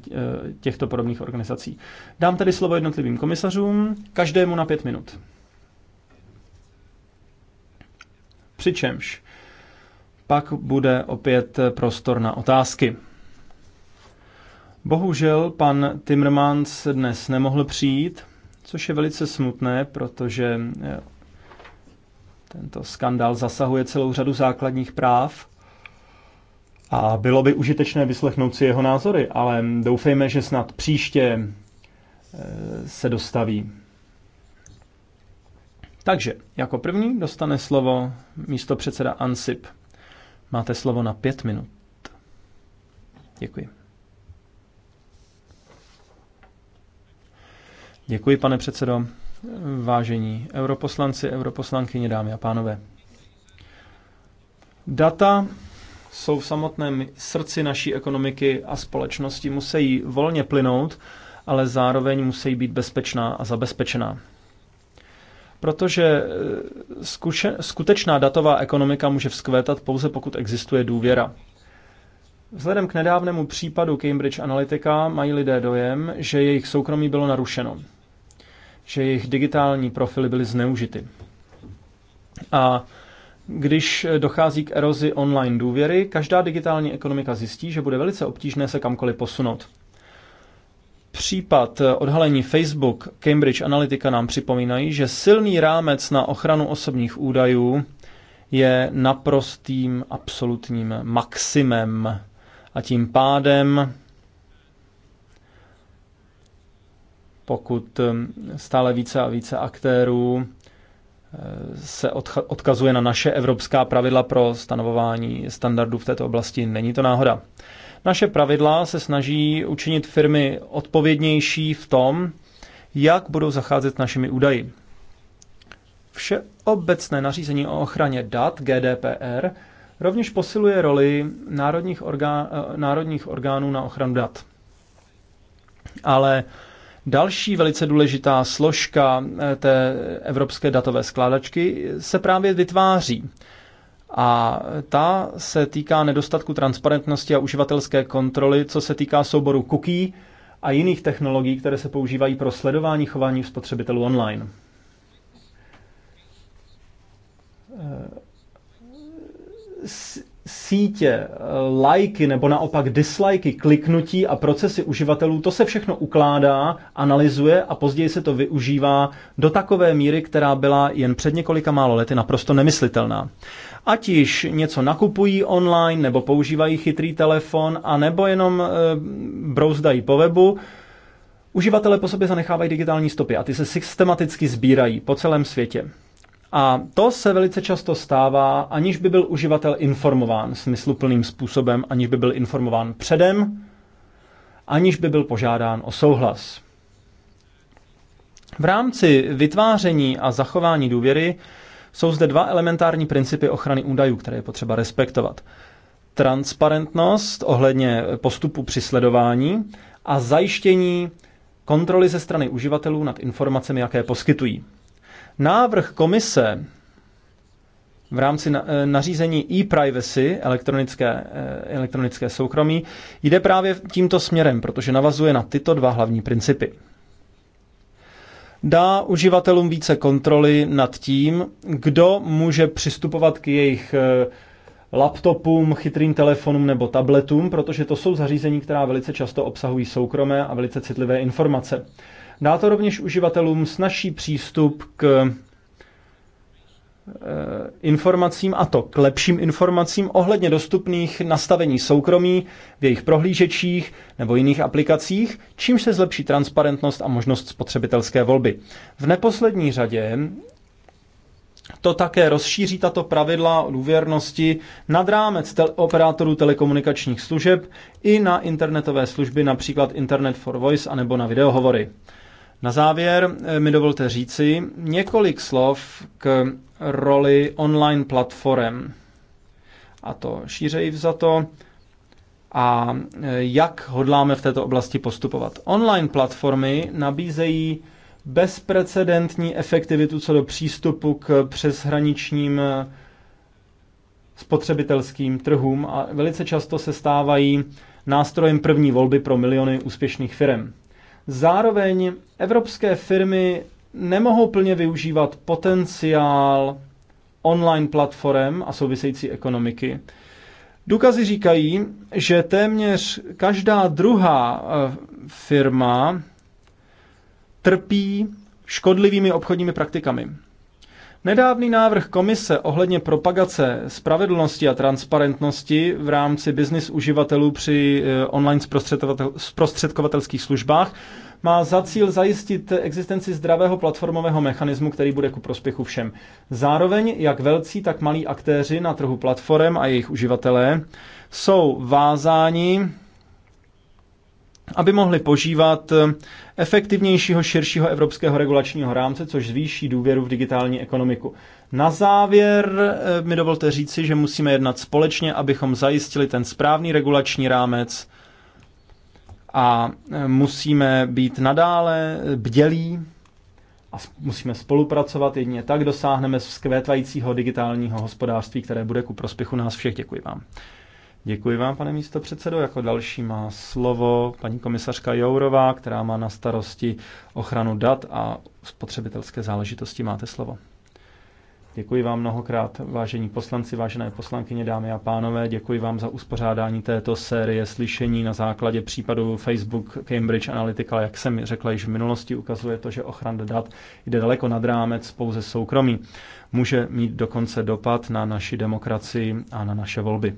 těchto podobných organizací. Dám tedy slovo jednotlivým komisařům, každému na pět minut. Přičemž pak bude opět prostor na otázky. Bohužel pan Timmermans dnes nemohl přijít, což je velice smutné, protože eh, tento skandál zasahuje celou řadu základních práv a bylo by užitečné vyslechnout si jeho názory, ale doufejme, že snad příště eh, se dostaví. Takže jako první dostane slovo místo předseda Ansip. Máte slovo na pět minut. Děkuji. Děkuji, pane předsedo. Vážení europoslanci, europoslankyně, dámy a pánové. Data jsou v samotném srdci naší ekonomiky a společnosti, musí volně plynout, ale zároveň musí být bezpečná a zabezpečená. Protože e, skutečná datová ekonomika může vzkvétat pouze pokud existuje důvěra. Vzhledem k nedávnému případu Cambridge Analytica mají lidé dojem, že jejich soukromí bylo narušeno, že jejich digitální profily byly zneužity. A když dochází k erozi online důvěry, každá digitální ekonomika zjistí, že bude velice obtížné se kamkoliv posunout. Případ odhalení Facebook Cambridge Analytica nám připomínají, že silný rámec na ochranu osobních údajů je naprostým absolutním maximem a tím pádem, pokud ehm, stále více a více aktérů eh, se odkazuje na naše evropská pravidla pro stanovování standardů v této oblasti, není to náhoda. Naše pravidla se snaží učinit firmy odpovědnější v tom, jak budou zacházet s našimi údaji. Všeobecné nařízení o ochraně dat GDPR Rovněž posiluje roli národních, orgán, eh, národních orgánů na ochranu dat. Ale Další velice důležitá složka eh, té evropské datové skládačky se právě vytváří. A ta se týká nedostatku transparentnosti a uživatelské kontroly, co se týká souboru cookie a jiných technologií, které se používají pro sledování chování spotřebitelů online. Eh, sítě, eh, lajky nebo naopak dislajky, kliknutí a procesy uživatelů, to se všechno ukládá, analyzuje a později se to využívá do takové míry, která byla jen před několika málo lety naprosto nemyslitelná. Ať již něco nakupují online, nebo používají chytrý telefon, a nebo jenom e, brouzdají po webu, uživatelé po sobě zanechávají digitální stopy a ty se systematicky sbírají po celém světě. A to se velice často stává, aniž by byl uživatel informován smysluplným způsobem, aniž by byl informován předem, aniž by byl požádán o souhlas. V rámci vytváření a zachování důvěry jsou zde dva elementární principy ochrany údajů, které je potřeba respektovat. Transparentnost ohledně postupu při sledování a zajištění kontroly ze strany uživatelů nad informacemi, jaké poskytují. Návrh komise v rámci eh, nařízení e-privacy, elektronické, eh, elektronické soukromí, jde právě tímto směrem, protože navazuje na tyto dva hlavní principy. Dá uživatelům více kontroly nad tím, kdo může přistupovat k jejich eh, laptopům, chytrým telefonům nebo tabletům, protože to jsou zařízení, která velice často obsahují soukromé a velice citlivé informace. Dá no to rovněž uživatelům snažší přístup k eh, informacím, a to k lepším informacím ohledně dostupných nastavení soukromí v jejich prohlížečích nebo jiných aplikacích, čímž se zlepší transparentnost a možnost spotřebitelské volby. V neposlední řadě to také rozšíří tato pravidla o důvěrnosti nad rámec tel- operátorů telekomunikačních služeb i na internetové služby, například Internet for Voice anebo na videohovory. Na závěr eh, mi dovolte říci několik slov k roli online platform. A to šířej to. A eh, jak hodláme v této oblasti postupovat? Online platformy nabízejí bezprecedentní efektivitu co do přístupu k přeshraničním eh, spotřebitelským trhům a velice často se stávají nástrojem první volby pro miliony úspěšných firm. Zároveň evropské firmy nemohou plně využívat potenciál online platform a související ekonomiky. Důkazy říkají, že téměř každá druhá eh, firma trpí škodlivými obchodními praktikami. Nedávný návrh komise ohledně propagace spravedlnosti a transparentnosti v rámci biznis uživatelů při eh, online zprostředkovatelských službách má za cíl zajistit existenci zdravého platformového mechanismu, který bude ku prospěchu všem. Zároveň jak velcí, tak malí aktéři na trhu platform a jejich uživatelé jsou vázáni aby mohli požívat eh, efektivnějšího, širšího evropského regulačního rámce, což zvýší důvěru v digitální ekonomiku. Na závěr eh, mi dovolte říci, že musíme jednat společně, abychom zajistili ten správný regulační rámec a eh, musíme být nadále bdělí a musíme spolupracovat. Jedině tak dosáhneme vzkvétajícího digitálního hospodářství, které bude ku prospěchu nás všech. Děkuji vám. Děkuji vám, pane místo předsedo. Jako další má slovo paní komisařka Jourová, která má na starosti ochranu dat a spotřebitelské záležitosti. Máte slovo. Děkuji vám mnohokrát, vážení poslanci, vážené poslankyně, dámy a pánové. Děkuji vám za uspořádání této série slyšení na základě případu Facebook Cambridge Analytica. Jak jsem řekla již v minulosti, ukazuje to, že ochrana dat jde daleko nad rámec pouze soukromí. Může mít dokonce dopad na naši demokracii a na naše volby.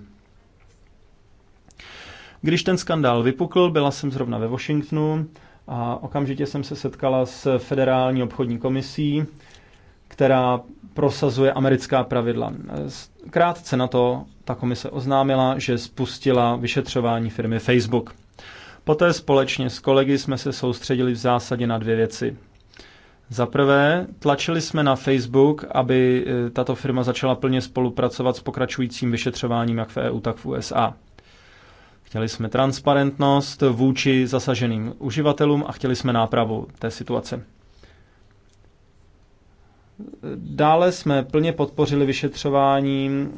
Když ten skandál vypukl, byla jsem zrovna ve Washingtonu a okamžitě jsem se setkala s Federální obchodní komisí, která prosazuje americká pravidla. Krátce na to ta komise oznámila, že spustila vyšetřování firmy Facebook. Poté společně s kolegy jsme se soustředili v zásadě na dvě věci. Za prvé, tlačili jsme na Facebook, aby e, tato firma začala plně spolupracovat s pokračujícím vyšetřováním jak v EU, tak v USA. Chtěli jsme transparentnost vůči zasaženým uživatelům a chtěli jsme nápravu té situace. Dále jsme plně podpořili vyšetřování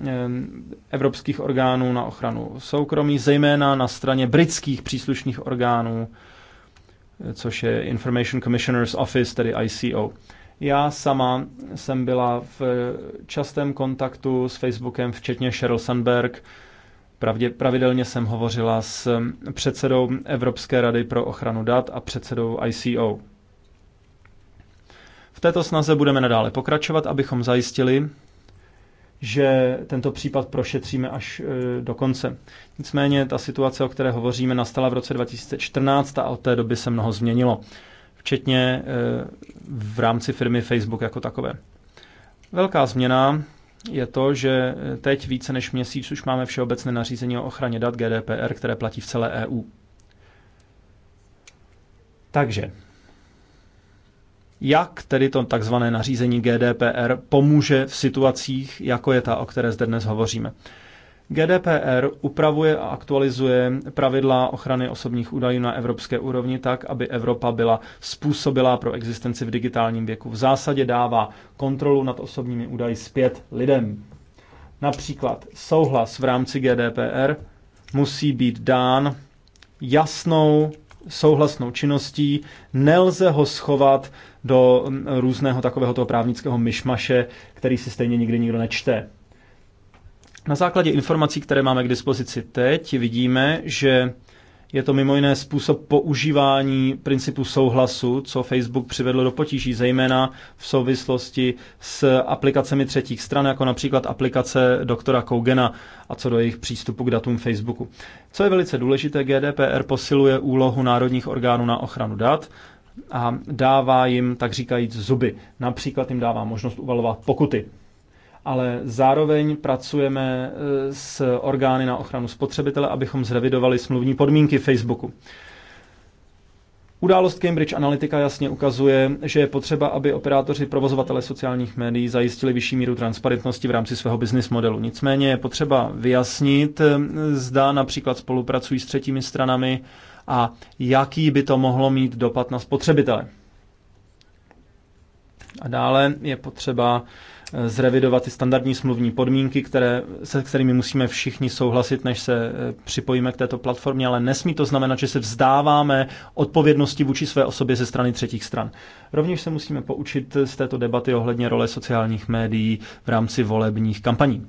evropských orgánů na ochranu soukromí, zejména na straně britských příslušných orgánů, což je Information Commissioner's Office, tedy ICO. Já sama jsem byla v častém kontaktu s Facebookem, včetně Sheryl Sandberg, Pravdě, pravidelně jsem hovořila s předsedou Evropské rady pro ochranu dat a předsedou ICO. V této snaze budeme nadále pokračovat, abychom zajistili, že tento případ prošetříme až e, do konce. Nicméně ta situace, o které hovoříme, nastala v roce 2014 a od té doby se mnoho změnilo, včetně e, v rámci firmy Facebook jako takové. Velká změna je to, že teď více než měsíc už máme všeobecné nařízení o ochraně dat GDPR, které platí v celé EU. Takže, jak tedy to takzvané nařízení GDPR pomůže v situacích, jako je ta, o které zde dnes hovoříme? GDPR upravuje a aktualizuje pravidla ochrany osobních údajů na evropské úrovni tak, aby Evropa byla způsobila pro existenci v digitálním věku. V zásadě dává kontrolu nad osobními údaji zpět lidem. Například souhlas v rámci GDPR musí být dán jasnou souhlasnou činností, nelze ho schovat do různého takového toho právnického myšmaše, který si stejně nikdy nikdo nečte. Na základě informací, které máme k dispozici teď, vidíme, že je to mimo jiné způsob používání principu souhlasu, co Facebook přivedlo do potíží, zejména v souvislosti s aplikacemi třetích stran, jako například aplikace doktora Kougena a co do jejich přístupu k datům Facebooku. Co je velice důležité, GDPR posiluje úlohu národních orgánů na ochranu dat a dává jim, tak říkajíc, zuby. Například jim dává možnost uvalovat pokuty ale zároveň pracujeme e, s orgány na ochranu spotřebitele, abychom zrevidovali smluvní podmínky Facebooku. Událost Cambridge Analytica jasně ukazuje, že je potřeba, aby operátoři provozovatele sociálních médií zajistili vyšší míru transparentnosti v rámci svého business modelu. Nicméně je potřeba vyjasnit, e, zda například spolupracují s třetími stranami a jaký by to mohlo mít dopad na spotřebitele. A dále je potřeba zrevidovat ty standardní smluvní podmínky, které, se kterými musíme všichni souhlasit, než se eh, připojíme k této platformě, ale nesmí to znamenat, že se vzdáváme odpovědnosti vůči své osobě ze strany třetích stran. Rovněž se musíme poučit z této debaty ohledně role sociálních médií v rámci volebních kampaní.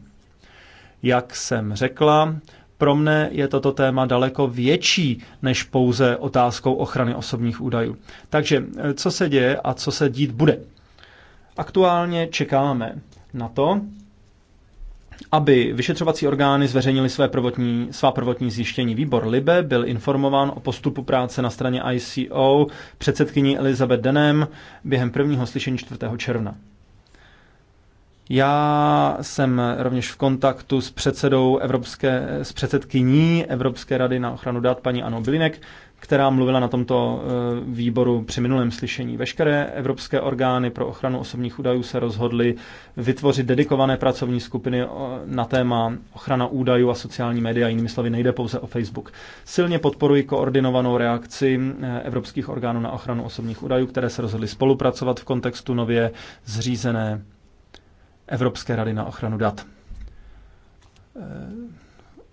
Jak jsem řekla, pro mne je toto téma daleko větší než pouze otázkou ochrany osobních údajů. Takže eh, co se děje a co se dít bude? Aktuálně čekáme na to, aby vyšetřovací orgány zveřejnili své prvotní, svá prvotní zjištění. Výbor Libe byl informován o postupu práce na straně ICO předsedkyní Elizabeth Denem během prvního slyšení 4. června. Já jsem rovněž v kontaktu s předsedou Evropské, s předsedkyní Evropské rady na ochranu dat paní Anou Bilinek, která mluvila na tomto eh, výboru při minulém slyšení. Veškeré evropské orgány pro ochranu osobních údajů se rozhodly vytvořit dedikované pracovní skupiny eh, na téma ochrana údajů a sociální média, jinými slovy nejde pouze o Facebook. Silně podporuji koordinovanou reakci eh, evropských orgánů na ochranu osobních údajů, které se rozhodly spolupracovat v kontextu nově zřízené Evropské rady na ochranu dat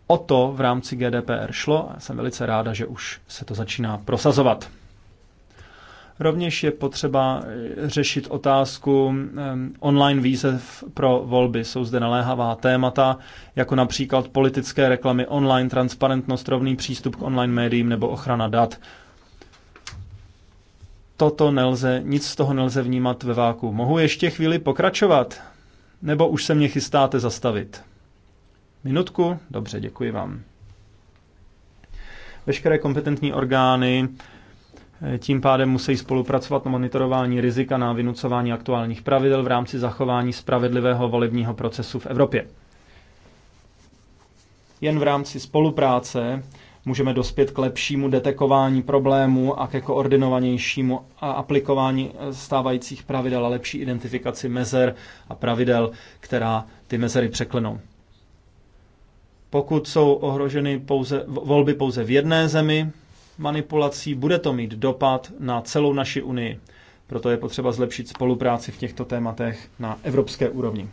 O to v rámci GDPR šlo a jsem velice ráda, že už se to začíná prosazovat. Rovněž je potřeba eh, řešit otázku eh, online výzev pro volby. Jsou zde naléhavá témata, jako například politické reklamy online, transparentnost, rovný přístup k online médiím nebo ochrana dat. Toto nelze, nic z toho nelze vnímat ve váku. Mohu ještě chvíli pokračovat? Nebo už se mě chystáte zastavit? Minutku? Dobře, děkuji vám. Veškeré kompetentní orgány eh, tím pádem musí spolupracovat na monitorování rizika na vynucování aktuálních pravidel v rámci zachování spravedlivého volebního procesu v Evropě. Jen v rámci spolupráce můžeme dospět k lepšímu detekování problémů a ke koordinovanějšímu aplikování eh, stávajících pravidel a lepší identifikaci mezer a pravidel, která ty mezery překlenou. Pokud jsou ohroženy pouze, volby pouze v jedné zemi manipulací, bude to mít dopad na celou naši unii. Proto je potřeba zlepšit spolupráci v těchto tématech na evropské úrovni.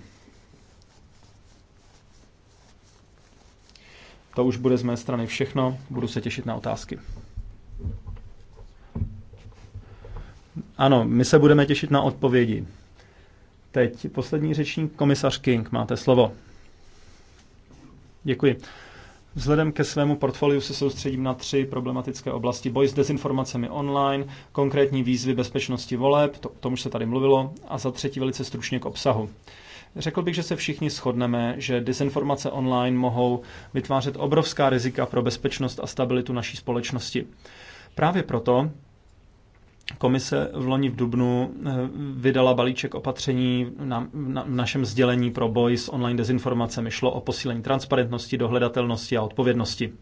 To už bude z mé strany všechno. Budu se těšit na otázky. Ano, my se budeme těšit na odpovědi. Teď poslední řečník, komisař King, máte slovo. Děkuji. Vzhledem ke svému portfoliu se soustředím na tři problematické oblasti. Boj s dezinformacemi online, konkrétní výzvy bezpečnosti voleb, to, tomu se tady mluvilo, a za třetí velice stručně k obsahu. Řekl bych, že se všichni shodneme, že dezinformace online mohou vytvářet obrovská rizika pro bezpečnost a stabilitu naší společnosti. Právě proto Komise v loni v Dubnu eh, vydala balíček opatření na, na, v našem sdělení pro boj s online dezinformacemi. Šlo o posílení transparentnosti, dohledatelnosti a odpovědnosti.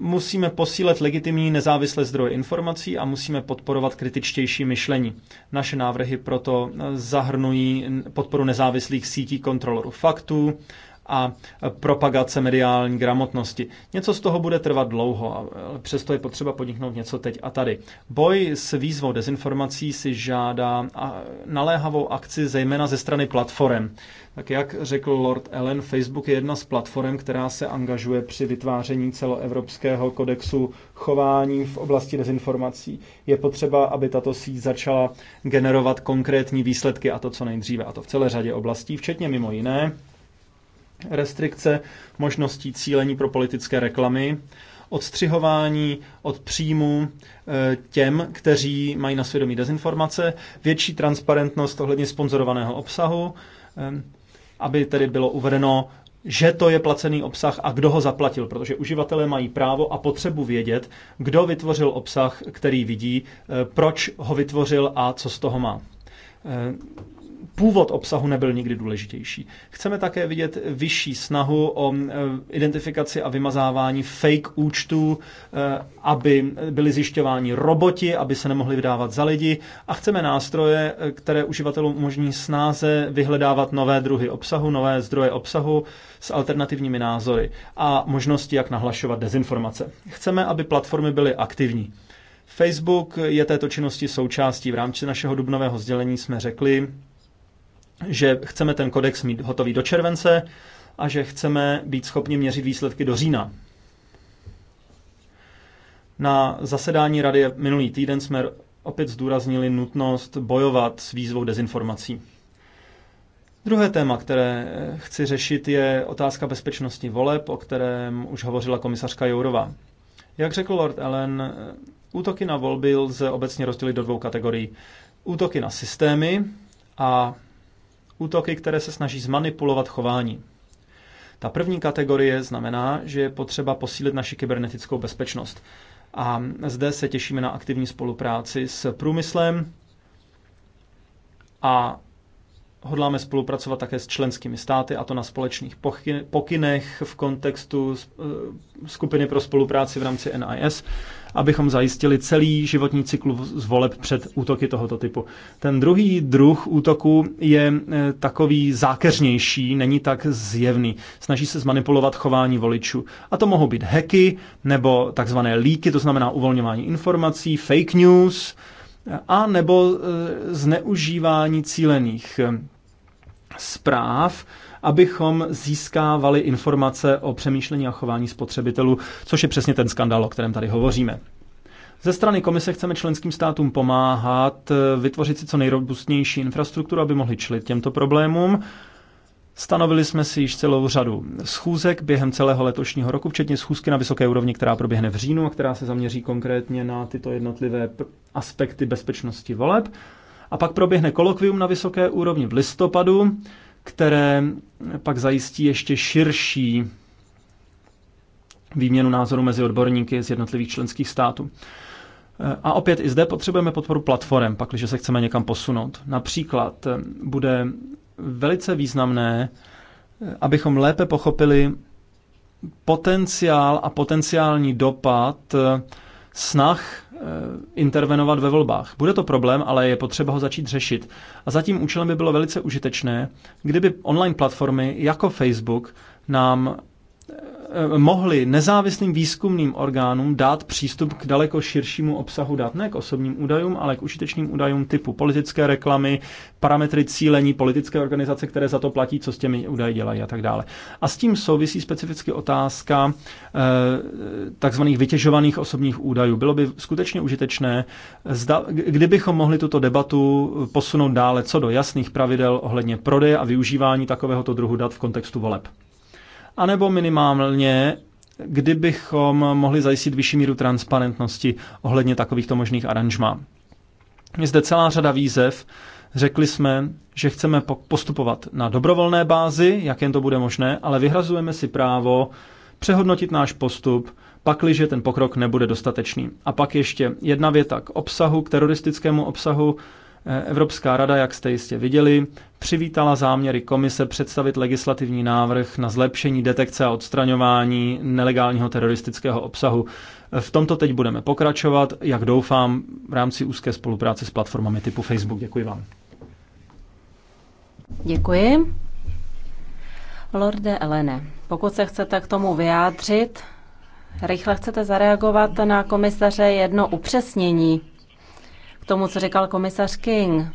Musíme posílet legitimní nezávislé zdroje informací a musíme podporovat kritičtější myšlení. Naše návrhy proto eh, zahrnují podporu nezávislých sítí kontrolorů faktů, a propagace mediální gramotnosti. Něco z toho bude trvat dlouho, ale přesto je potřeba podniknout něco teď a tady. Boj s výzvou dezinformací si žádá naléhavou akci zejména ze strany platform. Tak jak řekl Lord Allen, Facebook je jedna z platform, která se angažuje při vytváření celoevropského kodexu chování v oblasti dezinformací. Je potřeba, aby tato síť začala generovat konkrétní výsledky a to co nejdříve, a to v celé řadě oblastí, včetně mimo jiné restrikce možností cílení pro politické reklamy, odstřihování od příjmu eh, těm, kteří mají na svědomí dezinformace, větší transparentnost ohledně sponzorovaného obsahu, eh, aby tedy bylo uvedeno, že to je placený obsah a kdo ho zaplatil, protože uživatelé mají právo a potřebu vědět, kdo vytvořil obsah, který vidí, eh, proč ho vytvořil a co z toho má původ obsahu nebyl nikdy důležitější. Chceme také vidět vyšší snahu o e, identifikaci a vymazávání fake účtů, e, aby byly zjišťováni roboti, aby se nemohli vydávat za lidi a chceme nástroje, e, které uživatelům umožní snáze vyhledávat nové druhy obsahu, nové zdroje obsahu s alternativními názory a možnosti, jak nahlašovat dezinformace. Chceme, aby platformy byly aktivní. Facebook je této činnosti součástí. V rámci našeho dubnového sdělení jsme řekli, že chceme ten kodex mít hotový do července a že chceme být schopni měřit výsledky do října. Na zasedání rady minulý týden jsme opět zdůraznili nutnost bojovat s výzvou dezinformací. Druhé téma, které chci řešit, je otázka bezpečnosti voleb, o kterém už hovořila komisařka Jourova. Jak řekl Lord Allen, útoky na volby lze obecně rozdělit do dvou kategorií. Útoky na systémy a útoky, které se snaží zmanipulovat chování. Ta první kategorie znamená, že je potřeba posílit naši kybernetickou bezpečnost. A zde se těšíme na aktivní spolupráci s průmyslem a hodláme spolupracovat také s členskými státy, a to na společných pokynech v kontextu eh, skupiny pro spolupráci v rámci NIS, abychom zajistili celý životní cyklus voleb před útoky tohoto typu. Ten druhý druh útoku je e, takový zákeřnější, není tak zjevný. Snaží se zmanipulovat chování voličů. A to mohou být hacky nebo takzvané líky, to znamená uvolňování informací, fake news, a nebo e, zneužívání cílených e, zpráv, abychom získávali informace o přemýšlení a chování spotřebitelů, což je přesně ten skandál, o kterém tady hovoříme. Ze strany komise chceme členským státům pomáhat eh, vytvořit si co nejrobustnější infrastrukturu, aby mohli čelit těmto problémům. Stanovili jsme si již celou řadu schůzek během celého letošního roku, včetně schůzky na vysoké úrovni, která proběhne v říjnu a která se zaměří konkrétně na tyto jednotlivé aspekty bezpečnosti voleb. A pak proběhne kolokvium na vysoké úrovni v listopadu, které pak zajistí ještě širší výměnu názorů mezi odborníky z jednotlivých členských států. A opět i zde potřebujeme podporu platform, pakliže se chceme někam posunout. Například bude velice významné, abychom lépe pochopili potenciál a potenciální dopad snah Eh, intervenovat ve volbách. Bude to problém, ale je potřeba ho začít řešit. A zatím účelem by bylo velice užitečné, kdyby online platformy jako Facebook nám Eh, mohli nezávislým výzkumným orgánům dát přístup k daleko širšímu obsahu dat, ne k osobním údajům, ale k užitečným údajům typu politické reklamy, parametry cílení politické organizace, které za to platí, co s těmi údaji dělají a tak dále. A s tím souvisí specificky otázka eh, takzvaných vytěžovaných osobních údajů. Bylo by skutečně užitečné, kdybychom mohli tuto debatu posunout dále co do jasných pravidel ohledně prodeje a využívání takovéhoto druhu dat v kontextu voleb anebo minimálně, kdybychom mohli zajistit vyšší míru transparentnosti ohledně takovýchto možných aranžmá. Je zde celá řada výzev. Řekli jsme, že chceme postupovat na dobrovolné bázi, jak jen to bude možné, ale vyhrazujeme si právo přehodnotit náš postup, pakliže ten pokrok nebude dostatečný. A pak ještě jedna věta k obsahu, k teroristickému obsahu. Evropská rada, jak jste jistě viděli, přivítala záměry komise představit legislativní návrh na zlepšení detekce a odstraňování nelegálního teroristického obsahu. V tomto teď budeme pokračovat, jak doufám, v rámci úzké spolupráce s platformami typu Facebook. Děkuji vám. Děkuji. Lorde Elene, pokud se chcete k tomu vyjádřit, rychle chcete zareagovat na komisaře jedno upřesnění tomu, co říkal komisař King.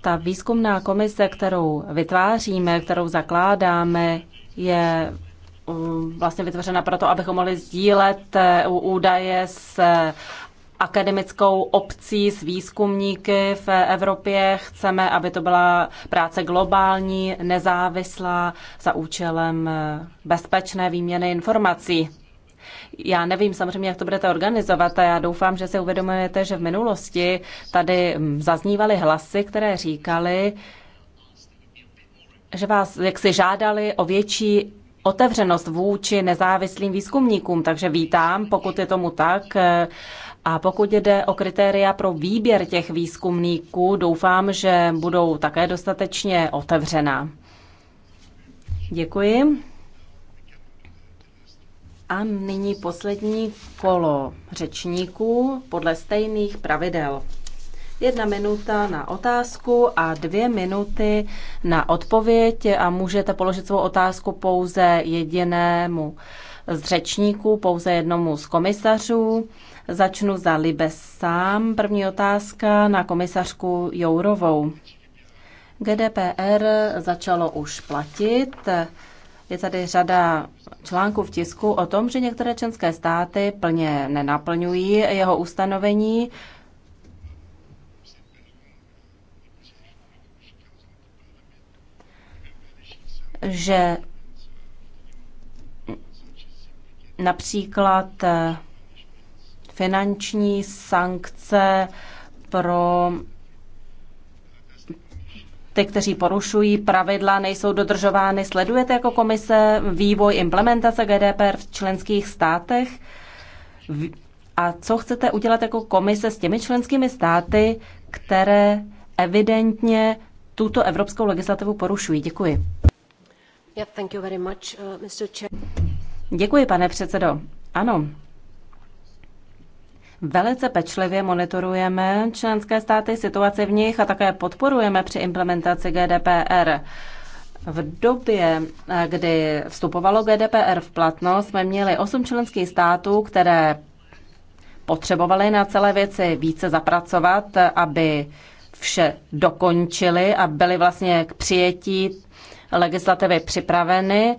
Ta výzkumná komise, kterou vytváříme, kterou zakládáme, je mm, vlastně vytvořena proto, abychom mohli sdílet eh, údaje s eh, akademickou obcí, s výzkumníky v Evropě. Chceme, aby to byla práce globální, nezávislá za účelem eh, bezpečné výměny informací. Já nevím samozřejmě, jak to budete organizovat a já doufám, že si uvědomujete, že v minulosti tady mm, zaznívaly hlasy, které říkali, že vás jaksi žádali o větší otevřenost vůči nezávislým výzkumníkům, takže vítám, pokud je tomu tak. A pokud jde o kritéria pro výběr těch výzkumníků, doufám, že budou také dostatečně otevřená. Děkuji. A nyní poslední kolo řečníků podle stejných pravidel. Jedna minuta na otázku a dvě minuty na odpověď a můžete položit svou otázku pouze jedinému z řečníků, pouze jednomu z komisařů. Začnu za Libe sám. První otázka na komisařku Jourovou. GDPR začalo už platit. Je tady řada článků v tisku o tom, že některé členské státy plně nenaplňují jeho ustanovení. že například eh, finanční sankce pro ty, kteří porušují pravidla, nejsou dodržovány. Sledujete jako komise vývoj implementace GDPR v členských státech? A co chcete udělat jako komise s těmi členskými státy, které evidentně tuto evropskou legislativu porušují? Děkuji. Yeah, thank you very much, uh, Mr. Děkuji, pane předsedo. Ano, Velice pečlivě monitorujeme členské státy, situaci v nich a také podporujeme při implementaci GDPR. V době, kdy vstupovalo GDPR v platnost, jsme měli osm členských států, které potřebovaly na celé věci více zapracovat, aby vše dokončili a byli vlastně k přijetí legislativy připraveny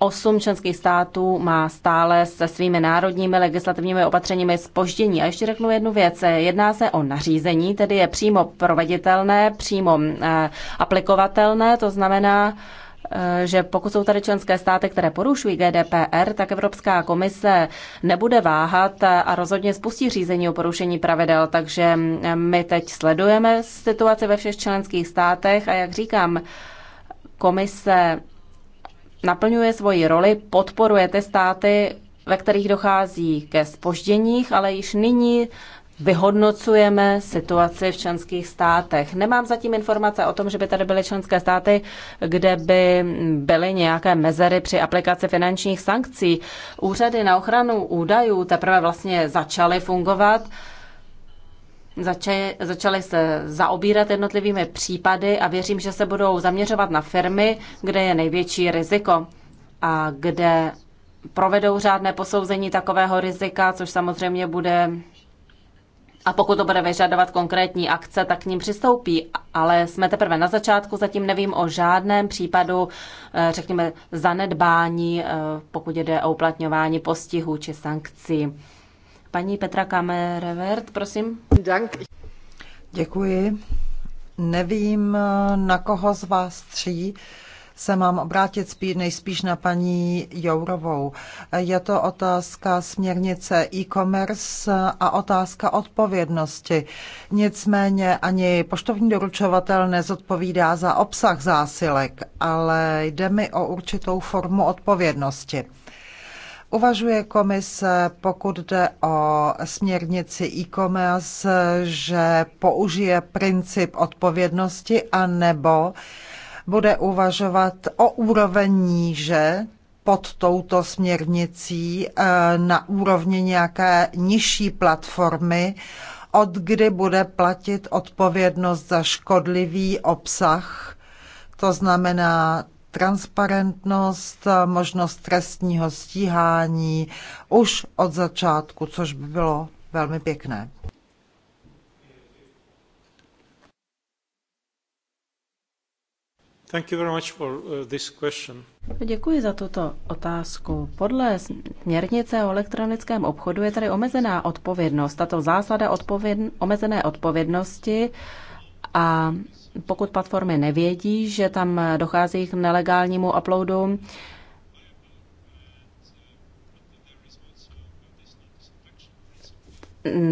Osm členských států má stále se svými národními legislativními opatřeními spoždění. A ještě řeknu jednu věc. Jedná se o nařízení, tedy je přímo proveditelné, přímo eh, aplikovatelné, to znamená, eh, že pokud jsou tady členské státy, které porušují GDPR, tak Evropská komise nebude váhat a rozhodně spustí řízení o porušení pravidel. Takže eh, my teď sledujeme situaci ve všech členských státech a jak říkám, komise naplňuje svoji roli, podporuje ty státy, ve kterých dochází ke spožděních, ale již nyní vyhodnocujeme situaci v členských státech. Nemám zatím informace o tom, že by tady byly členské státy, kde by byly nějaké mezery při aplikaci finančních sankcí. Úřady na ochranu údajů teprve vlastně začaly fungovat začali začaly se zaobírat jednotlivými případy a věřím, že se budou zaměřovat na firmy, kde je největší riziko a kde provedou řádné posouzení takového rizika, což samozřejmě bude a pokud to bude vyžadovat konkrétní akce, tak k ním přistoupí. Ale jsme teprve na začátku, zatím nevím o žádném případu, eh, řekněme, zanedbání, eh, pokud jde o uplatňování postihů či sankcí. Paní Petra Kamerevert, prosím. Dank. Děkuji. Nevím, na koho z vás tří se mám obrátit spí, nejspíš na paní Jourovou. Je to otázka směrnice e-commerce a otázka odpovědnosti. Nicméně ani poštovní doručovatel nezodpovídá za obsah zásilek, ale jde mi o určitou formu odpovědnosti. Uvažuje komise, pokud jde o směrnici e-commerce, že použije princip odpovědnosti a nebo bude uvažovat o úroveň níže pod touto směrnicí eh, na úrovni nějaké nižší platformy, od kdy bude platit odpovědnost za škodlivý obsah to znamená transparentnost, možnost trestního stíhání už od začátku, což by bylo velmi pěkné. Thank you very much for uh, this question. Děkuji za tuto otázku. Podle směrnice o elektronickém obchodu je tady omezená odpovědnost. Tato zásada odpověd, omezené odpovědnosti a pokud platformy nevědí, že tam dochází k nelegálnímu uploadu,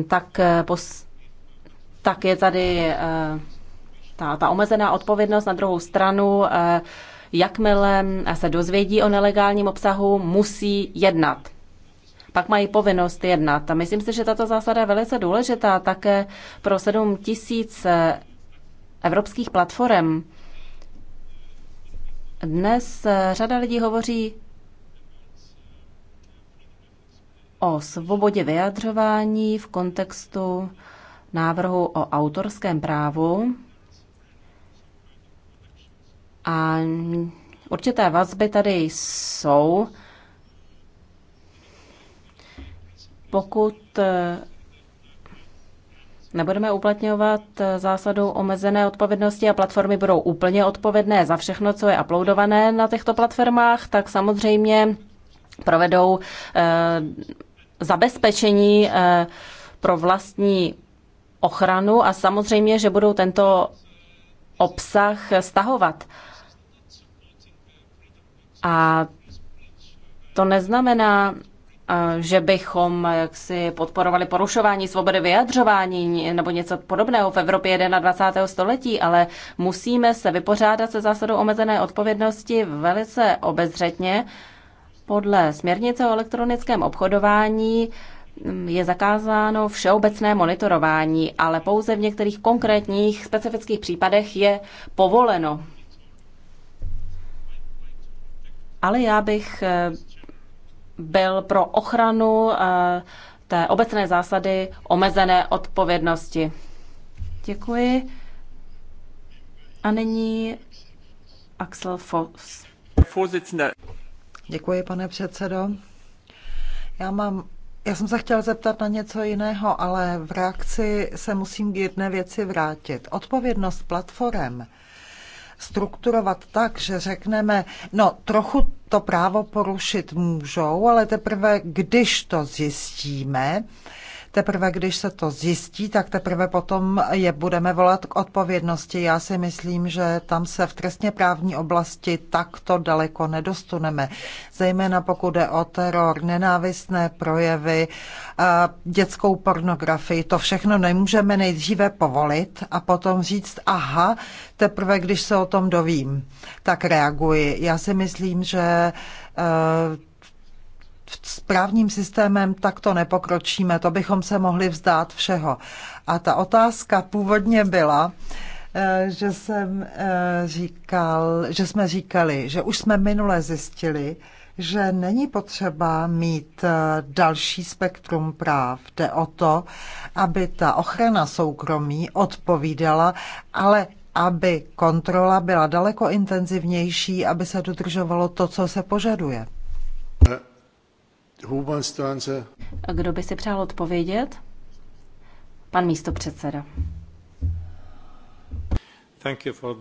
tak, pos, tak je tady eh, ta, ta omezená odpovědnost na druhou stranu. Eh, jakmile se dozvědí o nelegálním obsahu, musí jednat pak mají povinnost jednat. A myslím si, že tato zásada je velice důležitá také pro 7 tisíc evropských platform. Dnes eh, řada lidí hovoří o svobodě vyjadřování v kontextu návrhu o autorském právu a určité vazby tady jsou. Pokud eh, Nebudeme uplatňovat eh, zásadu omezené odpovědnosti a platformy budou úplně odpovědné za všechno, co je uploadované na těchto platformách, tak samozřejmě provedou eh, zabezpečení eh, pro vlastní ochranu a samozřejmě, že budou tento obsah stahovat. A to neznamená, že bychom si podporovali porušování svobody vyjadřování nebo něco podobného v Evropě 21. století, ale musíme se vypořádat se zásadou omezené odpovědnosti velice obezřetně. Podle směrnice o elektronickém obchodování mm, je zakázáno všeobecné monitorování, ale pouze v některých konkrétních specifických případech je povoleno. Ale já bych eh, byl pro ochranu eh, té obecné zásady omezené odpovědnosti. Děkuji. A nyní Axel Foss. Děkuji, pane předsedo. Já mám já jsem se chtěl zeptat na něco jiného, ale v reakci se musím k jedné věci vrátit. Odpovědnost platform strukturovat tak, že řekneme, no trochu to právo porušit můžou, ale teprve když to zjistíme, Teprve když se to zjistí, tak teprve potom je budeme volat k odpovědnosti. Já si myslím, že tam se v trestně právní oblasti takto daleko nedostuneme. Zejména pokud jde o teror, nenávistné projevy, dětskou pornografii, to všechno nemůžeme nejdříve povolit a potom říct, aha, teprve když se o tom dovím, tak reaguji. Já si myslím, že s právním systémem takto nepokročíme, to bychom se mohli vzdát všeho. A ta otázka původně byla, eh, že jsem eh, říkal, že jsme říkali, že už jsme minule zjistili, že není potřeba mít eh, další spektrum práv. Jde o to, aby ta ochrana soukromí odpovídala, ale aby kontrola byla daleko intenzivnější, aby se dodržovalo to, co se požaduje. Kdo by si přál odpovědět? Pan místo předseda. For...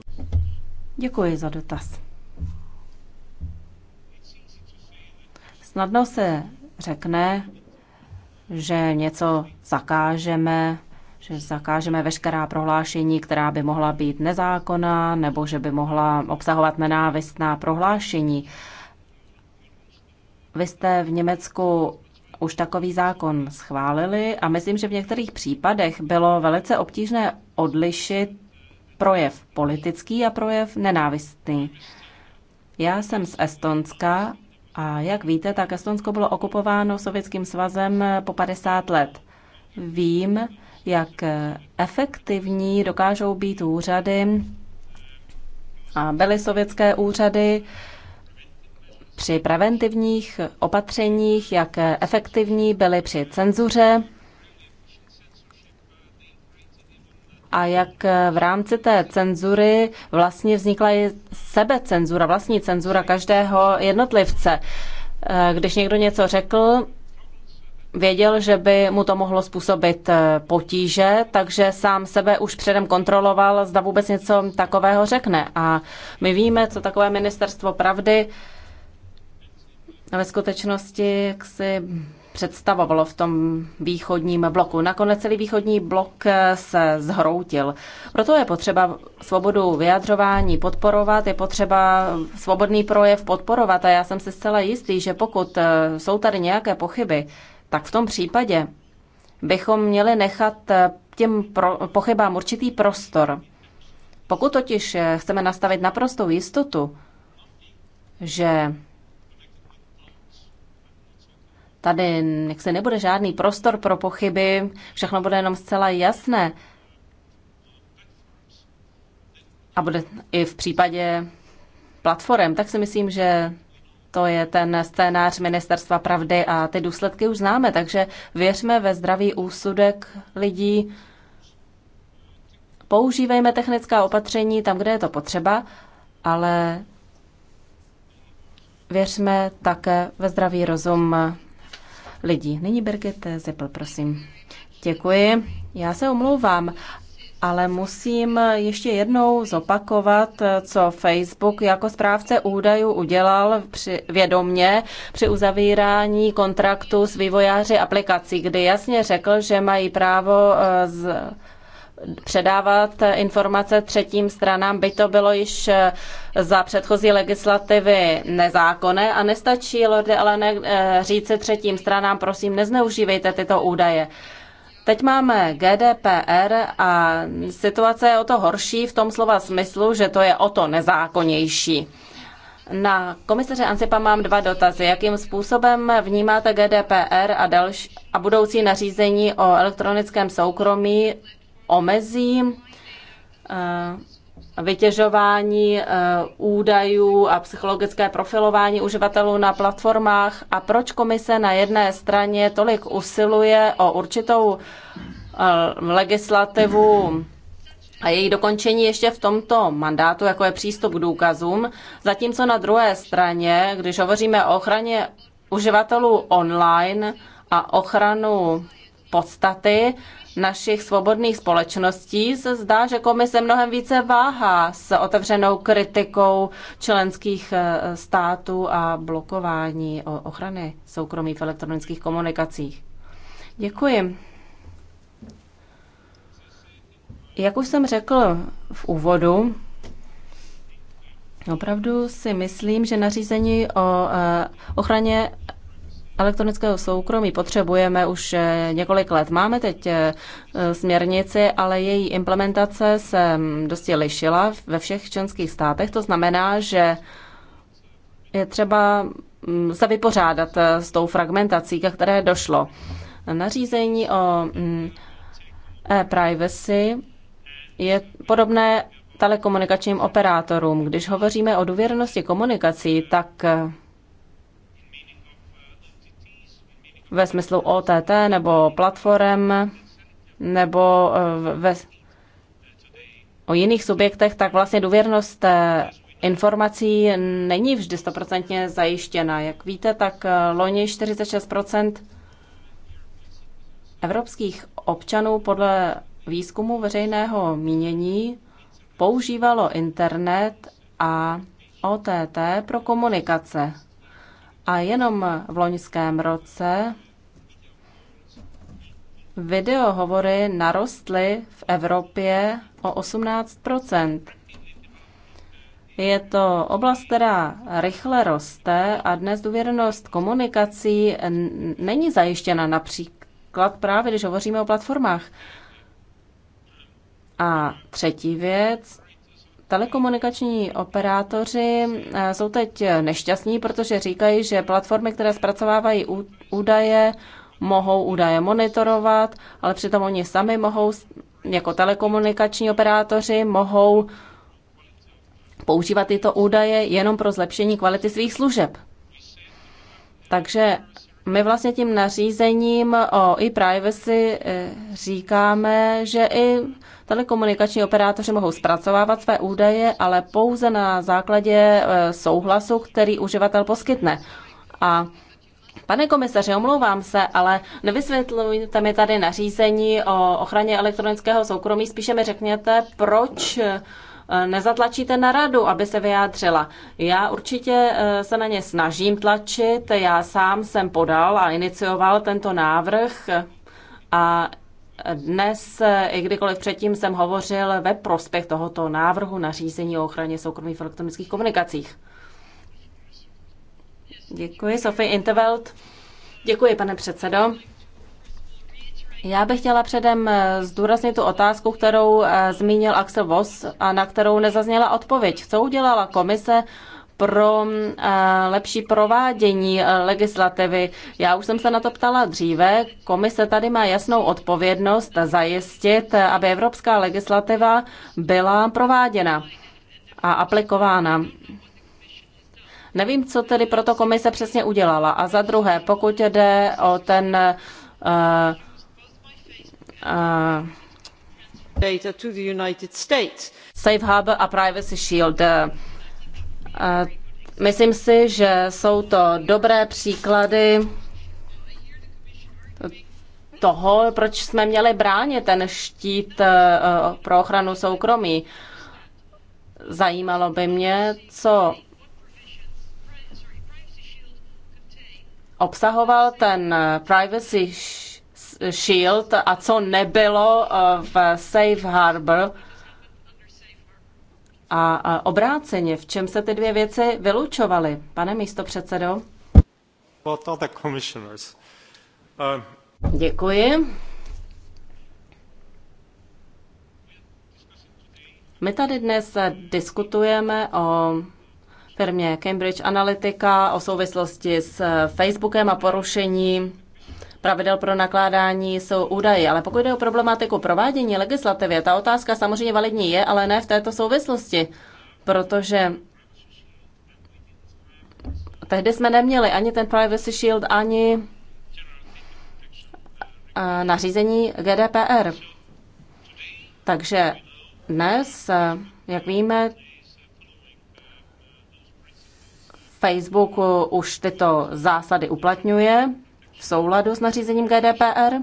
Děkuji za dotaz. Snadno se řekne, že něco zakážeme, že zakážeme veškerá prohlášení, která by mohla být nezákonná, nebo že by mohla obsahovat nenávistná prohlášení. Vy jste v Německu už takový zákon schválili a myslím, že v některých případech bylo velice obtížné odlišit projev politický a projev nenávistný. Já jsem z Estonska a jak víte, tak Estonsko bylo okupováno Sovětským svazem po 50 let. Vím, jak efektivní dokážou být úřady a byly sovětské úřady, při preventivních opatřeních, jak efektivní byly při cenzuře a jak v rámci té cenzury vlastně vznikla i sebecenzura, vlastní cenzura každého jednotlivce. Když někdo něco řekl, věděl, že by mu to mohlo způsobit potíže, takže sám sebe už předem kontroloval, zda vůbec něco takového řekne. A my víme, co takové ministerstvo pravdy ve skutečnosti jak si představovalo v tom východním bloku. Nakonec celý východní blok eh, se zhroutil. Proto je potřeba svobodu vyjadřování podporovat, je potřeba svobodný projev podporovat a já jsem si zcela jistý, že pokud eh, jsou tady nějaké pochyby, tak v tom případě bychom měli nechat eh, těm pochybám určitý prostor. Pokud totiž chceme nastavit naprostou jistotu, že tady jak se nebude žádný prostor pro pochyby, všechno bude jenom zcela jasné. A bude i v případě platform, tak si myslím, že to je ten scénář Ministerstva pravdy a ty důsledky už známe, takže věřme ve zdravý úsudek lidí, používejme technická opatření tam, kde je to potřeba, ale věřme také ve zdravý rozum lidí. Nyní Birgitte Zippel, prosím. Děkuji. Já se omlouvám, ale musím ještě jednou zopakovat, co Facebook jako správce údajů udělal při, vědomně při uzavírání kontraktu s vývojáři aplikací, kdy jasně řekl, že mají právo eh, z předávat informace třetím stranám, by to bylo již eh, za předchozí legislativy nezákonné a nestačí, Lorde, ale ne, eh, říci třetím stranám, prosím, nezneužívejte tyto údaje. Teď máme GDPR a situace je o to horší v tom slova smyslu, že to je o to nezákonnější. Na komisaře Ancipa mám dva dotazy. Jakým způsobem vnímáte GDPR a, další, a budoucí nařízení o elektronickém soukromí omezí eh, vytěžování eh, údajů a psychologické profilování uživatelů na platformách a proč komise na jedné straně tolik usiluje o určitou eh, legislativu a její dokončení ještě v tomto mandátu, jako je přístup k důkazům, zatímco na druhé straně, když hovoříme o ochraně uživatelů online a ochranu podstaty našich svobodných společností se zdá, že komise mnohem více váhá s otevřenou kritikou členských eh, států a blokování ochrany soukromí v elektronických komunikacích. Děkuji. Jak už jsem řekl v úvodu, opravdu si myslím, že nařízení o eh, ochraně elektronického soukromí potřebujeme už eh, několik let. Máme teď eh, směrnici, ale její implementace se mm, dosti lišila ve všech členských státech. To znamená, že je třeba mm, se vypořádat eh, s tou fragmentací, ke které došlo. Nařízení o mm, e-privacy je podobné telekomunikačním operátorům. Když hovoříme o důvěrnosti komunikací, tak ve smyslu OTT nebo platform nebo eh, ve, o jiných subjektech, tak vlastně důvěrnost eh, informací není vždy stoprocentně zajištěna. Jak víte, tak eh, loni 46 evropských občanů podle výzkumu veřejného mínění používalo internet a OTT pro komunikace. A jenom v loňském roce videohovory narostly v Evropě o 18 je to oblast, která rychle roste a dnes důvěrnost komunikací není zajištěna například právě, když hovoříme o platformách. A třetí věc, Telekomunikační operátoři eh, jsou teď nešťastní, protože říkají, že platformy, které zpracovávají údaje, mohou údaje monitorovat, ale přitom oni sami mohou, jako telekomunikační operátoři, mohou používat tyto údaje jenom pro zlepšení kvality svých služeb. Takže my vlastně tím nařízením o e-privacy eh, říkáme, že i Telekomunikační operátoři mohou zpracovávat své údaje, ale pouze na základě e, souhlasu, který uživatel poskytne. A Pane komisaři, omlouvám se, ale nevysvětlujte mi tady nařízení o ochraně elektronického soukromí. Spíše mi řekněte, proč e, nezatlačíte na radu, aby se vyjádřila. Já určitě e, se na ně snažím tlačit. Já sám jsem podal a inicioval tento návrh a dnes, i kdykoliv předtím, jsem hovořil ve prospěch tohoto návrhu na řízení o ochraně soukromí v elektronických komunikacích. Děkuji, Sophie Intervelt. Děkuji, pane předsedo. Já bych chtěla předem zdůraznit tu otázku, kterou eh, zmínil Axel Voss a na kterou nezazněla odpověď. Co udělala komise pro eh, lepší provádění eh, legislativy. Já už jsem se na to ptala dříve. Komise tady má jasnou odpovědnost zajistit, eh, aby evropská legislativa byla prováděna a aplikována. Nevím, co tedy proto komise přesně udělala. A za druhé, pokud jde o ten. Uh, uh, Safe Harbor a Privacy Shield. Uh, Myslím si, že jsou to dobré příklady toho, proč jsme měli bránit ten štít e, pro ochranu soukromí. Zajímalo by mě, co obsahoval ten Privacy Shield a co nebylo e, v Safe Harbor a obráceně. V čem se ty dvě věci vylučovaly, pane místopředsedo? Um, Děkuji. My tady dnes diskutujeme o firmě Cambridge Analytica, o souvislosti s Facebookem a porušení pravidel pro nakládání s údaji. Ale pokud jde o problematiku provádění legislativy, ta otázka samozřejmě validní je, ale ne v této souvislosti, protože tehdy jsme neměli ani ten Privacy Shield, ani nařízení GDPR. Takže dnes, jak víme, Facebook už tyto zásady uplatňuje v souladu s nařízením GDPR.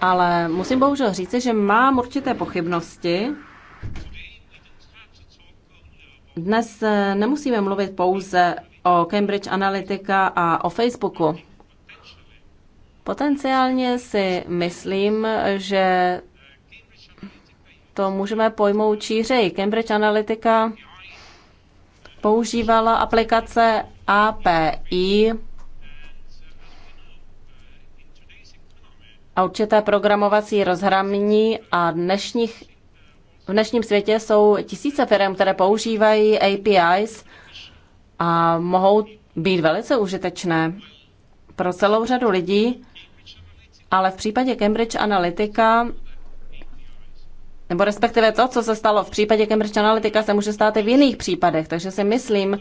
Ale musím bohužel říci, že mám určité pochybnosti. Dnes eh, nemusíme mluvit pouze o Cambridge Analytica a o Facebooku. Potenciálně si myslím, že to můžeme pojmout číře. Cambridge Analytica používala aplikace API a určité programovací rozhraní a dnešních, v dnešním světě jsou tisíce firm, které používají APIs a mohou být velice užitečné pro celou řadu lidí, ale v případě Cambridge Analytica nebo respektive to, co se stalo v případě Cambridge Analytica, se může stát i v jiných případech. Takže si myslím,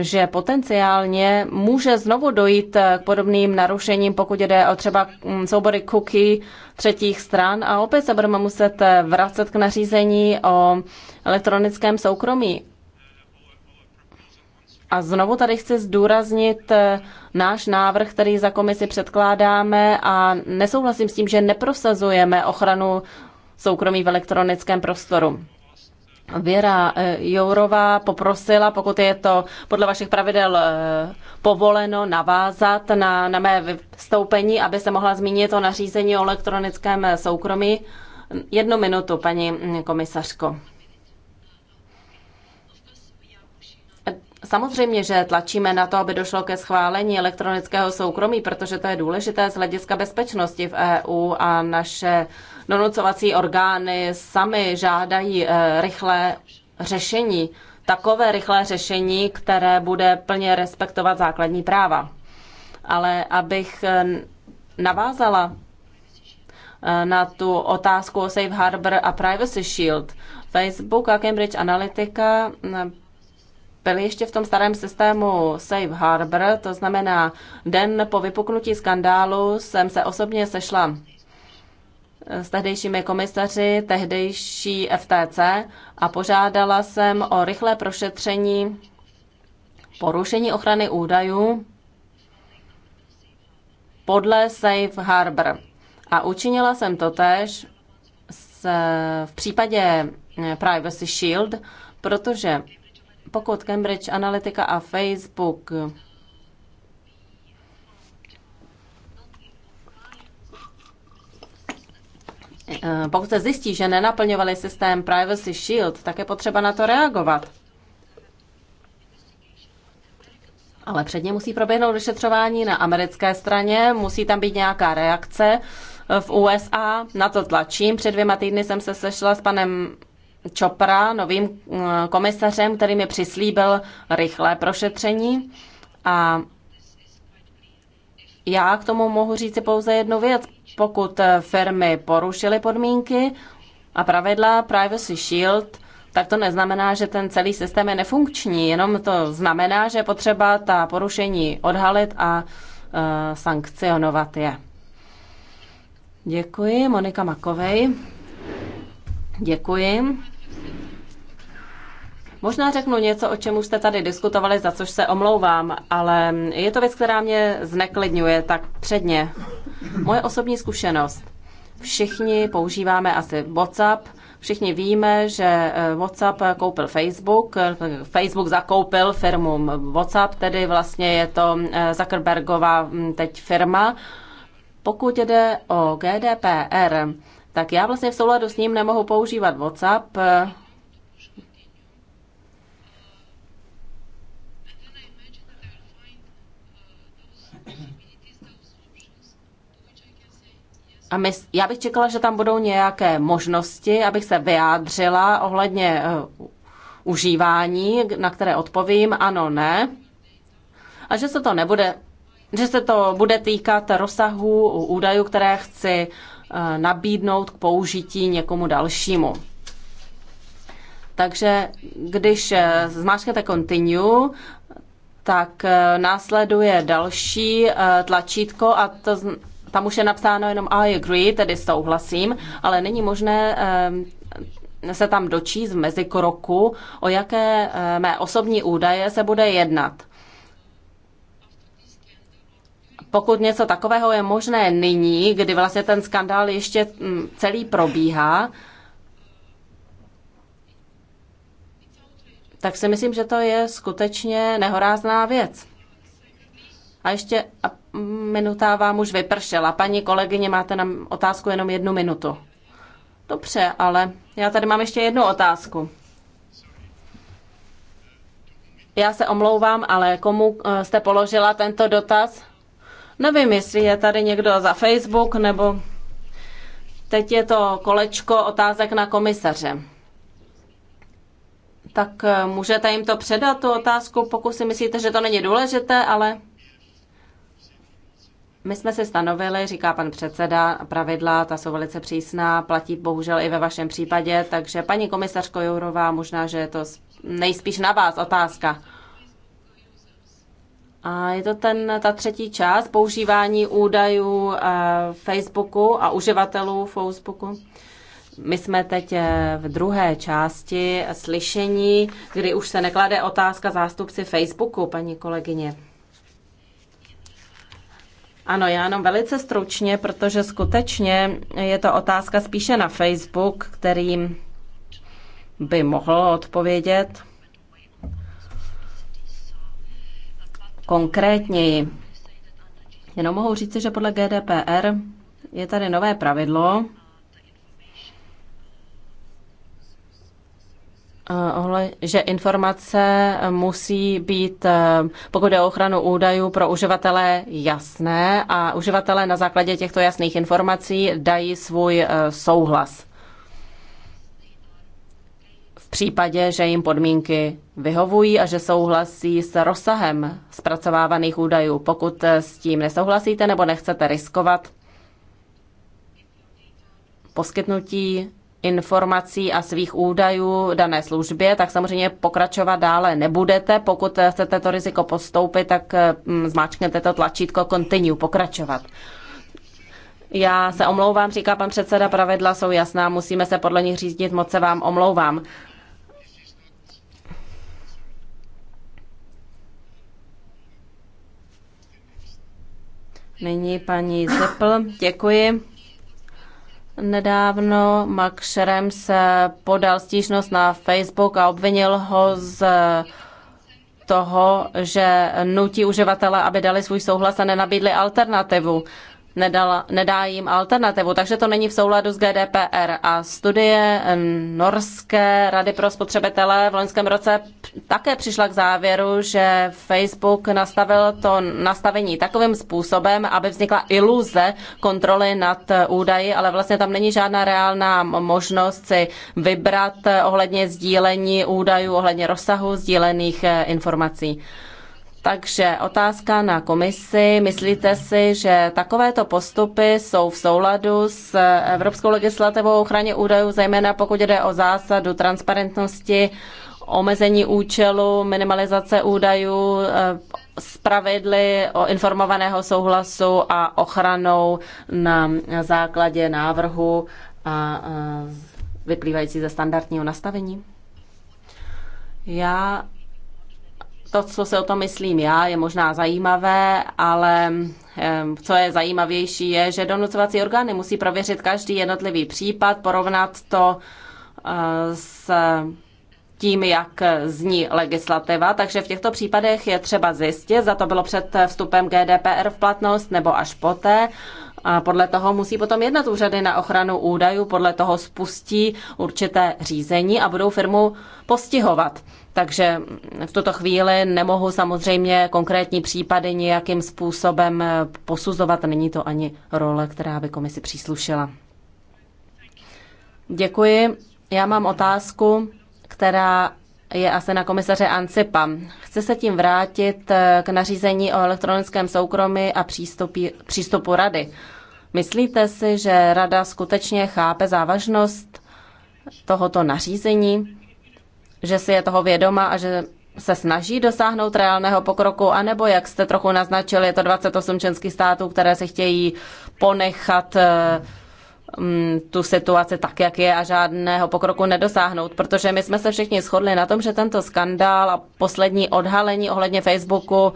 že potenciálně může znovu dojít k podobným narušením, pokud jde o třeba mm, soubory cookie třetích stran a opět se budeme muset vracet k nařízení o elektronickém soukromí. A znovu tady chci zdůraznit eh, náš návrh, který za komisi předkládáme a nesouhlasím s tím, že neprosazujeme ochranu soukromí v elektronickém prostoru. Věra eh, Jourová poprosila, pokud je to podle vašich pravidel eh, povoleno navázat na, na mé vystoupení, aby se mohla zmínit o nařízení o elektronickém eh, soukromí. Jednu minutu, paní mm, komisařko. Samozřejmě, že tlačíme na to, aby došlo ke schválení elektronického soukromí, protože to je důležité z hlediska bezpečnosti v EU a naše donucovací orgány sami žádají eh, rychlé řešení. Takové rychlé řešení, které bude plně respektovat základní práva. Ale abych eh, navázala eh, na tu otázku o Safe Harbor a Privacy Shield. Facebook a Cambridge Analytica byly ještě v tom starém systému Safe Harbor, to znamená den po vypuknutí skandálu jsem se osobně sešla s tehdejšími komisaři, tehdejší FTC a požádala jsem o rychlé prošetření porušení ochrany údajů podle Safe Harbor. A učinila jsem to tež s, v případě eh, Privacy Shield, protože pokud Cambridge Analytica a Facebook Eh, pokud se zjistí, že nenaplňovali systém Privacy Shield, tak je potřeba na to reagovat. Ale předně musí proběhnout vyšetřování na americké straně, musí tam být nějaká reakce eh, v USA, na to tlačím. Před dvěma týdny jsem se sešla s panem Čopra, novým eh, komisařem, který mi přislíbil rychlé prošetření. A já k tomu mohu říct pouze jednu věc pokud eh, firmy porušily podmínky a pravidla Privacy Shield, tak to neznamená, že ten celý systém je nefunkční, jenom to znamená, že je potřeba ta porušení odhalit a eh, sankcionovat je. Děkuji, Monika Makovej. Děkuji. Možná řeknu něco, o čem už jste tady diskutovali, za což se omlouvám, ale je to věc, která mě zneklidňuje tak předně. Moje osobní zkušenost. Všichni používáme asi WhatsApp, Všichni víme, že eh, WhatsApp koupil Facebook, Facebook zakoupil firmu WhatsApp, tedy vlastně je to eh, Zuckerbergova hm, teď firma. Pokud jde o GDPR, tak já vlastně v souladu s ním nemohu používat WhatsApp, eh, A my, já bych čekala, že tam budou nějaké možnosti, abych se vyjádřila ohledně uh, užívání, na které odpovím ano, ne. A že se to nebude, že se to bude týkat rozsahu údajů, které chci uh, nabídnout k použití někomu dalšímu. Takže když eh, zmáčknete continue, tak následuje další tlačítko a to tam už je napsáno jenom I agree, tedy souhlasím, ale není možné ehm, se tam dočíst v mezikroku, o jaké ehm, mé osobní údaje se bude jednat. Pokud něco takového je možné nyní, kdy vlastně ten skandál ještě hm, celý probíhá, tak si myslím, že to je skutečně nehorázná věc. A ještě, a minuta vám už vypršela. Paní kolegyně, máte na otázku jenom jednu minutu. Dobře, ale já tady mám ještě jednu otázku. Já se omlouvám, ale komu eh, jste položila tento dotaz? Nevím, jestli je tady někdo za Facebook, nebo teď je to kolečko otázek na komisaře. Tak eh, můžete jim to předat, tu otázku, pokud si myslíte, že to není důležité, ale my jsme se stanovili, říká pan předseda, pravidla, ta jsou velice přísná, platí bohužel i ve vašem případě, takže paní komisařko Jourová, možná, že je to nejspíš na vás otázka. A je to ten, ta třetí část, používání údajů eh, Facebooku a uživatelů Facebooku. My jsme teď eh, v druhé části slyšení, kdy už se neklade otázka zástupci Facebooku, paní kolegyně. Ano, já jenom velice stručně, protože skutečně je to otázka spíše na Facebook, kterým by mohl odpovědět konkrétněji. Jenom mohu říci, že podle GDPR je tady nové pravidlo, Eh, že informace musí být, eh, pokud je o ochranu údajů pro uživatele, jasné a uživatelé na základě těchto jasných informací dají svůj eh, souhlas v případě, že jim podmínky vyhovují a že souhlasí s rozsahem zpracovávaných údajů. Pokud s tím nesouhlasíte nebo nechcete riskovat poskytnutí informací a svých údajů dané službě, tak samozřejmě pokračovat dále nebudete. Pokud chcete to riziko postoupit, tak mm, zmáčknete to tlačítko continue, pokračovat. Já se omlouvám, říká pan předseda, pravidla jsou jasná, musíme se podle nich řídit, moc se vám omlouvám. Nyní paní Zepl, děkuji. Nedávno Max Schrems podal stížnost na Facebook a obvinil ho z toho, že nutí uživatele, aby dali svůj souhlas a nenabídli alternativu nedala, nedá jim alternativu, takže to není v souladu s GDPR. A studie Norské rady pro spotřebitele v loňském roce také přišla k závěru, že Facebook nastavil to nastavení takovým způsobem, aby vznikla iluze kontroly nad eh, údaji, ale vlastně tam není žádná reálná možnost si vybrat eh, ohledně sdílení údajů, ohledně rozsahu sdílených eh, informací. Takže otázka na komisi. Myslíte si, že takovéto postupy jsou v souladu s evropskou legislativou ochraně údajů, zejména pokud jde o zásadu transparentnosti, omezení účelu, minimalizace údajů, s eh, o informovaného souhlasu a ochranou na základě návrhu a eh, vyplývající ze standardního nastavení? Já to, co se o tom myslím já, je možná zajímavé, ale co je zajímavější, je, že donucovací orgány musí prověřit každý jednotlivý případ, porovnat to eh, s tím, jak zní legislativa, takže v těchto případech je třeba zjistit, za to bylo před vstupem GDPR v platnost nebo až poté. A podle toho musí potom jednat úřady na ochranu údajů, podle toho spustí určité řízení a budou firmu postihovat. Takže v tuto chvíli nemohu samozřejmě konkrétní případy nějakým způsobem posuzovat. Není to ani role, která by komisi příslušela. Děkuji. Já mám otázku, která je asi na komisaře Ancipa. Chce se tím vrátit k nařízení o elektronickém soukromí a přístupi, přístupu rady. Myslíte si, že rada skutečně chápe závažnost tohoto nařízení? že si je toho vědoma a že se snaží dosáhnout reálného pokroku, anebo jak jste trochu naznačili, je to 28 členských států, které se chtějí ponechat eh, mm, tu situaci tak, jak je a žádného pokroku nedosáhnout, protože my jsme se všichni shodli na tom, že tento skandál a poslední odhalení ohledně Facebooku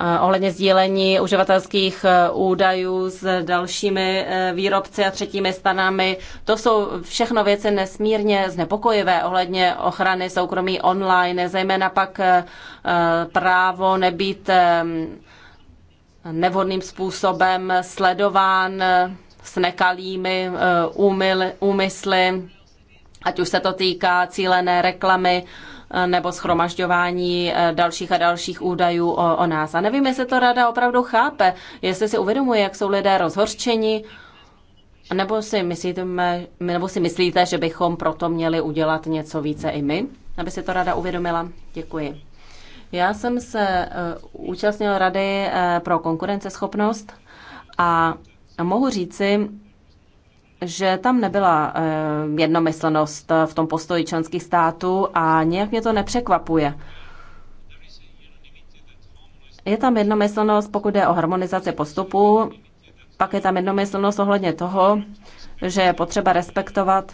Eh, ohledně sdílení uživatelských eh, údajů s dalšími eh, výrobci a třetími stanami. To jsou všechno věci nesmírně znepokojivé ohledně ochrany soukromí online, zejména pak právo nebýt ehm, nevhodným způsobem sledován s nekalými úmysly, ať už se to týká cílené reklamy, Eh, nebo schromažďování eh, dalších a dalších údajů o, o nás. A nevím, jestli to rada opravdu chápe, jestli si uvědomuje, jak jsou lidé rozhorčeni, nebo si, myslíte, nebo si myslíte, že bychom proto měli udělat něco více i my, aby si to rada uvědomila? Děkuji. Já jsem se eh, účastnil Rady pro konkurenceschopnost a mohu říci, že tam nebyla eh, jednomyslnost eh, v tom postoji členských států a nějak mě to nepřekvapuje. Je tam jednomyslnost, pokud je o harmonizaci postupů, pak je tam jednomyslnost ohledně toho, že je potřeba respektovat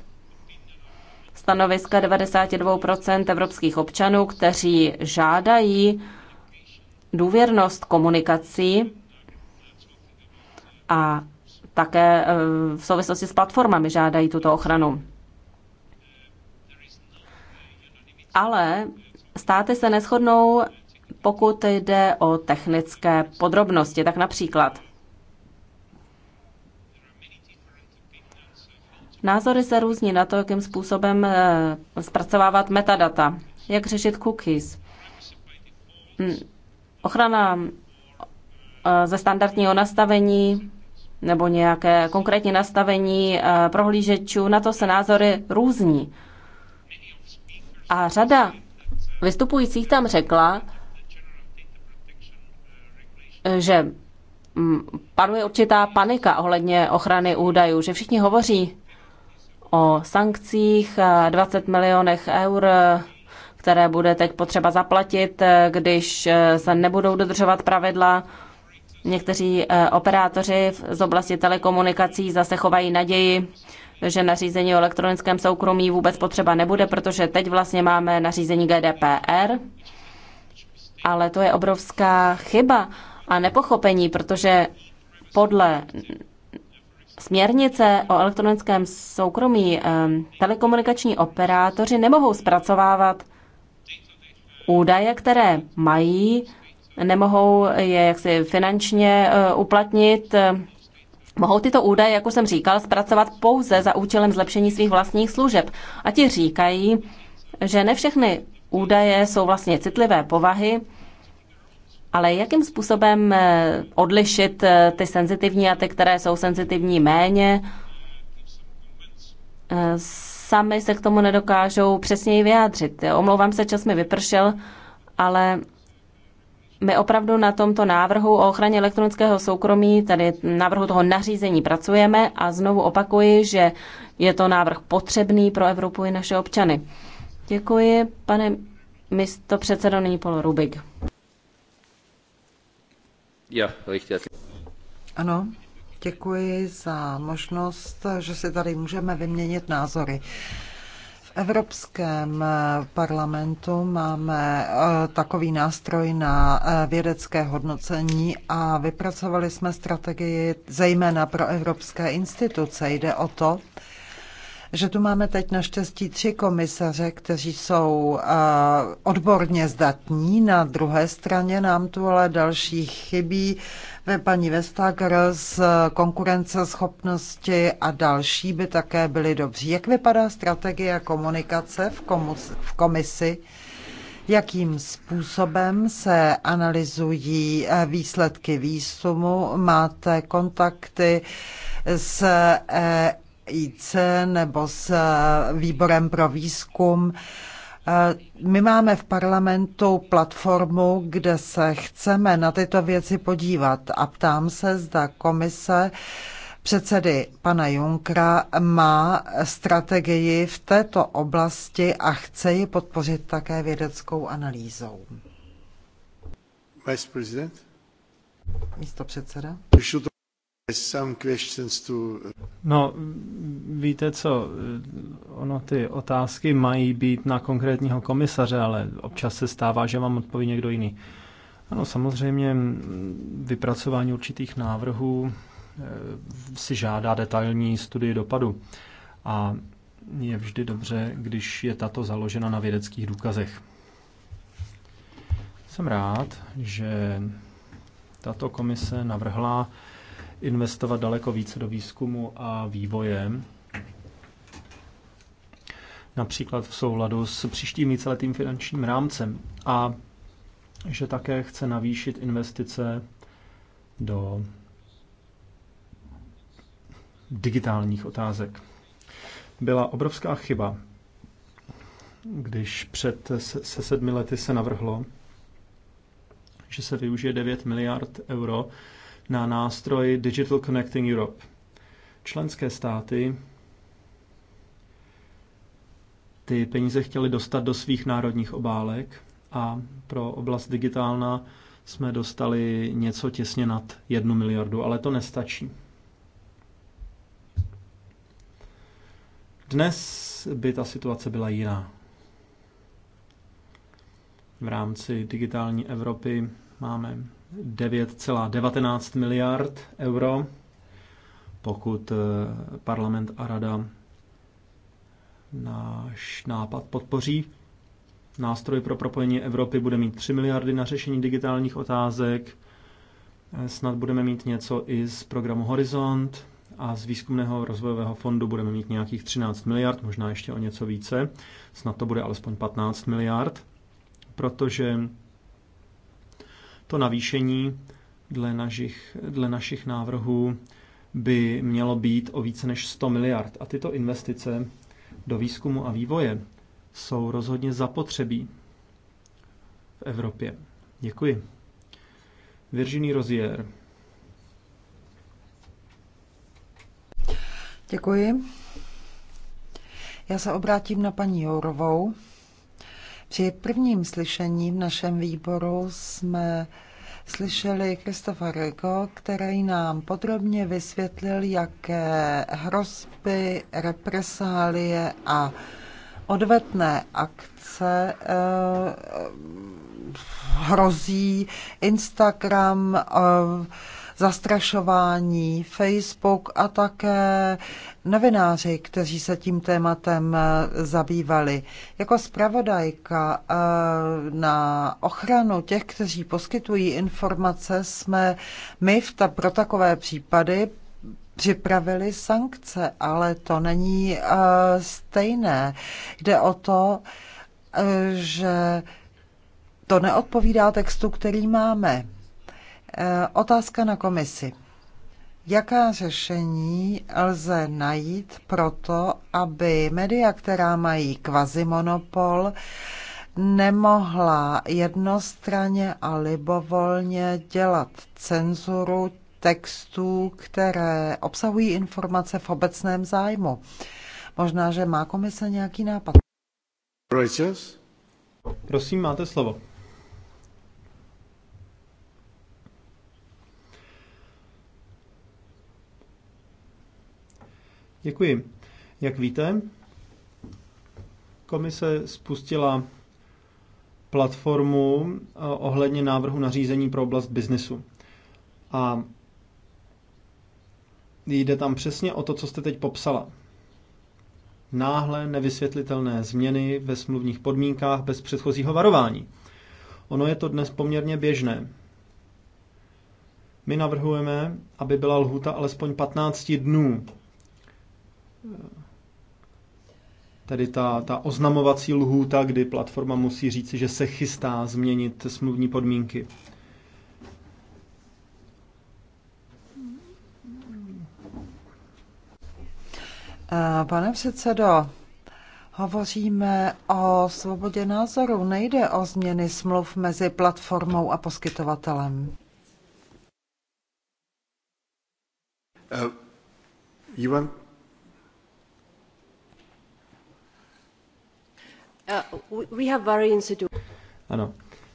stanoviska 92% evropských občanů, kteří žádají důvěrnost komunikací a také e, v souvislosti s platformami žádají tuto ochranu. Ale státy se neschodnou, pokud jde o technické podrobnosti. Tak například Názory se různí na to, jakým způsobem e, zpracovávat metadata, jak řešit cookies. Hm, ochrana e, ze standardního nastavení nebo nějaké konkrétní nastavení eh, prohlížečů, na to se názory různí. A řada vystupujících tam řekla, že mm, panuje určitá panika ohledně ochrany údajů, že všichni hovoří o sankcích, 20 eh, milionech eur, které bude teď potřeba zaplatit, eh, když se nebudou dodržovat pravidla. Někteří eh, operátoři z oblasti telekomunikací zase chovají naději, že nařízení o elektronickém soukromí vůbec potřeba nebude, protože teď vlastně máme nařízení GDPR, ale to je obrovská chyba a nepochopení, protože podle směrnice o elektronickém soukromí ehm, telekomunikační operátoři nemohou zpracovávat údaje, které mají nemohou je jaksi finančně eh, uplatnit. Mohou tyto údaje, jako jsem říkal, zpracovat pouze za účelem zlepšení svých vlastních služeb. A ti říkají, že ne všechny údaje jsou vlastně citlivé povahy, ale jakým způsobem eh, odlišit eh, ty senzitivní a ty, které jsou senzitivní méně, sami se k tomu nedokážou přesněji vyjádřit. Omlouvám se, čas mi vypršel, ale my opravdu na tomto návrhu o ochraně elektronického soukromí, tedy návrhu toho nařízení pracujeme a znovu opakuji, že je to návrh potřebný pro Evropu i naše občany. Děkuji, pane místo předsedo, nyní Paul Rubik. Já, richtig. Ano, děkuji za možnost, že si tady můžeme vyměnit názory. Evropském eh, parlamentu máme eh, takový nástroj na eh, vědecké hodnocení a vypracovali jsme strategii zejména pro evropské instituce. Jde o to, že tu máme teď naštěstí tři komisaře, kteří jsou eh, odborně zdatní. Na druhé straně nám tu ale další chybí ve paní Vestager z eh, konkurenceschopnosti a další by také byli dobří. Jak vypadá strategie komunikace v, komus, v komisi? jakým způsobem se analyzují eh, výsledky výzkumu, máte kontakty s IC nebo s eh, výborem pro výzkum. Eh, my máme v parlamentu platformu, kde se chceme na tyto věci podívat a ptám se, zda komise předsedy pana Junkra má strategii v této oblasti a chce ji podpořit také vědeckou analýzou. Vice Místo předseda. No, víte co, ono ty otázky mají být na konkrétního komisaře, ale občas se stává, že vám odpoví někdo jiný. Ano, samozřejmě vypracování určitých návrhů eh, si žádá detailní studii dopadu a je vždy dobře, když je tato založena na vědeckých důkazech. Jsem rád, že tato komise navrhla investovat daleko více do výzkumu a vývoje, například v souladu s příštím víceletým finančním rámcem a že také chce navýšit investice do digitálních otázek. Byla obrovská chyba, když před se sedmi lety se navrhlo, že se využije 9 miliard euro na nástroj Digital Connecting Europe. Členské státy ty peníze chtěly dostat do svých národních obálek a pro oblast digitálna jsme dostali něco těsně nad jednu miliardu, ale to nestačí. Dnes by ta situace byla jiná. V rámci digitální Evropy máme 9,19 miliard euro, pokud eh, parlament a rada náš nápad podpoří. Nástroj pro propojení Evropy bude mít 3 miliardy na řešení digitálních otázek. Eh, snad budeme mít něco i z programu Horizont a z výzkumného rozvojového fondu budeme mít nějakých 13 miliard, možná ještě o něco více. Snad to bude alespoň 15 miliard, protože to navýšení dle našich, dle našich návrhů by mělo být o více než 100 miliard. A tyto investice do výzkumu a vývoje jsou rozhodně zapotřebí v Evropě. Děkuji. Virginie Rozier. Děkuji. Já se obrátím na paní Jourovou. Při prvním slyšení v našem výboru jsme slyšeli Kristofa Rego, který nám podrobně vysvětlil, jaké hrozby, represálie a odvetné akce eh, hrozí Instagram eh, zastrašování, Facebook a také novináři, kteří se tím tématem eh, zabývali. Jako zpravodajka eh, na ochranu těch, kteří poskytují informace, jsme my v ta, pro takové případy připravili sankce, ale to není eh, stejné. Jde o to, že to neodpovídá textu, který máme. Eh, otázka na komisi. Jaká řešení lze najít pro to, aby média, která mají kvazimonopol, nemohla jednostranně a libovolně dělat cenzuru textů, které obsahují informace v obecném zájmu? Možná, že má komise nějaký nápad. Prosím, máte slovo. Děkuji. Jak víte, komise spustila platformu eh, ohledně návrhu nařízení pro oblast biznesu. A jde tam přesně o to, co jste teď popsala. Náhle nevysvětlitelné změny ve smluvních podmínkách bez předchozího varování. Ono je to dnes poměrně běžné. My navrhujeme, aby byla lhůta alespoň 15 dnů tedy ta, ta oznamovací lhůta, kdy platforma musí říci, že se chystá změnit smluvní podmínky. Eh, pane předsedo, hovoříme o svobodě názoru. Nejde o změny smluv mezi platformou a poskytovatelem. Uh, eh, you want Uh, ano.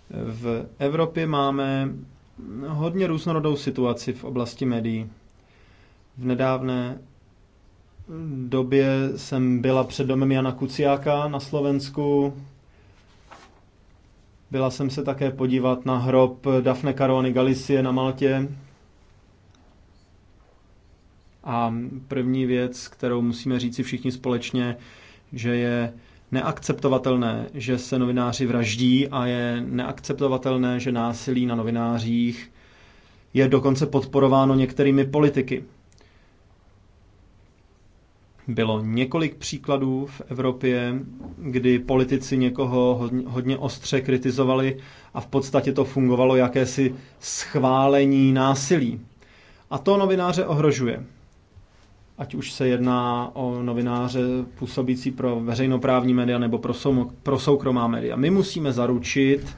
V Evropě máme hodně různorodou situaci v oblasti médií. V nedávné době jsem byla před domem Jana Kuciáka na Slovensku. Byla jsem se také podívat na hrob Dafne Caruany Galicie na Maltě. A první věc, kterou musíme říci všichni společně, že je neakceptovatelné, že se novináři vraždí a je neakceptovatelné, že násilí na novinářích je dokonce podporováno některými politiky. Bylo několik příkladů v Evropě, kdy politici někoho hodně ostře kritizovali a v podstatě to fungovalo jakési schválení násilí. A to novináře ohrožuje ať už se jedná o novináře působící pro veřejnoprávní média nebo pro, sou, pro soukromá média. My musíme zaručit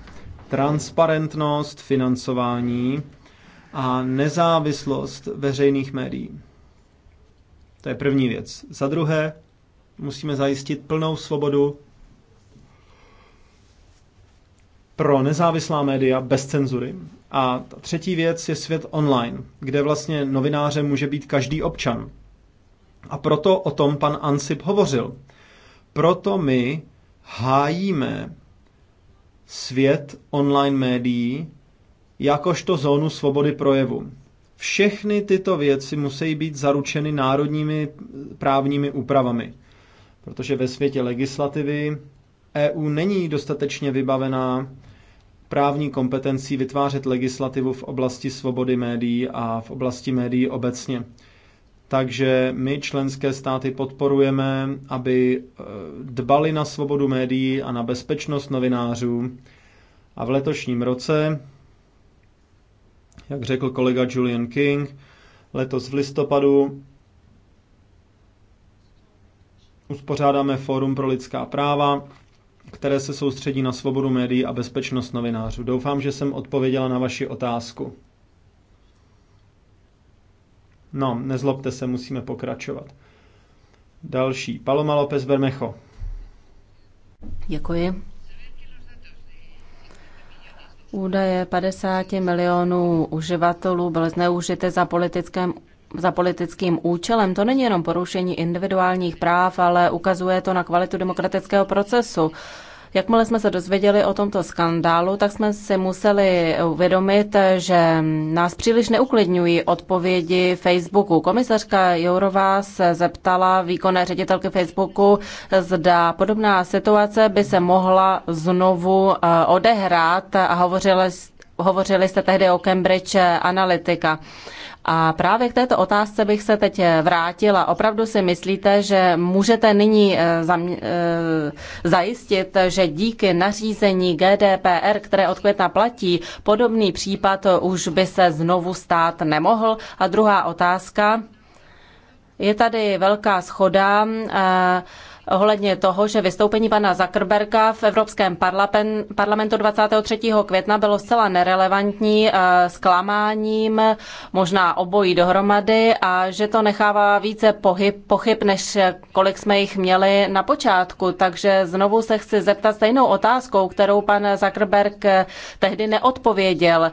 transparentnost financování a nezávislost veřejných médií. To je první věc. Za druhé, musíme zajistit plnou svobodu pro nezávislá média bez cenzury. A ta třetí věc je svět online, kde vlastně novináře může být každý občan. A proto o tom pan Ansip hovořil. Proto my hájíme svět online médií jakožto zónu svobody projevu. Všechny tyto věci musí být zaručeny národními právními úpravami, protože ve světě legislativy EU není dostatečně vybavená právní kompetencí vytvářet legislativu v oblasti svobody médií a v oblasti médií obecně. Takže my členské státy podporujeme, aby eh, dbali na svobodu médií a na bezpečnost novinářů. A v letošním roce, jak řekl kolega Julian King, letos v listopadu uspořádáme Fórum pro lidská práva, které se soustředí na svobodu médií a bezpečnost novinářů. Doufám, že jsem odpověděla na vaši otázku. No, nezlobte se, musíme pokračovat. Další. Paloma López Bermecho. Děkuji. Údaje 50 milionů uživatelů byly zneužity za za politickým účelem. To není jenom porušení individuálních práv, ale ukazuje to na kvalitu demokratického procesu. Jakmile jsme se dozvěděli o tomto skandálu, tak jsme si museli uvědomit, že nás příliš neuklidňují odpovědi Facebooku. Komisařka Jourová se zeptala výkonné ředitelky Facebooku, zda podobná situace by se mohla znovu eh, odehrát a hovořili, hovořili jste tehdy o Cambridge Analytica. A právě k této otázce bych se teď eh, vrátila. Opravdu si myslíte, že můžete nyní eh, eh, zajistit, že díky nařízení GDPR, které od května platí, podobný případ už by se znovu stát nemohl? A druhá otázka. Je tady velká schoda. Uh, ohledně toho, že vystoupení pana Zuckerberga v Evropském parlamentu 23. května bylo zcela nerelevantní, eh, zklamáním, možná obojí dohromady a že to nechává více pohyb, pochyb, než kolik jsme jich měli na počátku. Takže znovu se chci zeptat stejnou otázkou, kterou pan Zuckerberg eh, tehdy neodpověděl.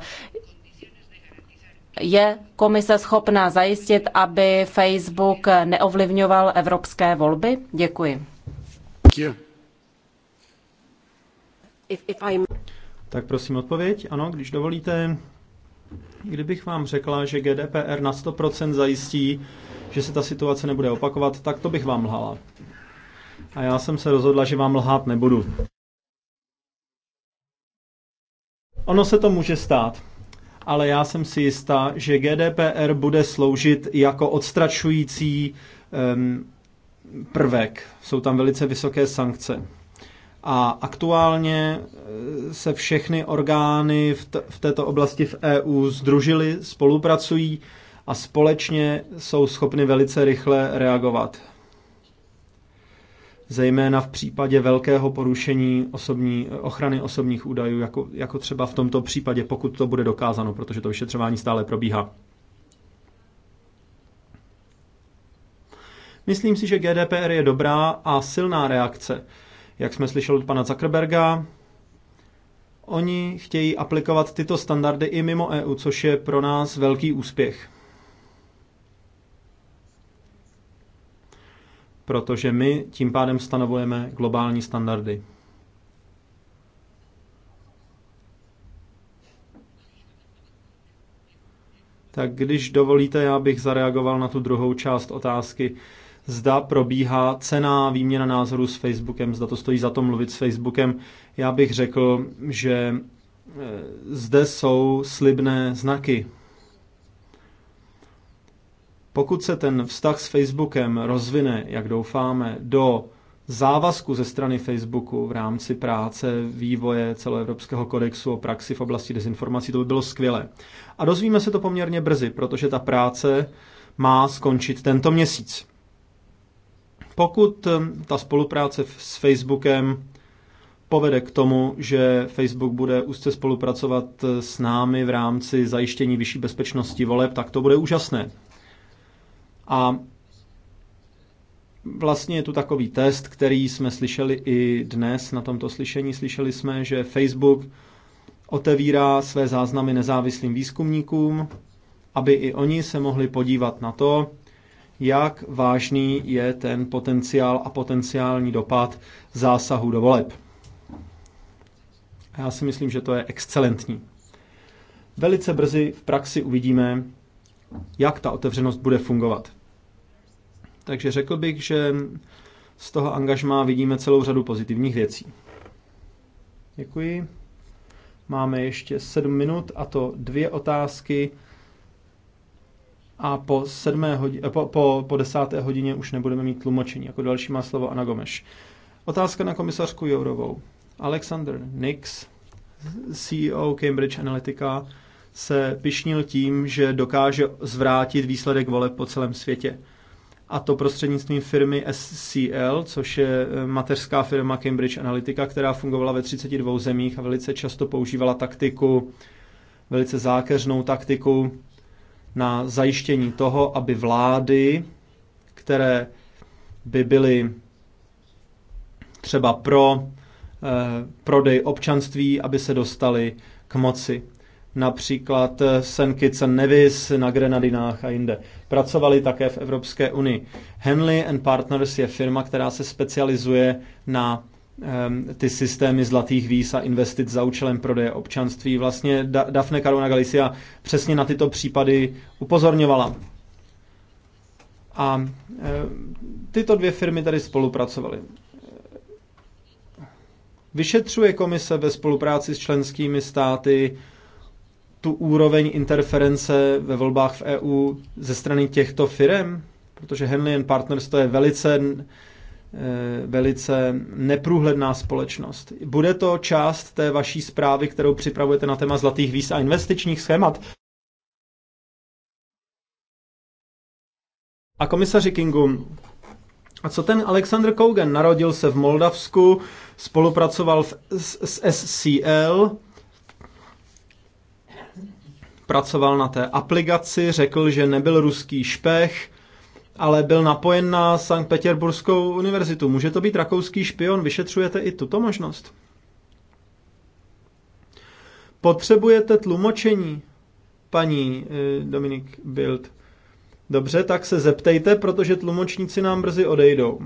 Je komise schopná zajistit, aby Facebook neovlivňoval evropské volby? Děkuji. Tak prosím odpověď. Ano, když dovolíte, kdybych vám řekla, že GDPR na 100% zajistí, že se ta situace nebude opakovat, tak to bych vám lhala. A já jsem se rozhodla, že vám lhát nebudu. Ono se to může stát ale já jsem si jistá, že GDPR bude sloužit jako odstračující um, prvek. Jsou tam velice vysoké sankce. A aktuálně eh, se všechny orgány v, v této oblasti v EU združily, spolupracují a společně jsou schopny velice rychle reagovat zejména v případě velkého porušení osobní, ochrany osobních údajů, jako, jako třeba v tomto případě, pokud to bude dokázáno, protože to vyšetřování stále probíhá. Myslím si, že GDPR je dobrá a silná reakce. Jak jsme slyšeli od pana Zuckerberga, oni chtějí aplikovat tyto standardy i mimo EU, což je pro nás velký úspěch. protože my tím pádem stanovujeme globální standardy. Tak když dovolíte, já bych zareagoval na tu druhou část otázky. Zda probíhá cená výměna názorů s Facebookem, zda to stojí za to mluvit s Facebookem. Já bych řekl, že eh, zde jsou slibné znaky. Pokud se ten vztah s Facebookem rozvine, jak doufáme, do závazku ze strany Facebooku v rámci práce, vývoje celoevropského kodexu o praxi v oblasti dezinformací, to by bylo skvělé. A dozvíme se to poměrně brzy, protože ta práce má skončit tento měsíc. Pokud eh, ta spolupráce s Facebookem povede k tomu, že Facebook bude úzce spolupracovat eh, s námi v rámci zajištění vyšší bezpečnosti voleb, tak to bude úžasné. A vlastně je tu takový test, který jsme slyšeli i dnes na tomto slyšení. Slyšeli jsme, že Facebook otevírá své záznamy nezávislým výzkumníkům, aby i oni se mohli podívat na to, jak vážný je ten potenciál a potenciální dopad zásahu do voleb. já si myslím, že to je excelentní. Velice brzy v praxi uvidíme, jak ta otevřenost bude fungovat. Takže řekl bych, že z toho angažmá vidíme celou řadu pozitivních věcí. Děkuji. Máme ještě sedm minut a to dvě otázky a po, sedmé hodině, eh, po, po, po desáté hodině už nebudeme mít tlumočení. Jako další má slovo Ana Gomeš. Otázka na komisařku Jourovou. Alexander Nix, CEO Cambridge Analytica, se pišnil tím, že dokáže zvrátit výsledek voleb po celém světě a to prostřednictvím firmy SCL, což je eh, mateřská firma Cambridge Analytica, která fungovala ve 32 zemích a velice často používala taktiku, velice zákeřnou taktiku na zajištění toho, aby vlády, které by byly třeba pro eh, prodej občanství, aby se dostaly k moci například eh, St. Kitts and Nevis na Grenadinách a jinde. Pracovali také v Evropské unii. Henley and Partners je firma, která se specializuje na ehm, ty systémy zlatých víz a investit za účelem prodeje občanství. Vlastně Dafne Caruana Galicia přesně na tyto případy upozorňovala. A ehm, tyto dvě firmy tady spolupracovaly. Vyšetřuje komise ve spolupráci s členskými státy tu úroveň interference ve volbách v EU ze strany těchto firm? Protože Henley Partners to je velice, eh, velice neprůhledná společnost. Bude to část té vaší zprávy, kterou připravujete na téma zlatých víz a investičních schémat? A komisaři Kingu, a co ten Alexander Kogan? Narodil se v Moldavsku, spolupracoval v, s SCL, pracoval na té aplikaci, řekl, že nebyl ruský špech, ale byl napojen na Sankt Petersburskou univerzitu. Může to být rakouský špion? Vyšetřujete i tuto možnost? Potřebujete tlumočení, paní eh, Dominik Bild. Dobře, tak se zeptejte, protože tlumočníci nám brzy odejdou.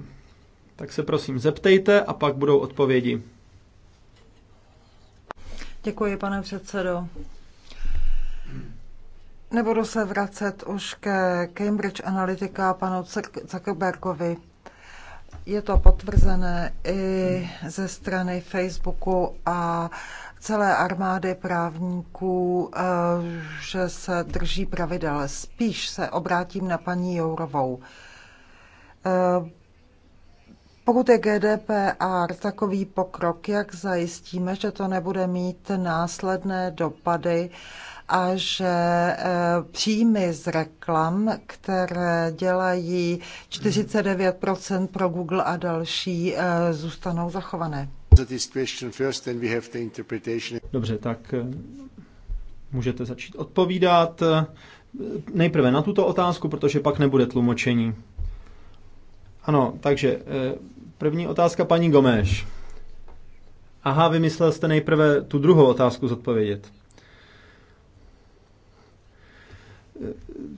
Tak se prosím zeptejte a pak budou odpovědi. Děkuji, pane předsedo. Nebudu se vracet už ke Cambridge Analytica panu Zuckerbergovi. Je to potvrzené i ze strany Facebooku a celé armády právníků, eh, že se drží pravidel. Spíš se obrátím na paní Jourovou. Eh, pokud je GDPR takový pokrok, jak zajistíme, že to nebude mít následné dopady a že eh, příjmy z reklam, které dělají 49% pro Google a další, eh, zůstanou zachované. Dobře, tak eh, můžete začít odpovídat nejprve na tuto otázku, protože pak nebude tlumočení. Ano, takže první otázka paní Gomeš. Aha, vymyslel jste nejprve tu druhou otázku zodpovědět.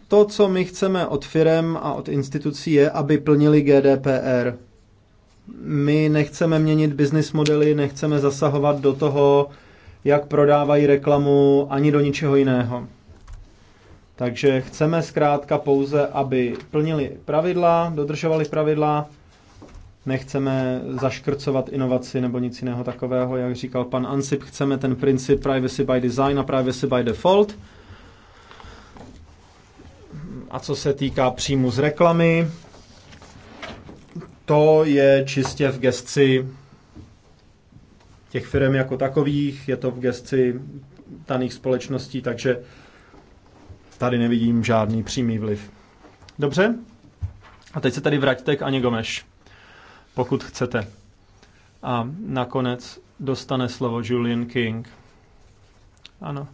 to, co my chceme od firem a od institucí, je, aby plnili GDPR. My nechceme měnit business modely, nechceme zasahovat do toho, jak prodávají reklamu, ani do ničeho jiného. Takže chceme zkrátka pouze, aby plnili pravidla, dodržovali pravidla, nechceme zaškrcovat inovaci nebo nic jiného takového, jak říkal pan Ansip, chceme ten princip privacy by design a privacy by default – a co se týká příjmu z reklamy, to je čistě v gesci těch firm jako takových, je to v gesci daných společností, takže tady nevidím žádný přímý vliv. Dobře? A teď se tady vraťte k Aně Gomeš, pokud chcete. A nakonec dostane slovo Julian King. Ano.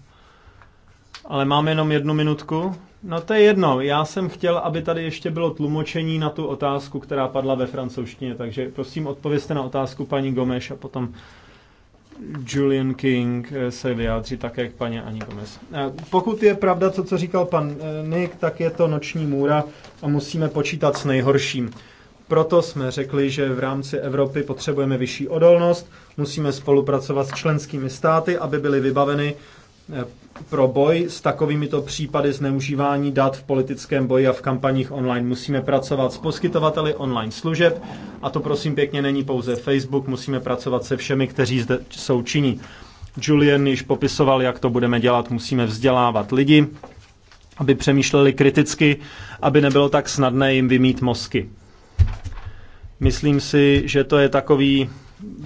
Ale máme jenom jednu minutku, No to je jedno. Já jsem chtěl, aby tady ještě bylo tlumočení na tu otázku, která padla ve francouzštině, takže prosím odpovězte na otázku paní Gomeš a potom Julian King eh, se vyjádří také k paní Ani Gomez. Eh, pokud je pravda to, co říkal pan eh, Nick, tak je to noční můra a musíme počítat s nejhorším. Proto jsme řekli, že v rámci Evropy potřebujeme vyšší odolnost, musíme spolupracovat s členskými státy, aby byly vybaveny Eh, pro boj s takovýmito případy zneužívání dat v politickém boji a v kampaních online. Musíme pracovat s poskytovateli online služeb a to prosím pěkně není pouze Facebook, musíme pracovat se všemi, kteří zde jsou činí. Julian již popisoval, jak to budeme dělat. Musíme vzdělávat lidi, aby přemýšleli kriticky, aby nebylo tak snadné jim vymít mozky. Myslím si, že to je takový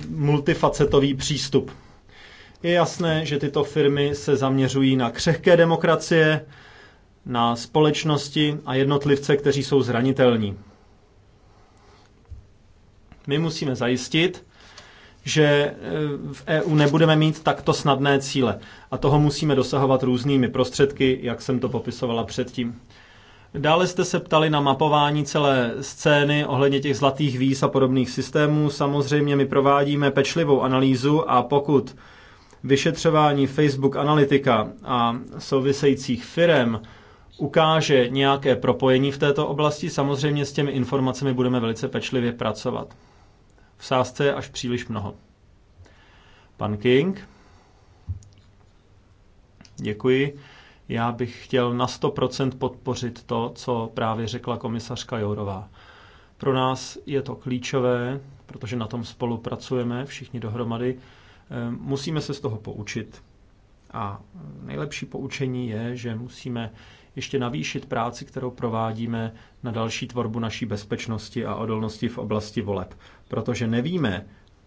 multifacetový přístup. Je jasné, že tyto firmy se zaměřují na křehké demokracie, na společnosti a jednotlivce, kteří jsou zranitelní. My musíme zajistit, že e, v EU nebudeme mít takto snadné cíle a toho musíme dosahovat různými prostředky, jak jsem to popisovala předtím. Dále jste se ptali na mapování celé scény ohledně těch zlatých víz a podobných systémů. Samozřejmě my provádíme pečlivou analýzu a pokud vyšetřování Facebook Analytica a souvisejících firem ukáže nějaké propojení v této oblasti, samozřejmě s těmi informacemi budeme velice pečlivě pracovat. V sázce je až příliš mnoho. Pan King. Děkuji. Já bych chtěl na 100% podpořit to, co právě řekla komisařka Jourová. Pro nás je to klíčové, protože na tom spolupracujeme všichni dohromady Eh, musíme se z toho poučit. A nejlepší poučení je, že musíme ještě navýšit práci, kterou provádíme na další tvorbu naší bezpečnosti a odolnosti v oblasti voleb. Protože nevíme,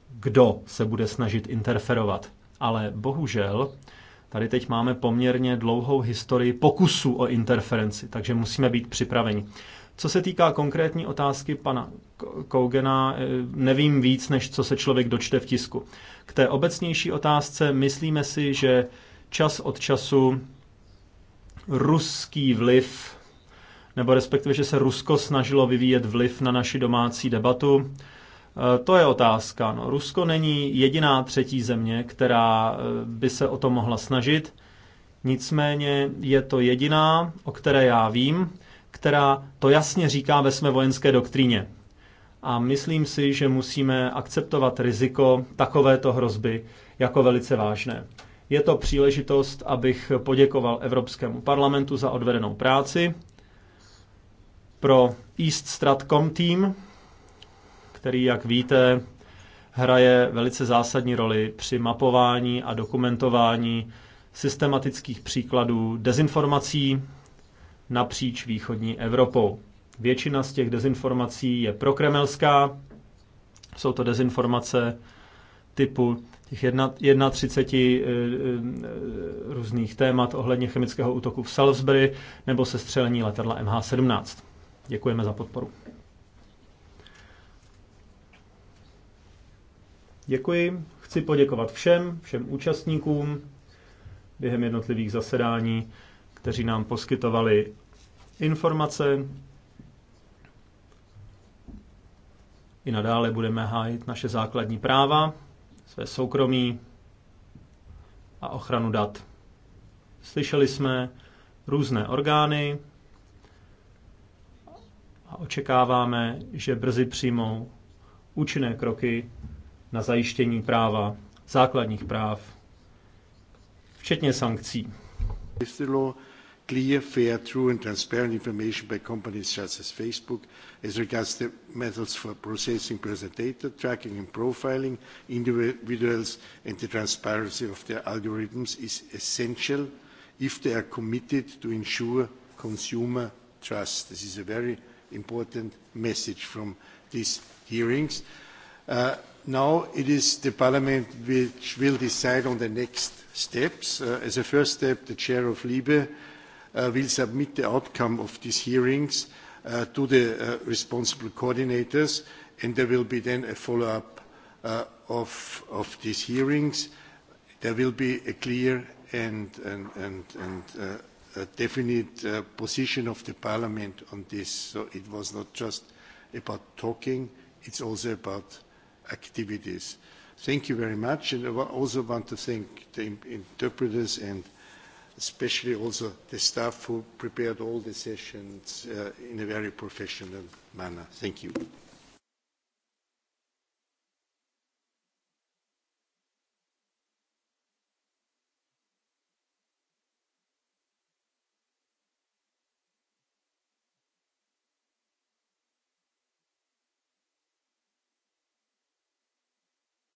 kdo se bude snažit interferovat. Ale bohužel, tady teď máme poměrně dlouhou historii pokusů o interferenci, takže musíme být připraveni. Co se týká konkrétní otázky pana Kougena, eh, nevím víc, než co se člověk dočte v tisku. K té obecnější otázce myslíme si, že čas od času ruský vliv, nebo respektive, že se Rusko snažilo vyvíjet vliv na naši domácí debatu, eh, to je otázka. No, Rusko není jediná třetí země, která eh, by se o to mohla snažit. Nicméně je to jediná, o které já vím, která to jasně říká ve své vojenské doktríně. A myslím si, že musíme akceptovat riziko takovéto hrozby jako velice vážné. Je to příležitost, abych poděkoval Evropskému parlamentu za odvedenou práci, pro East Stratcom tým, který, jak víte, hraje velice zásadní roli při mapování a dokumentování systematických příkladů dezinformací, napříč východní Evropou. Většina z těch dezinformací je prokremelská, jsou to dezinformace typu těch 31 eh, eh, různých témat ohledně chemického útoku v Salisbury nebo se střelení letadla MH17. Děkujeme za podporu. Děkuji. Chci poděkovat všem, všem účastníkům během jednotlivých zasedání kteří nám poskytovali informace. I nadále budeme hájit naše základní práva, své soukromí a ochranu dat. Slyšeli jsme různé orgány a očekáváme, že brzy přijmou účinné kroky na zajištění práva, základních práv, včetně sankcí clear, fair, true and transparent information by companies such as Facebook as regards the methods for processing personal data, tracking and profiling individuals and the transparency of their algorithms is essential if they are committed to ensure consumer trust. This is a very important message from these hearings. Uh, now it is the Parliament which will decide on the next steps. Uh, as a first step, the Chair of LIBE uh, will submit the outcome of these hearings uh, to the uh, responsible coordinators, and there will be then a follow-up uh, of, of these hearings. There will be a clear and, and, and, and uh, a definite position of the parliament on this. So it was not just about talking, it's also about activities. Thank you very much, and I also want to thank the interpreters and especially also the staff who prepared all the sessions uh, in a very professional manner. Thank you.